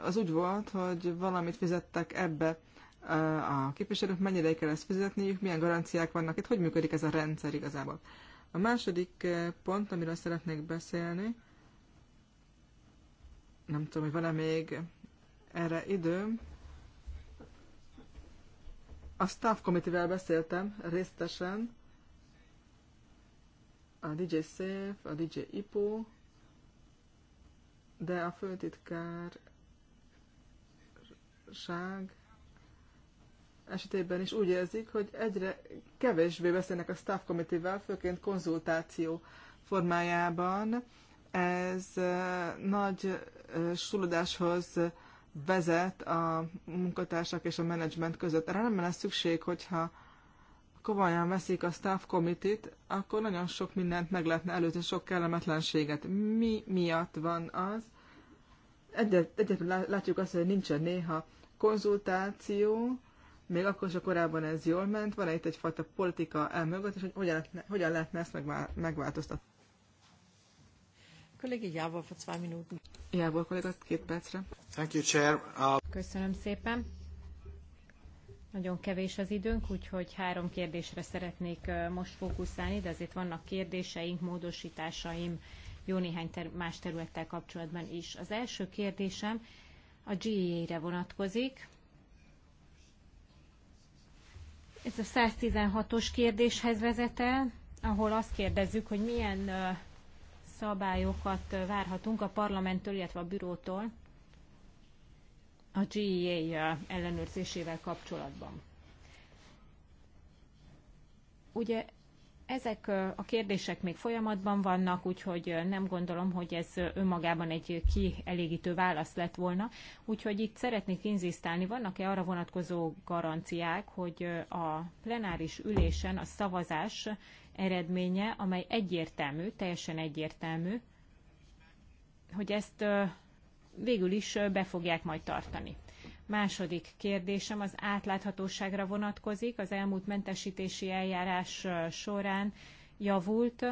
az úgy volt, hogy valamit fizettek ebbe a képviselők, mennyire kell ezt fizetniük, milyen garanciák vannak itt, hogy működik ez a rendszer igazából. A második pont, amiről szeretnék beszélni, nem tudom, hogy van-e még erre időm. A staff committee beszéltem részletesen, a DJ Safe, a DJ Ipo, de a főtitkárság esetében is úgy érzik, hogy egyre kevésbé beszélnek a staff committee főként konzultáció formájában. Ez nagy sulodáshoz vezet a munkatársak és a menedzsment között. Erre nem lesz szükség, hogyha komolyan veszik a staff committee akkor nagyon sok mindent meg lehetne előzni, sok kellemetlenséget. Mi miatt van az? Egyébként látjuk azt, hogy nincsen néha konzultáció, még akkor is a korábban ez jól ment, van -e itt egyfajta politika elmögött, és hogy hogyan lehetne, hogyan lehetne ezt megvál, megváltoztatni. Kollégi Jávor, for zwei Minuten. Jávor két percre. Thank you, Chair. Uh... Köszönöm szépen. Nagyon kevés az időnk, úgyhogy három kérdésre szeretnék most fókuszálni, de azért vannak kérdéseink, módosításaim jó néhány ter- más területtel kapcsolatban is. Az első kérdésem a GEA-re vonatkozik. Ez a 116-os kérdéshez vezet el, ahol azt kérdezzük, hogy milyen szabályokat várhatunk a parlamenttől, illetve a bürótól a GEA uh, ellenőrzésével kapcsolatban. Ugye ezek uh, a kérdések még folyamatban vannak, úgyhogy uh, nem gondolom, hogy ez önmagában egy kielégítő válasz lett volna. Úgyhogy itt szeretnék inzisztálni, vannak-e arra vonatkozó garanciák, hogy a plenáris ülésen a szavazás eredménye, amely egyértelmű, teljesen egyértelmű, hogy ezt végül is be fogják majd tartani. Második kérdésem az átláthatóságra vonatkozik. Az elmúlt mentesítési eljárás során javult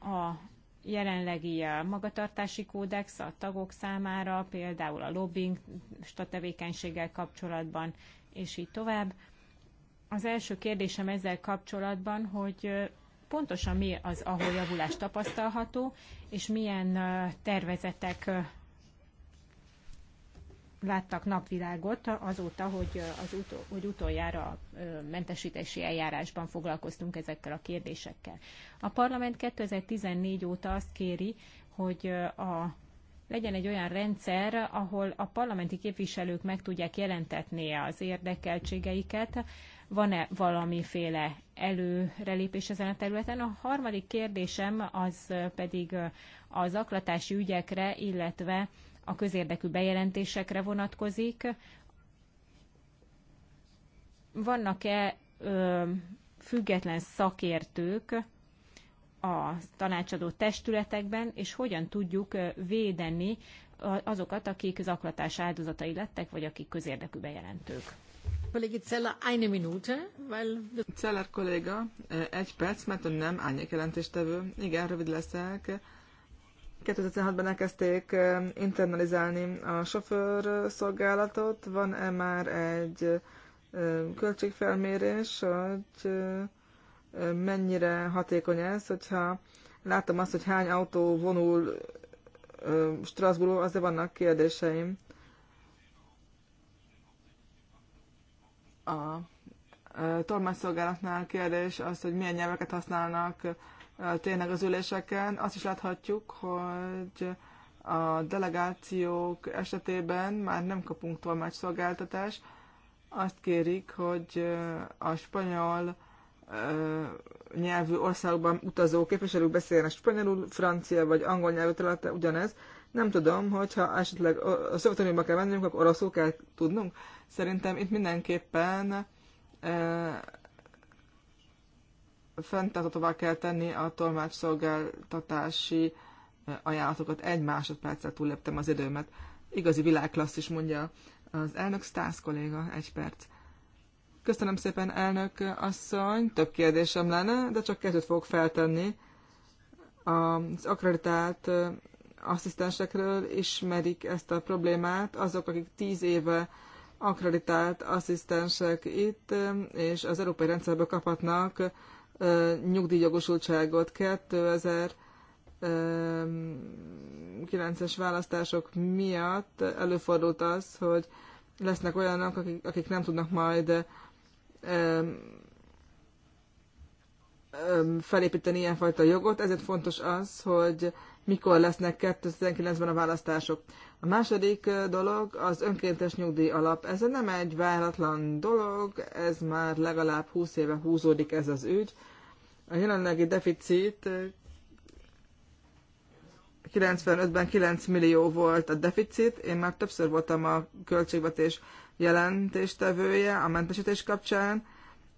a jelenlegi magatartási kódex a tagok számára, például a lobbying tevékenységgel kapcsolatban, és így tovább. Az első kérdésem ezzel kapcsolatban, hogy pontosan mi az, ahol javulás tapasztalható, és milyen tervezetek láttak napvilágot azóta, hogy, az utó, hogy utoljára mentesítési eljárásban foglalkoztunk ezekkel a kérdésekkel. A parlament 2014 óta azt kéri, hogy a legyen egy olyan rendszer, ahol a parlamenti képviselők meg tudják jelentetni az érdekeltségeiket, van-e valamiféle előrelépés ezen a területen. A harmadik kérdésem az pedig az aklatási ügyekre, illetve a közérdekű bejelentésekre vonatkozik. Vannak-e független szakértők a tanácsadó testületekben, és hogyan tudjuk védeni azokat, akik zaklatás áldozatai lettek, vagy akik közérdekű bejelentők? Kollégi Cella, eine Minute, weil... Zeller kolléga, egy perc, mert nem árnyék jelentéstevő. Igen, rövid leszek. 2016-ban elkezdték internalizálni a sofőr szolgálatot. Van-e már egy költségfelmérés, hogy mennyire hatékony ez, hogyha látom azt, hogy hány autó vonul Strasbourg azért vannak kérdéseim. A tolmácsszolgálatnál kérdés az, hogy milyen nyelveket használnak tényleg az üléseken. Azt is láthatjuk, hogy a delegációk esetében már nem kapunk szolgáltatást, Azt kérik, hogy a spanyol nyelvű országban utazó képviselők beszéljenek spanyolul, francia vagy angol nyelvű területe ugyanez. Nem tudom, hogyha esetleg a Szovjetunióba kell mennünk, akkor oroszul kell tudnunk. Szerintem itt mindenképpen fenntartatóvá kell tenni a tolmácsszolgáltatási eh, ajánlatokat. Egy másodperccel túlléptem az időmet. Igazi világklassz is mondja az elnök Stász kolléga. Egy perc. Köszönöm szépen, elnök asszony. Több kérdésem lenne, de csak kettőt fogok feltenni. Az akreditált eh, asszisztensekről ismerik ezt a problémát. Azok, akik tíz éve akreditált asszisztensek itt, eh, és az európai rendszerből kaphatnak nyugdíjjogosultságot. 2009-es választások miatt előfordult az, hogy lesznek olyanok, akik, akik nem tudnak majd felépíteni ilyenfajta jogot, ezért fontos az, hogy mikor lesznek 2019-ben a választások. A második dolog az önkéntes nyugdíj alap. Ez nem egy váratlan dolog, ez már legalább 20 éve húzódik ez az ügy. A jelenlegi deficit 95-ben eh, 9 millió volt a deficit, én már többször voltam a költségvetés jelentéstevője a mentesítés kapcsán,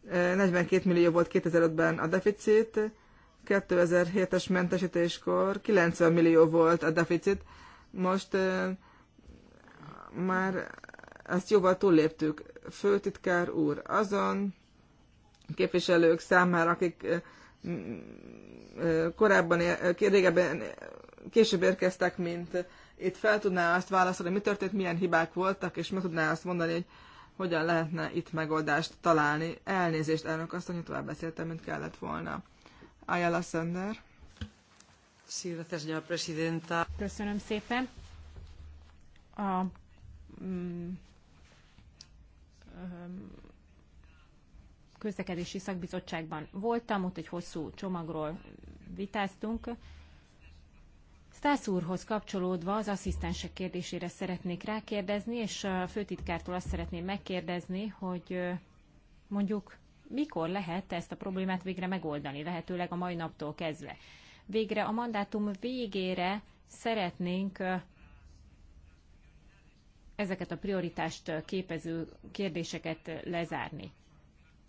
42 eh, millió volt 2005-ben a deficit, 2007-es mentesítéskor 90 millió volt a deficit, most eh, már ezt jóval túlléptük. Főtitkár úr, azon képviselők számára, akik korábban, eh, régebben, később érkeztek, mint itt fel tudná azt válaszolni, mi történt, milyen hibák voltak, és meg tudná azt mondani, hogy hogyan lehetne itt megoldást találni. Elnézést, elnök azt, hogy tovább beszéltem, mint kellett volna. Ayala Sender. Köszönöm szépen. A, mm, közlekedési szakbizottságban voltam, ott egy hosszú csomagról vitáztunk. Stász úrhoz kapcsolódva az asszisztensek kérdésére szeretnék rákérdezni, és a főtitkártól azt szeretném megkérdezni, hogy mondjuk mikor lehet ezt a problémát végre megoldani, lehetőleg a mai naptól kezdve. Végre a mandátum végére szeretnénk ezeket a prioritást képező kérdéseket lezárni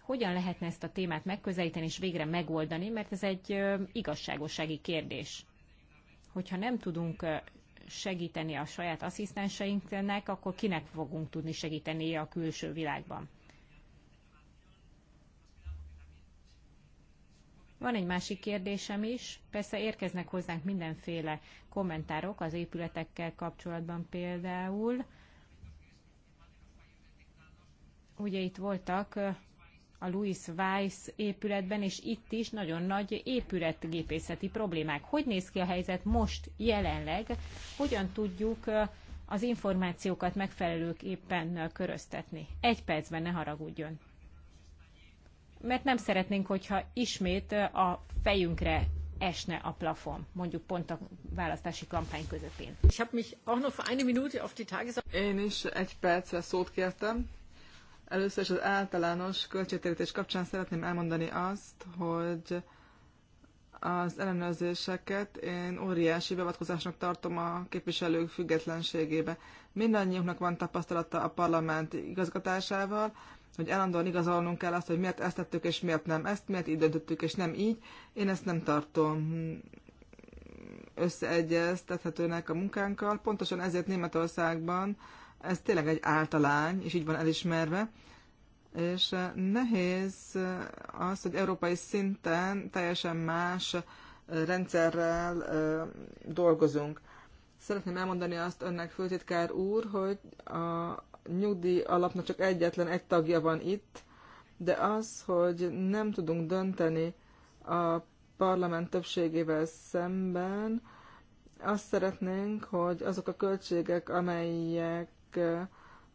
hogyan lehetne ezt a témát megközelíteni és végre megoldani, mert ez egy igazságossági kérdés. Hogyha nem tudunk segíteni a saját asszisztenseinknek, akkor kinek fogunk tudni segíteni a külső világban? Van egy másik kérdésem is. Persze érkeznek hozzánk mindenféle kommentárok az épületekkel kapcsolatban például. Ugye itt voltak a Louis Weiss épületben, és itt is nagyon nagy épületgépészeti problémák. Hogy néz ki a helyzet most jelenleg? Hogyan tudjuk az információkat megfelelőképpen köröztetni? Egy percben ne haragudjon. Mert nem szeretnénk, hogyha ismét a fejünkre esne a plafon, mondjuk pont a választási kampány közepén. Én is egy percre szót kértem. Először is az általános költségtérítés kapcsán szeretném elmondani azt, hogy az ellenőrzéseket én óriási beavatkozásnak tartom a képviselők függetlenségébe. Mindannyiunknak van tapasztalata a parlament igazgatásával, hogy állandóan igazolnunk kell azt, hogy miért ezt tettük, és miért nem ezt, miért így döntöttük, és nem így. Én ezt nem tartom összeegyeztethetőnek a munkánkkal. Pontosan ezért Németországban ez tényleg egy általány, és így van elismerve, és eh, nehéz eh, az, hogy európai szinten teljesen más eh, rendszerrel dolgozunk. Szeretném elmondani azt önnek, főtitkár úr, hogy a nyugdíj alapnak csak egyetlen egy tagja van itt, de az, hogy nem tudunk dönteni a parlament többségével szemben, azt szeretnénk, hogy azok a költségek, amelyek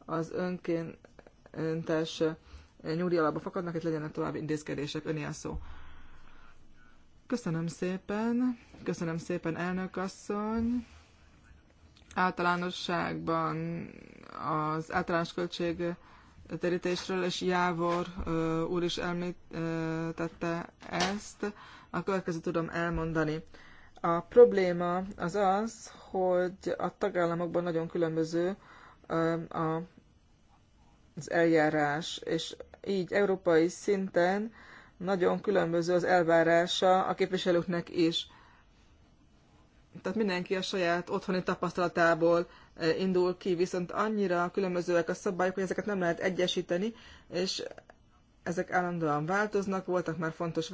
az önkéntes nyúri alapba fakadnak, itt legyenek további intézkedések, ön ilyen szó. Köszönöm szépen, köszönöm szépen elnök asszony. Általánosságban az általános költség terítésről, és Jávor úr is említette ezt. A következőt tudom elmondani. A probléma az az, hogy a tagállamokban nagyon különböző a, az eljárás, és így európai szinten nagyon különböző az elvárása a képviselőknek is. Tehát mindenki a saját otthoni tapasztalatából indul ki, viszont annyira különbözőek a szabályok, hogy ezeket nem lehet egyesíteni, és ezek állandóan változnak, voltak már fontos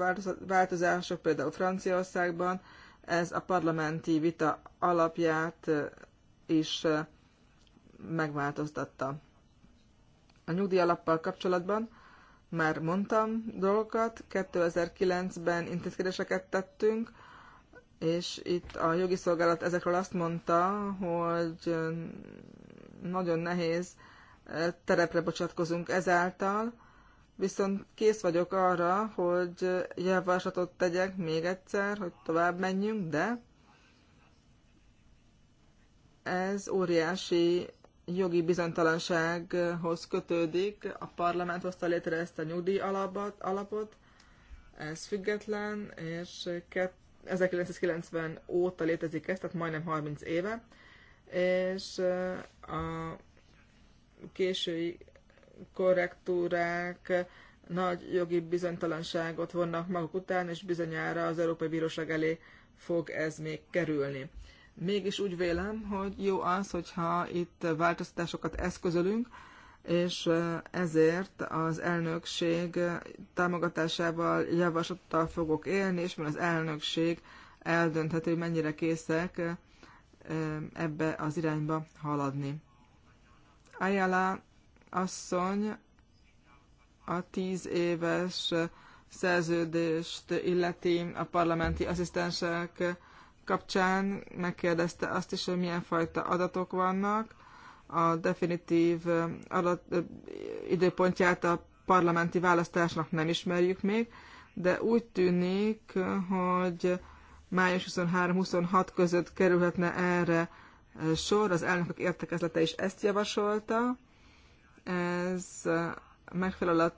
változások, például Franciaországban, ez a parlamenti vita alapját is megváltoztatta. A nyugdíjalappal kapcsolatban már mondtam dolgokat, 2009-ben intézkedéseket tettünk, és itt a jogi szolgálat ezekről azt mondta, hogy nagyon nehéz terepre bocsatkozunk ezáltal, viszont kész vagyok arra, hogy javaslatot tegyek még egyszer, hogy tovább menjünk, de ez óriási jogi bizonytalansághoz kötődik. A parlament hozta létre ezt a nyugdíj alapot, alapot. ez független, és 1990 óta létezik ez, tehát majdnem 30 éve, és a késői korrektúrák nagy jogi bizonytalanságot vonnak maguk után, és bizonyára az Európai Bíróság elé fog ez még kerülni. Mégis úgy vélem, hogy jó az, hogyha itt változtatásokat eszközölünk, és ezért az elnökség támogatásával, javaslattal fogok élni, és mert az elnökség eldöntheti, hogy mennyire készek ebbe az irányba haladni. Ayala asszony a tíz éves szerződést illeti a parlamenti asszisztensek kapcsán megkérdezte azt is, hogy milyen fajta adatok vannak, a definitív adat, időpontját a parlamenti választásnak nem ismerjük még, de úgy tűnik, hogy május 23-26 között kerülhetne erre sor, az elnökök értekezlete is ezt javasolta. Ez megfelel a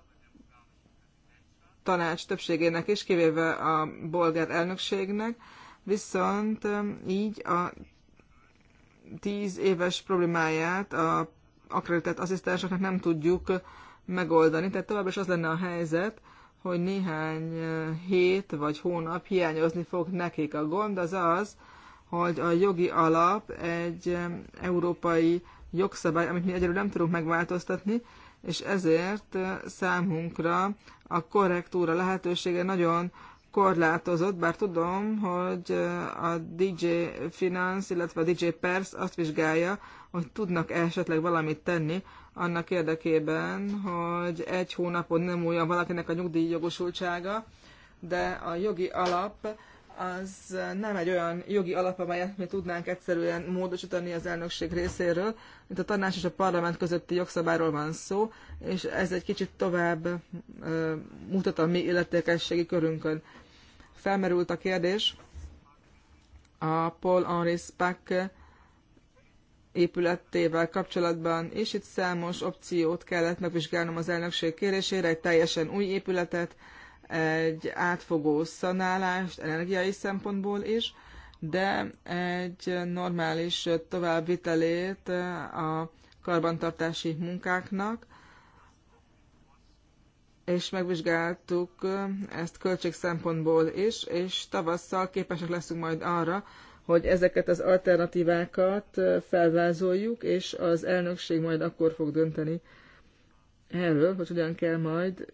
tanács többségének is, kivéve a bolgár elnökségnek viszont így a tíz éves problémáját a akreditált asszisztensoknak nem tudjuk megoldani. Tehát továbbra is az lenne a helyzet, hogy néhány hét vagy hónap hiányozni fog nekik. A gond az az, hogy a jogi alap egy európai jogszabály, amit mi egyelőre nem tudunk megváltoztatni, és ezért számunkra a korrektúra lehetősége nagyon korlátozott, bár tudom, hogy eh, a DJ Finance, illetve a DJ Pers azt vizsgálja, hogy tudnak -e esetleg valamit tenni annak érdekében, hogy egy hónapon nem újjon valakinek a nyugdíjjogosultsága, de a jogi alap az nem egy olyan jogi alap, amelyet mi tudnánk egyszerűen módosítani az elnökség részéről. mint a tanács és a parlament közötti jogszabáról van szó, és ez egy kicsit tovább eh, mutat a mi illetékességi körünkön felmerült a kérdés a Paul-Henri Spack épületével kapcsolatban, és itt számos opciót kellett megvizsgálnom az elnökség kérésére, egy teljesen új épületet, egy átfogó szanálást energiai szempontból is, de egy normális továbbvitelét a karbantartási munkáknak, és megvizsgáltuk ezt költség szempontból is, és tavasszal képesek leszünk majd arra, hogy ezeket az alternatívákat felvázoljuk, és az elnökség majd akkor fog dönteni erről, hogy hogyan kell majd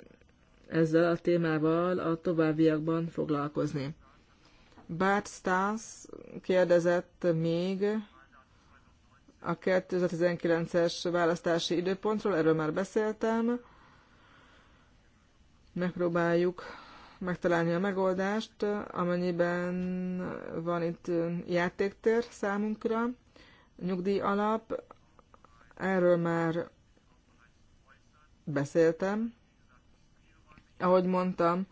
ezzel a témával a továbbiakban foglalkozni. Bart Stas kérdezett még a 2019-es választási időpontról, erről már beszéltem megpróbáljuk megtalálni a megoldást, amennyiben van itt játéktér számunkra, nyugdíj alap, erről már beszéltem. Ahogy mondtam,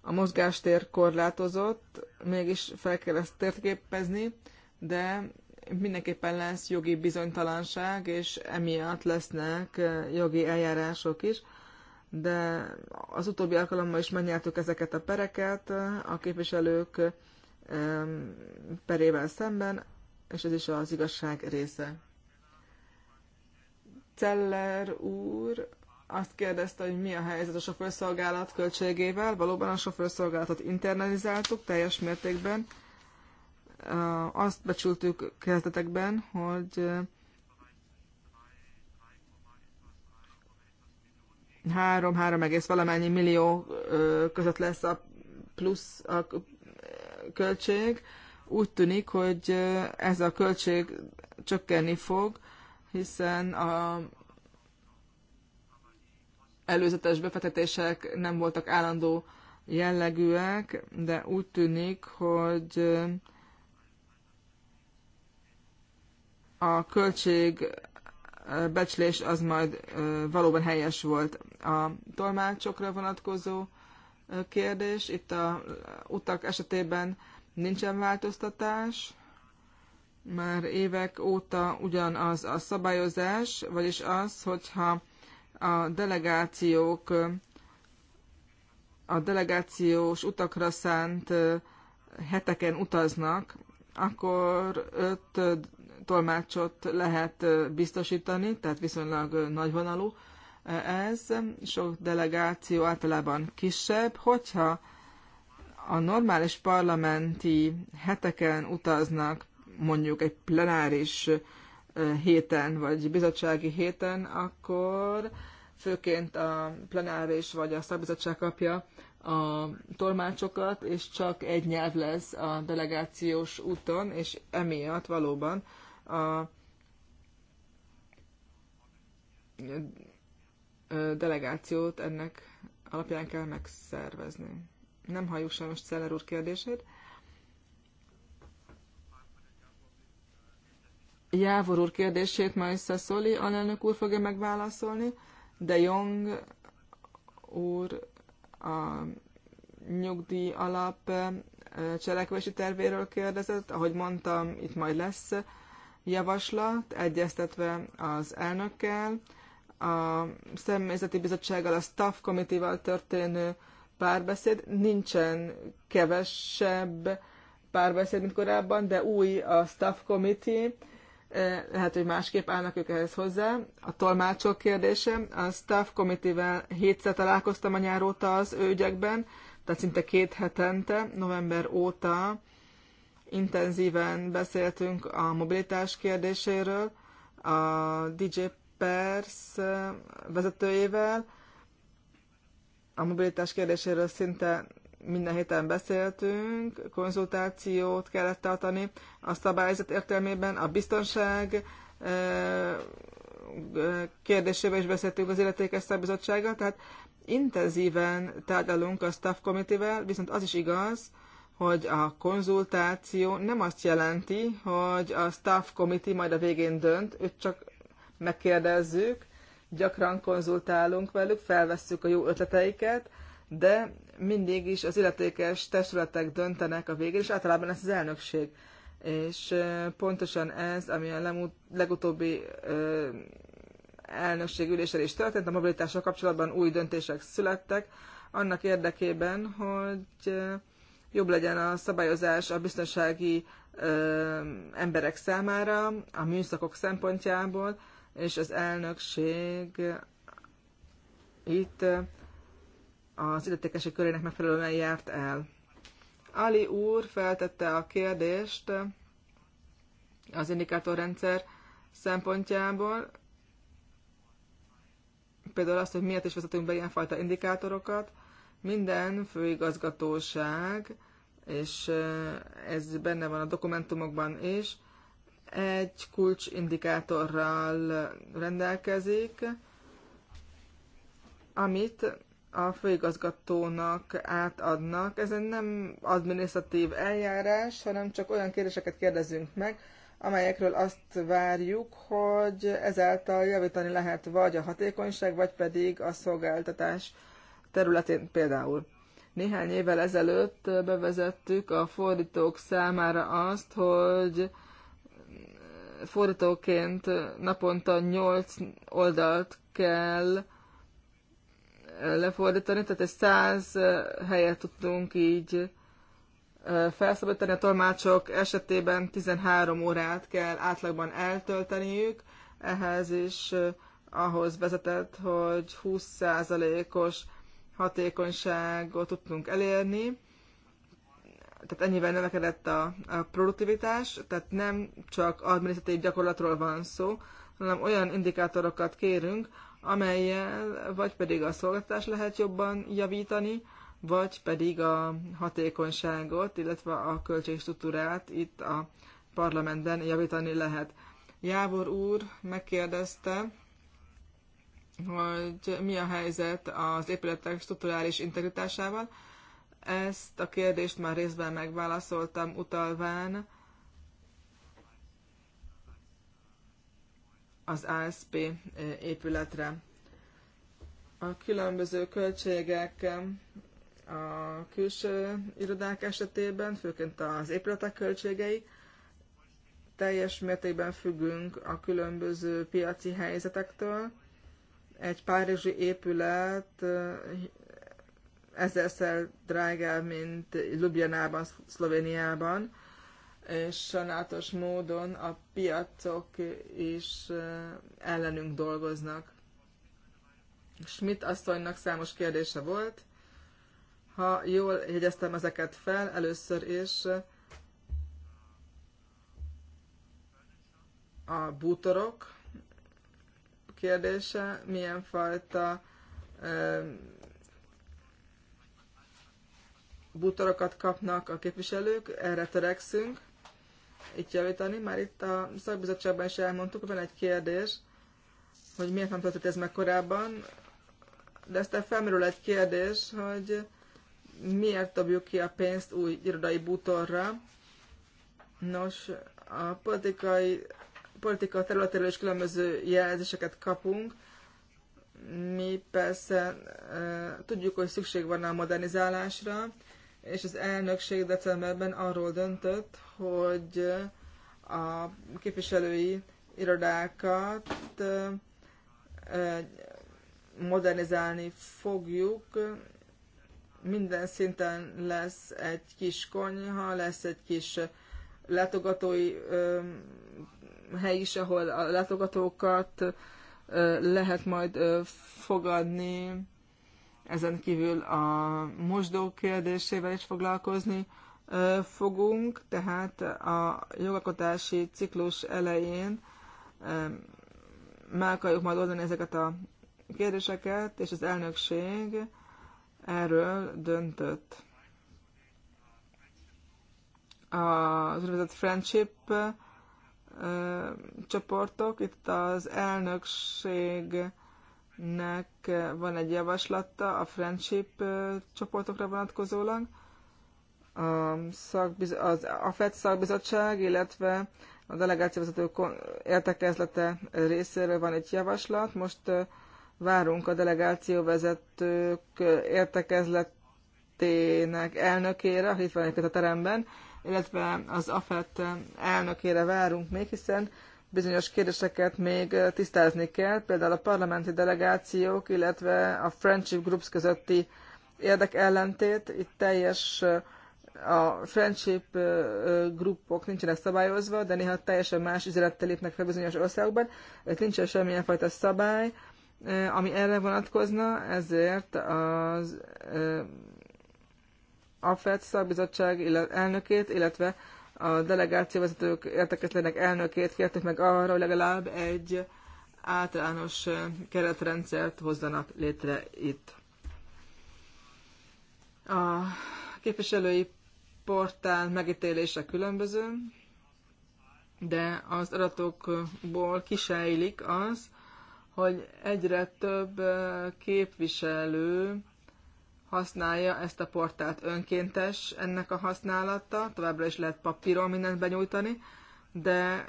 a mozgástér korlátozott, mégis fel kell ezt térképezni, de mindenképpen lesz jogi bizonytalanság, és emiatt lesznek jogi eljárások is de az utóbbi alkalommal is megnyertük ezeket a pereket a képviselők perével szemben, és ez is az igazság része. Celler úr azt kérdezte, hogy mi a helyzet a sofőrszolgálat költségével. Valóban a sofőrszolgálatot internalizáltuk teljes mértékben. Azt becsültük kezdetekben, hogy 3-3 egész valamennyi millió között lesz a plusz a költség. Úgy tűnik, hogy ez a költség csökkenni fog, hiszen a előzetes befektetések nem voltak állandó jellegűek, de úgy tűnik, hogy a költség becslés az majd valóban helyes volt. A tolmácsokra vonatkozó kérdés, itt a utak esetében nincsen változtatás, már évek óta ugyanaz a szabályozás, vagyis az, hogyha a delegációk a delegációs utakra szánt heteken utaznak, akkor öt tolmácsot lehet biztosítani, tehát viszonylag nagyvonalú ez. Sok delegáció általában kisebb. Hogyha a normális parlamenti heteken utaznak, mondjuk egy plenáris héten, vagy bizottsági héten, akkor főként a plenáris vagy a szakbizottság kapja a tolmácsokat, és csak egy nyelv lesz a delegációs úton, és emiatt valóban a delegációt ennek alapján kell megszervezni. Nem halljuk sajnos Celler úr kérdését. Jávor úr kérdését majd Szeszoli alelnök úr fogja megválaszolni, de Jong úr a nyugdíj alap cselekvési tervéről kérdezett. Ahogy mondtam, itt majd lesz javaslat, egyeztetve az elnökkel, a személyzeti bizottsággal, a staff committee történő párbeszéd. Nincsen kevesebb párbeszéd, mint korábban, de új a staff committee, eh, lehet, hogy másképp állnak ők ehhez hozzá. A tolmácsok kérdése. A staff committee-vel hétszer találkoztam a nyár óta az ügyekben, tehát szinte két hetente, november óta intenzíven beszéltünk a mobilitás kérdéséről, a DJ Pers vezetőjével. A mobilitás kérdéséről szinte minden héten beszéltünk, konzultációt kellett tartani a szabályzat értelmében, a biztonság kérdésével is beszéltünk az illetékes szabizottsággal, tehát intenzíven tárgyalunk a staff committee viszont az is igaz, hogy a konzultáció nem azt jelenti, hogy a staff committee majd a végén dönt, őt csak megkérdezzük, gyakran konzultálunk velük, felvesszük a jó ötleteiket, de mindig is az illetékes testületek döntenek a végén, és általában ez az elnökség. És pontosan ez, ami a legutóbbi elnökség ülésen is történt, a mobilitással kapcsolatban új döntések születtek, annak érdekében, hogy jobb legyen a szabályozás a biztonsági ö, emberek számára, a műszakok szempontjából, és az elnökség itt az illetékesek körének megfelelően járt el. Ali úr feltette a kérdést az indikátorrendszer szempontjából, például azt, hogy miért is vezetünk be ilyenfajta indikátorokat, minden főigazgatóság, és ez benne van a dokumentumokban is, egy kulcsindikátorral rendelkezik, amit a főigazgatónak átadnak. Ez egy nem adminisztratív eljárás, hanem csak olyan kérdéseket kérdezünk meg, amelyekről azt várjuk, hogy ezáltal javítani lehet vagy a hatékonyság, vagy pedig a szolgáltatás területén például. Néhány évvel ezelőtt bevezettük a fordítók számára azt, hogy fordítóként naponta 8 oldalt kell lefordítani, tehát egy 100 helyet tudtunk így felszabadítani. A tolmácsok esetében 13 órát kell átlagban eltölteniük, ehhez is ahhoz vezetett, hogy 20%-os hatékonyságot tudtunk elérni, tehát ennyivel növekedett a, a produktivitás, tehát nem csak adminisztratív gyakorlatról van szó, hanem olyan indikátorokat kérünk, amelyel vagy pedig a szolgáltatást lehet jobban javítani, vagy pedig a hatékonyságot, illetve a költségstruktúrát itt a parlamentben javítani lehet. Jávor úr megkérdezte, hogy mi a helyzet az épületek strukturális integritásával. Ezt a kérdést már részben megválaszoltam utalván az ASP épületre. A különböző költségek a külső irodák esetében, főként az épületek költségei, teljes mértékben függünk a különböző piaci helyzetektől, egy párizsi épület eh, ezerszer drágább, mint Ljubljanában, Szlovéniában, és sajnálatos módon a piacok is eh, ellenünk dolgoznak. Schmidt asszonynak számos kérdése volt. Ha jól jegyeztem ezeket fel, először is eh, a bútorok, kérdése, milyen fajta bútorokat kapnak a képviselők, erre törekszünk itt javítani. Már itt a szakbizottságban is elmondtuk, van egy kérdés, hogy miért nem történt ez meg korábban, de aztán felmerül egy kérdés, hogy miért dobjuk ki a pénzt új irodai bútorra. Nos, a politikai politika területéről is különböző jelzéseket kapunk. Mi persze tudjuk, hogy szükség van a modernizálásra, és az elnökség decemberben arról döntött, hogy a képviselői irodákat modernizálni fogjuk. Minden szinten lesz egy kis konyha, lesz egy kis látogatói hely is, ahol a látogatókat lehet majd fogadni, ezen kívül a mosdó kérdésével is foglalkozni fogunk, tehát a jogalkotási ciklus elején meg akarjuk majd oldani ezeket a kérdéseket, és az elnökség erről döntött. Az úgynevezett friendship csoportok. Itt az elnökségnek van egy javaslata a friendship csoportokra vonatkozólag. A, szakbiz- az, a FED szakbizottság, illetve a delegációvezető értekezlete részéről van egy javaslat. Most várunk a delegációvezetők értekezletének elnökére, itt van egyébként a teremben, illetve az AFET elnökére várunk még, hiszen bizonyos kérdéseket még tisztázni kell, például a parlamenti delegációk, illetve a friendship groups közötti érdekellentét. Itt teljes a friendship groupok nincsenek szabályozva, de néha teljesen más üzenettel lépnek fel bizonyos országokban. Itt nincsen semmilyen fajta szabály, ami erre vonatkozna, ezért az a FED szakbizottság elnökét, illetve a delegációvezetők értekezlenek elnökét kértük meg arra, hogy legalább egy általános eh, keretrendszert hozzanak létre itt. A képviselői portál megítélése különböző, de az adatokból kisejlik az, hogy egyre több eh, képviselő használja ezt a portált önkéntes ennek a használata, továbbra is lehet papíron mindent benyújtani, de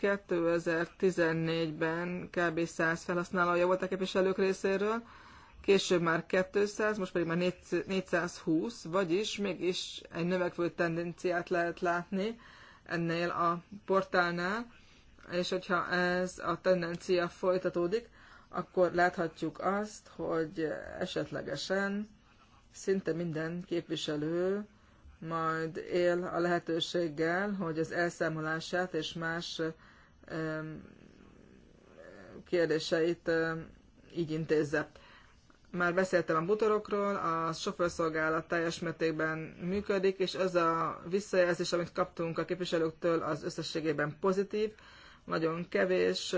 2014-ben kb. 100 felhasználója volt a képviselők részéről, később már 200, most pedig már 420, vagyis mégis egy növekvő tendenciát lehet látni ennél a portálnál, és hogyha ez a tendencia folytatódik, akkor láthatjuk azt, hogy esetlegesen szinte minden képviselő majd él a lehetőséggel, hogy az elszámolását és más kérdéseit így intézze. Már beszéltem a butorokról, a sofőrszolgálat teljes mértékben működik, és az a visszajelzés, amit kaptunk a képviselőktől, az összességében pozitív. Nagyon kevés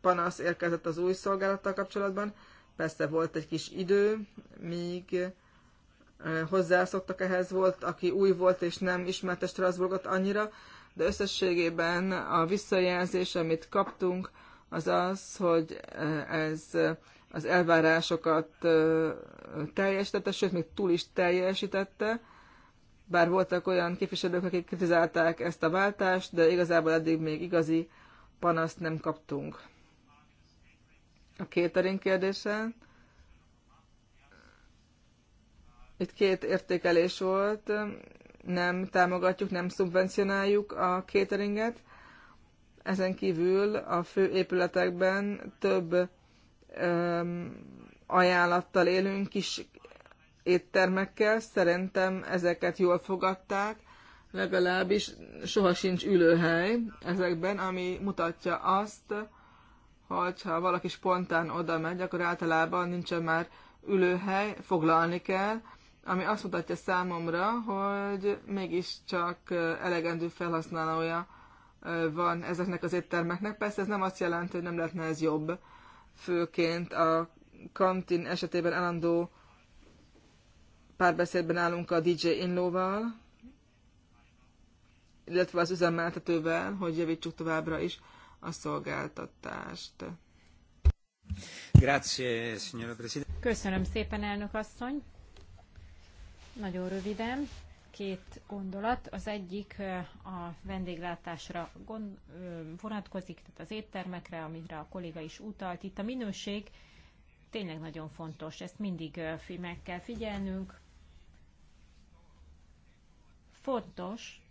panasz érkezett az új szolgálattal kapcsolatban. Persze volt egy kis idő, míg hozzászoktak ehhez volt, aki új volt és nem ismerte Strasbourgot annyira, de összességében a visszajelzés, amit kaptunk, az az, hogy ez az elvárásokat teljesítette, sőt, még túl is teljesítette, bár voltak olyan képviselők, akik kritizálták ezt a váltást, de igazából eddig még igazi panaszt nem kaptunk. A catering kérdése. Itt két értékelés volt, nem támogatjuk, nem szubvencionáljuk a cateringet. Ezen kívül a fő épületekben több öm, ajánlattal élünk, kis éttermekkel. Szerintem ezeket jól fogadták, legalábbis soha sincs ülőhely ezekben, ami mutatja azt, hogyha valaki spontán oda megy, akkor általában nincsen már ülőhely, foglalni kell, ami azt mutatja számomra, hogy mégiscsak elegendő felhasználója van ezeknek az éttermeknek. Persze ez nem azt jelenti, hogy nem lehetne ez jobb, főként a kantin esetében állandó párbeszédben állunk a DJ Inlóval, illetve az üzemeltetővel, hogy javítsuk továbbra is a szolgáltatást. Grazie, signora Presidente. Köszönöm szépen, elnök asszony. Nagyon röviden, két gondolat. Az egyik a vendéglátásra gond, vonatkozik, tehát az éttermekre, amire a kolléga is utalt. Itt a minőség tényleg nagyon fontos, ezt mindig meg kell figyelnünk. Fontos,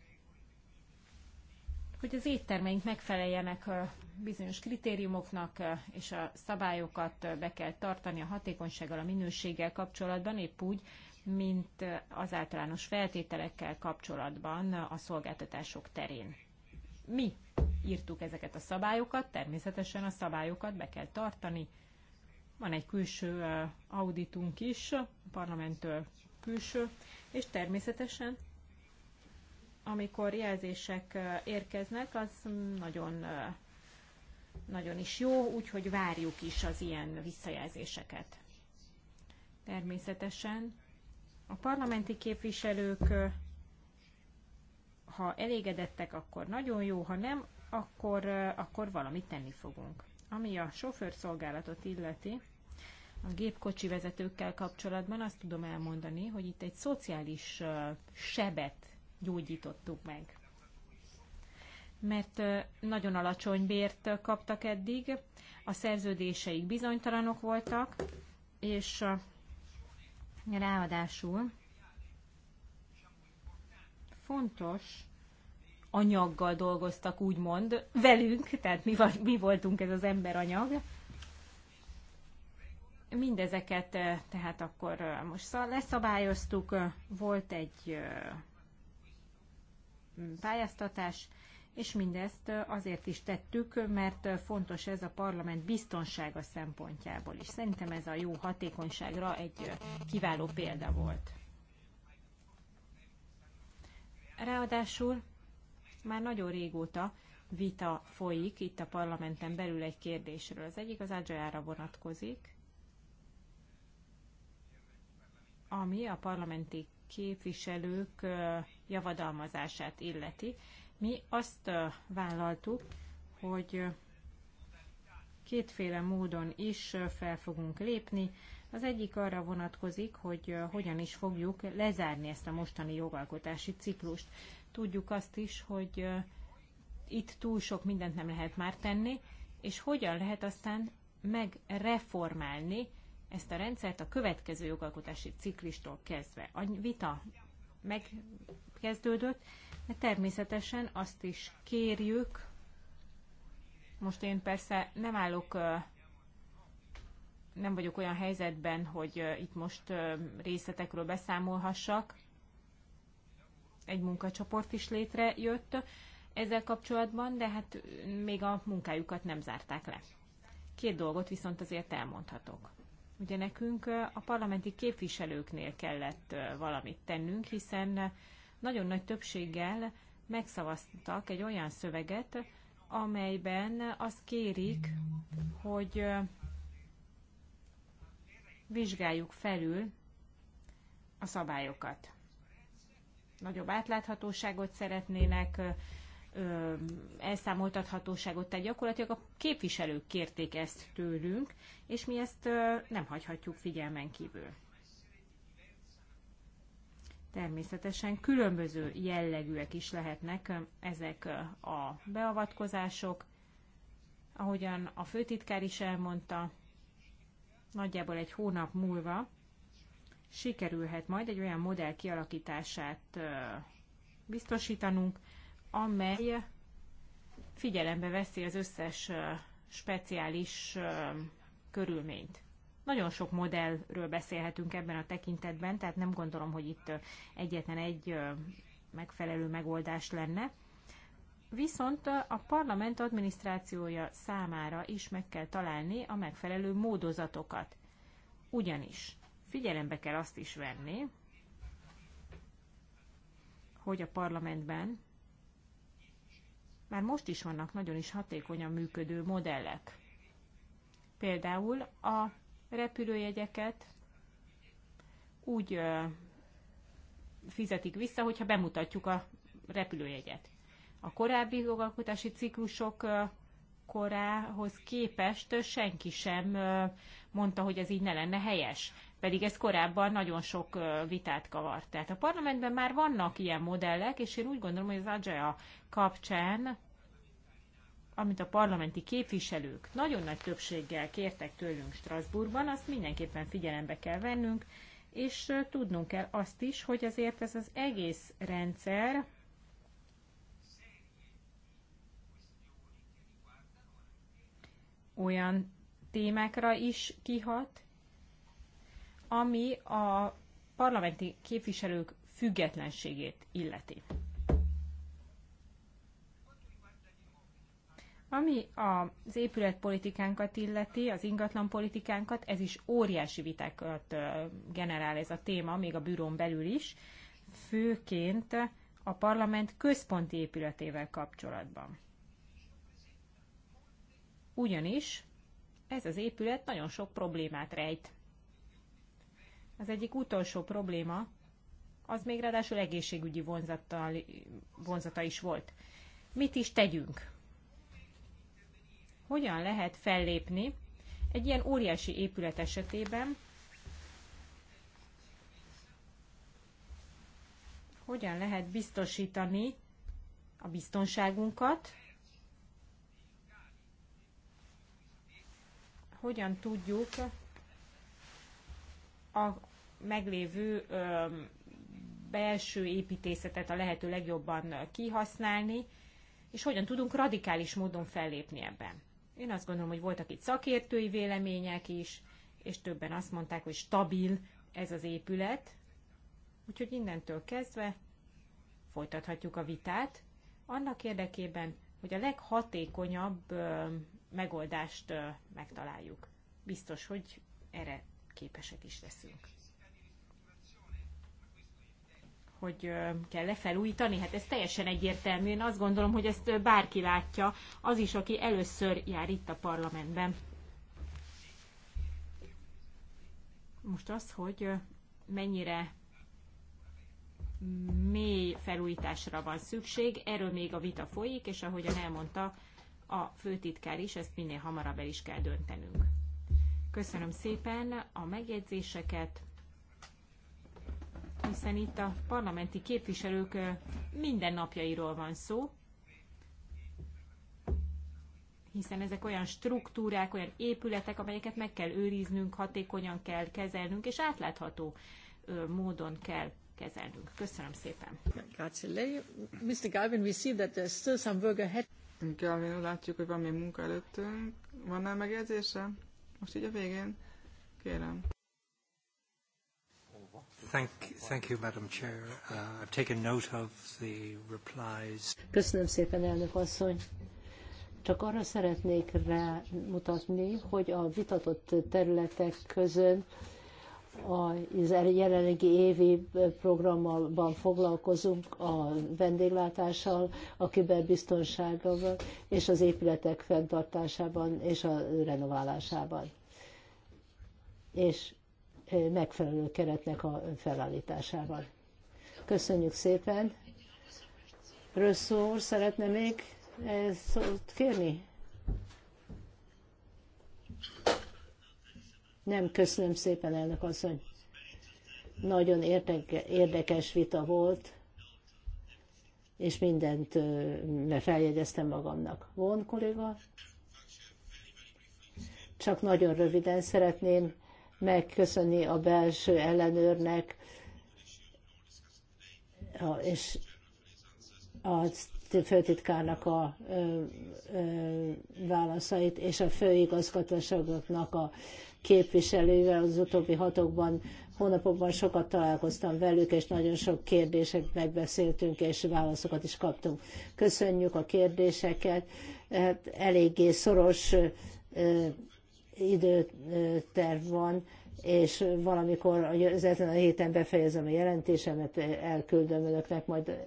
hogy az éttermeink megfeleljenek bizonyos kritériumoknak, és a szabályokat be kell tartani a hatékonysággal, a minőséggel kapcsolatban, épp úgy, mint az általános feltételekkel kapcsolatban a szolgáltatások terén. Mi írtuk ezeket a szabályokat, természetesen a szabályokat be kell tartani. Van egy külső auditunk is, a parlamenttől külső, és természetesen amikor jelzések érkeznek, az nagyon, nagyon is jó, úgyhogy várjuk is az ilyen visszajelzéseket. Természetesen a parlamenti képviselők, ha elégedettek, akkor nagyon jó, ha nem, akkor, akkor valamit tenni fogunk. Ami a sofőrszolgálatot illeti, a gépkocsi vezetőkkel kapcsolatban azt tudom elmondani, hogy itt egy szociális sebet gyógyítottuk meg. Mert nagyon alacsony bért kaptak eddig, a szerződéseik bizonytalanok voltak, és ráadásul fontos anyaggal dolgoztak, úgymond, velünk, tehát mi, mi voltunk ez az emberanyag, mindezeket tehát akkor most leszabályoztuk, volt egy pályáztatás, és mindezt azért is tettük, mert fontos ez a parlament biztonsága szempontjából is. Szerintem ez a jó hatékonyságra egy kiváló példa volt. Ráadásul már nagyon régóta vita folyik itt a parlamenten belül egy kérdésről. Az egyik az ágyajára vonatkozik, ami a parlamenti képviselők javadalmazását illeti. Mi azt vállaltuk, hogy kétféle módon is fel fogunk lépni. Az egyik arra vonatkozik, hogy hogyan is fogjuk lezárni ezt a mostani jogalkotási ciklust. Tudjuk azt is, hogy itt túl sok mindent nem lehet már tenni, és hogyan lehet aztán megreformálni ezt a rendszert a következő jogalkotási ciklistól kezdve. A vita megkezdődött, de természetesen azt is kérjük, most én persze nem állok, nem vagyok olyan helyzetben, hogy itt most részletekről beszámolhassak. Egy munkacsoport is létrejött ezzel kapcsolatban, de hát még a munkájukat nem zárták le. Két dolgot viszont azért elmondhatok. Ugye nekünk a parlamenti képviselőknél kellett valamit tennünk, hiszen nagyon nagy többséggel megszavaztak egy olyan szöveget, amelyben azt kérik, hogy vizsgáljuk felül a szabályokat. Nagyobb átláthatóságot szeretnének, ö, elszámoltathatóságot, tehát gyakorlatilag a képviselők kérték ezt tőlünk, és mi ezt ö, nem hagyhatjuk figyelmen kívül. Természetesen különböző jellegűek is lehetnek ezek a beavatkozások. Ahogyan a főtitkár is elmondta, nagyjából egy hónap múlva sikerülhet majd egy olyan modell kialakítását biztosítanunk, amely figyelembe veszi az összes speciális körülményt. Nagyon sok modellről beszélhetünk ebben a tekintetben, tehát nem gondolom, hogy itt egyetlen egy megfelelő megoldás lenne. Viszont a parlament adminisztrációja számára is meg kell találni a megfelelő módozatokat. Ugyanis figyelembe kell azt is venni, hogy a parlamentben már most is vannak nagyon is hatékonyan működő modellek. Például a repülőjegyeket úgy fizetik vissza, hogyha bemutatjuk a repülőjegyet. A korábbi jogalkotási ciklusok korához képest senki sem mondta, hogy ez így ne lenne helyes pedig ez korábban nagyon sok vitát kavart. Tehát a parlamentben már vannak ilyen modellek, és én úgy gondolom, hogy az Agea kapcsán, amit a parlamenti képviselők nagyon nagy többséggel kértek tőlünk Strasbourgban, azt mindenképpen figyelembe kell vennünk, és tudnunk kell azt is, hogy azért ez az egész rendszer olyan témákra is kihat, ami a parlamenti képviselők függetlenségét illeti. Ami az épületpolitikánkat illeti, az ingatlanpolitikánkat, ez is óriási vitákat generál ez a téma, még a bürón belül is, főként a parlament központi épületével kapcsolatban. Ugyanis ez az épület nagyon sok problémát rejt az egyik utolsó probléma, az még ráadásul egészségügyi vonzattal, vonzata is volt. Mit is tegyünk? Hogyan lehet fellépni egy ilyen óriási épület esetében? Hogyan lehet biztosítani a biztonságunkat? Hogyan tudjuk a meglévő belső építészetet a lehető legjobban kihasználni, és hogyan tudunk radikális módon fellépni ebben. Én azt gondolom, hogy voltak itt szakértői vélemények is, és többen azt mondták, hogy stabil ez az épület. Úgyhogy innentől kezdve folytathatjuk a vitát, annak érdekében, hogy a leghatékonyabb megoldást megtaláljuk. Biztos, hogy erre képesek is leszünk hogy kell-e felújítani? Hát ez teljesen egyértelmű. Én azt gondolom, hogy ezt bárki látja, az is, aki először jár itt a parlamentben. Most az, hogy mennyire mély felújításra van szükség, erről még a vita folyik, és ahogyan elmondta a főtitkár is, ezt minél hamarabb el is kell döntenünk. Köszönöm szépen a megjegyzéseket hiszen itt a parlamenti képviselők mindennapjairól van szó, hiszen ezek olyan struktúrák, olyan épületek, amelyeket meg kell őriznünk, hatékonyan kell kezelnünk, és átlátható módon kell kezelnünk. Köszönöm szépen. Mr. Galvin, we see that there's still some work ahead. Galvin, látjuk, hogy van még munka előttünk. Van-e megjegyzése? Most így a végén? Kérem. Thank, thank you, Madam Chair. Uh, I've taken note of the replies. Köszönöm szépen, elnök asszony. Csak arra szeretnék rámutatni, hogy a vitatott területek közön a jelenlegi évi programban foglalkozunk a vendéglátással, a kiberbiztonsággal és az épületek fenntartásában és a renoválásában. És megfelelő keretnek a felállításával. Köszönjük szépen. Rösszó úr szeretne még szót kérni? Nem, köszönöm szépen, elnök asszony. Nagyon érdekes vita volt, és mindent feljegyeztem magamnak. Von kolléga? Csak nagyon röviden szeretném megköszöni a belső ellenőrnek, és a főtitkárnak a válaszait, és a főigazgatóságoknak a képviselővel az utóbbi hatokban, hónapokban sokat találkoztam velük, és nagyon sok kérdéset megbeszéltünk, és válaszokat is kaptunk. Köszönjük a kérdéseket, hát eléggé szoros időterv van, és valamikor az ezen a héten befejezem a jelentésemet, elküldöm önöknek majd.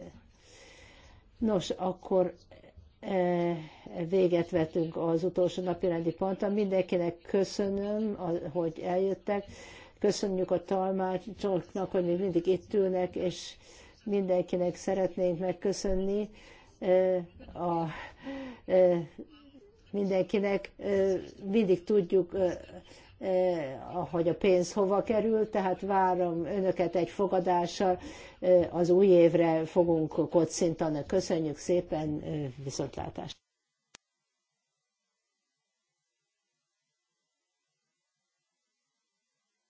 Nos, akkor e, véget vetünk az utolsó napi rendi ponton. Mindenkinek köszönöm, hogy eljöttek. Köszönjük a talmácsoknak, hogy még mindig itt ülnek, és mindenkinek szeretnénk megköszönni e, a e, mindenkinek mindig tudjuk, hogy a pénz hova kerül, tehát várom önöket egy fogadással, az új évre fogunk kocintani. Köszönjük szépen, viszontlátást.